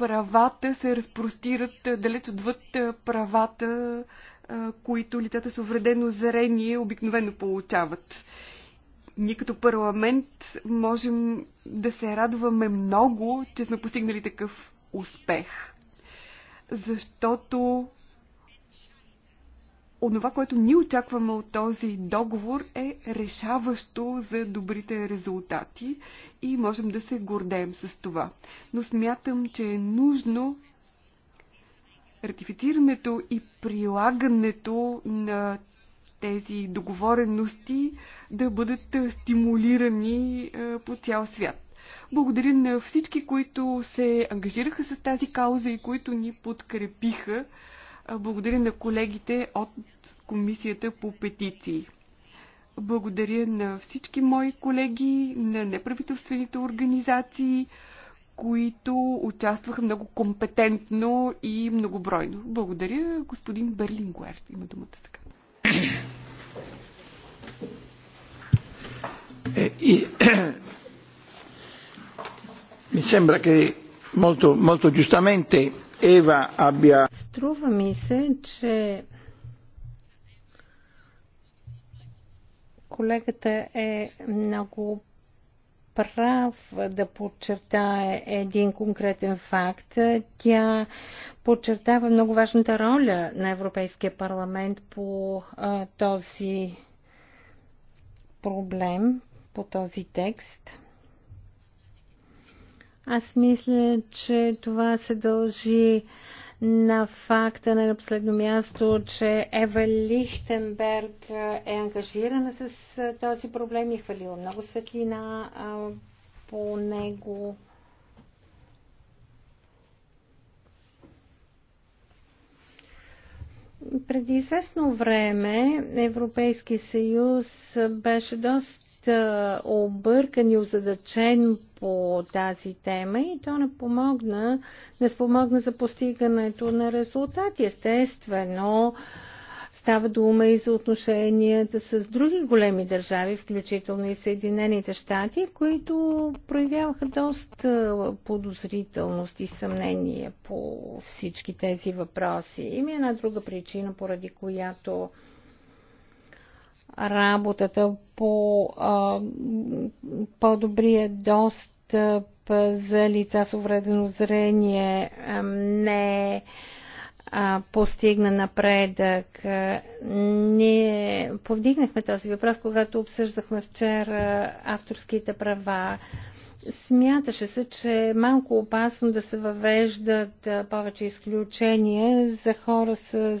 правата се разпростират далеч отвъд правата, които лицата с увредено зрение обикновено получават. Ние като парламент можем да се радваме много, че сме постигнали такъв успех. Защото онова, което ние очакваме от този договор е решаващо за добрите резултати и можем да се гордеем с това. Но смятам, че е нужно ратифицирането и прилагането на тези договорености да бъдат стимулирани е, по цял свят. Благодаря на всички, които се ангажираха с тази кауза и които ни подкрепиха. Благодаря на колегите от Комисията по петиции. Благодаря на всички мои колеги, на неправителствените организации, които участваха много компетентно и многобройно. Благодаря, господин Берлингуер. Има думата сега. mi е, sembra che molto, molto giustamente Ева абя. Струва ми се, че колегата е много прав да подчертае един конкретен факт. Тя подчертава много важната роля на Европейския парламент по а, този проблем, по този текст. Аз мисля, че това се дължи на факта на последно място, че Ева Лихтенберг е ангажирана с този проблем и хвалила много светлина по него. Преди известно време Европейски съюз беше доста доста объркан и озадачен по тази тема и то не помогна, не спомогна за постигането на резултати. Естествено, Става дума и за отношенията с други големи държави, включително и Съединените щати, които проявяваха доста подозрителност и съмнение по всички тези въпроси. Има една друга причина, поради която работата по по-добрия достъп за лица с увредено зрение не е постигна напредък. Ние повдигнахме този въпрос, когато обсъждахме вчера авторските права. Смяташе се, че е малко опасно да се въвеждат повече изключения за хора с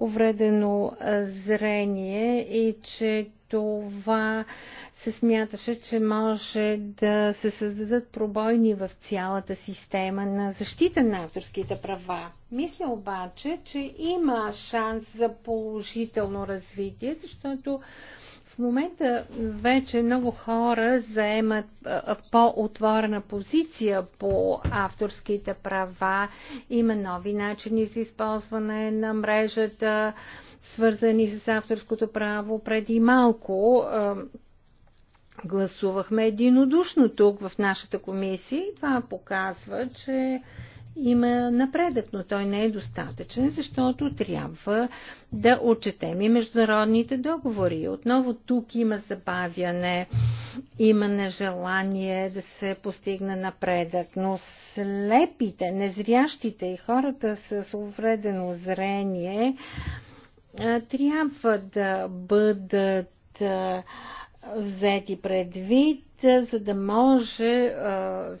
увредено зрение и че това се смяташе, че може да се създадат пробойни в цялата система на защита на авторските права. Мисля обаче, че има шанс за положително развитие, защото в момента вече много хора заемат по-отворена позиция по авторските права. Има нови начини за използване на мрежата, свързани с авторското право. Преди малко гласувахме единодушно тук в нашата комисия и това показва, че има напредък, но той не е достатъчен, защото трябва да отчетем и международните договори. Отново тук има забавяне, има нежелание да се постигне напредък, но слепите, незрящите и хората с увредено зрение трябва да бъдат взети предвид за да може а,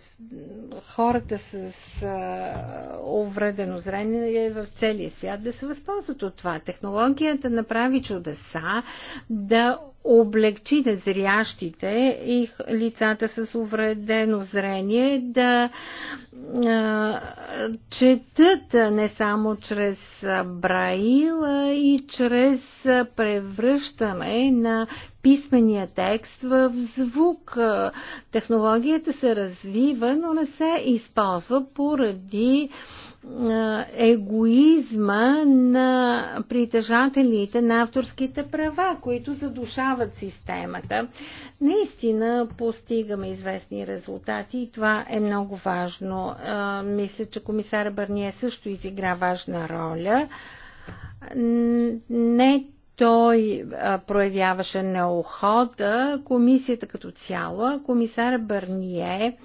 хората с а, увредено зрение в целия свят да се възползват от това. Технологията направи чудеса да облегчи на зрящите и лицата с увредено зрение да а, четат не само чрез браил, а и чрез превръщане на писмения текст в звук. Технологията се развива, но не се използва поради а, е, егоизма на притежателите на авторските права, които задушават системата. Наистина постигаме известни резултати и това е много важно. Мисля, че комисар Бърния също изигра важна роля. Не той проявяваше неохота, комисията като цяло, комисар Бърние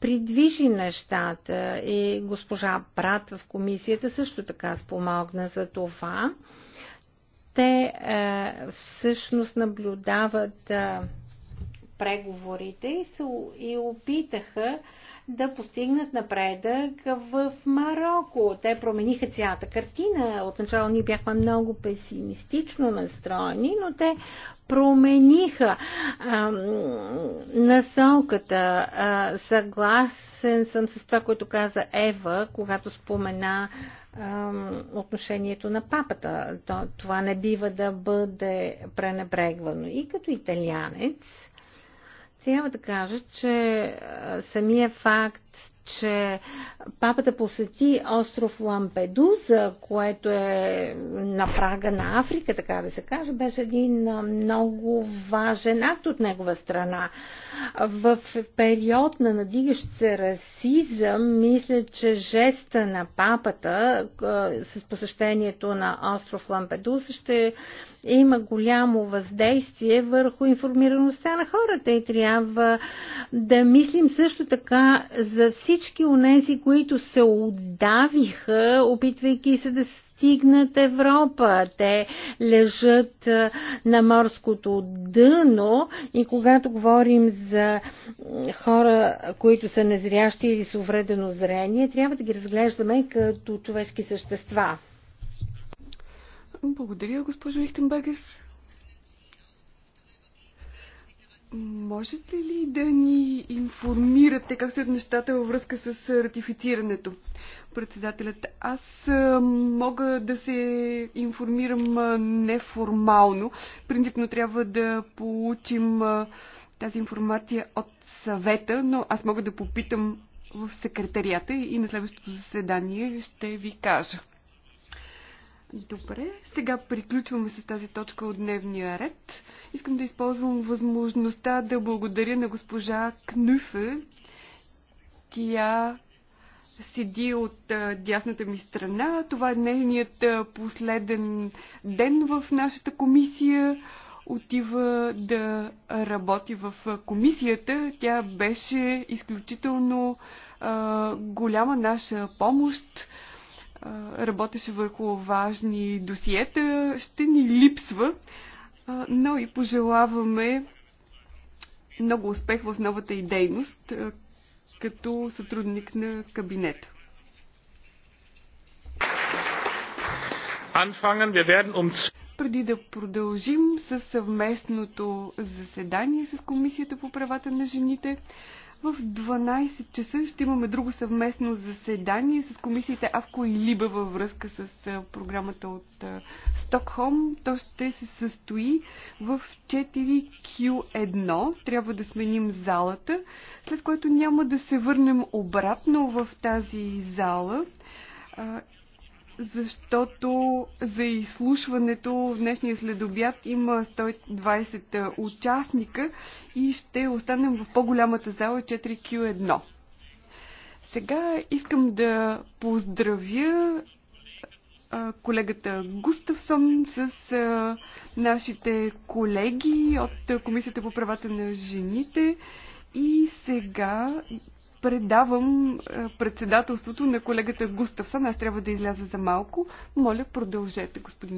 придвижи нещата и госпожа Прат в комисията също така спомогна за това. Те е, всъщност наблюдават е, преговорите и, се, и опитаха да постигнат напредък в Марокко. Те промениха цялата картина. Отначало ние бяхме много песимистично настроени, но те промениха а, насоката. А, съгласен съм с това, което каза Ева, когато спомена а, отношението на папата. То, това не бива да бъде пренебрегвано. И като италянец, трябва да кажа, че самия факт, че папата посети остров Лампедуза, което е на прага на Африка, така да се каже, беше един много важен акт от негова страна. В период на надигащ се расизъм, мисля, че жеста на папата с посещението на остров Лампедуса ще има голямо въздействие върху информираността на хората и трябва да мислим също така за всички онези, които се удавиха, опитвайки се да достигнат Европа. Те лежат на морското дъно и когато говорим за хора, които са незрящи или с увредено зрение, трябва да ги разглеждаме като човешки същества. Благодаря, госпожо Лихтенбергер. Можете ли да ни информирате как стоят нещата във връзка с ратифицирането? Председателят, аз мога да се информирам неформално. Принципно трябва да получим тази информация от съвета, но аз мога да попитам в секретарията и на следващото заседание ще ви кажа. Добре, сега приключваме с тази точка от дневния ред. Искам да използвам възможността да благодаря на госпожа Кнюфе. Тя седи от а, дясната ми страна. Това е дневният последен ден в нашата комисия. Отива да работи в комисията. Тя беше изключително а, голяма наша помощ работеше върху важни досиета, ще ни липсва, но и пожелаваме много успех в новата и дейност като сътрудник на кабинета. Um Преди да продължим с съвместното заседание с Комисията по правата на жените, в 12 часа ще имаме друго съвместно заседание с комисиите Авко и Либа във връзка с програмата от Стокхолм. То ще се състои в 4Q1. Трябва да сменим залата, след което няма да се върнем обратно в тази зала защото за изслушването в днешния следобят има 120 участника и ще останем в по-голямата зала 4Q1. Сега искам да поздравя колегата Густавсон с нашите колеги от Комисията по правата на жените и сега предавам е, председателството на колегата Густавсън. Аз трябва да изляза за малко. Моля, продължете, господин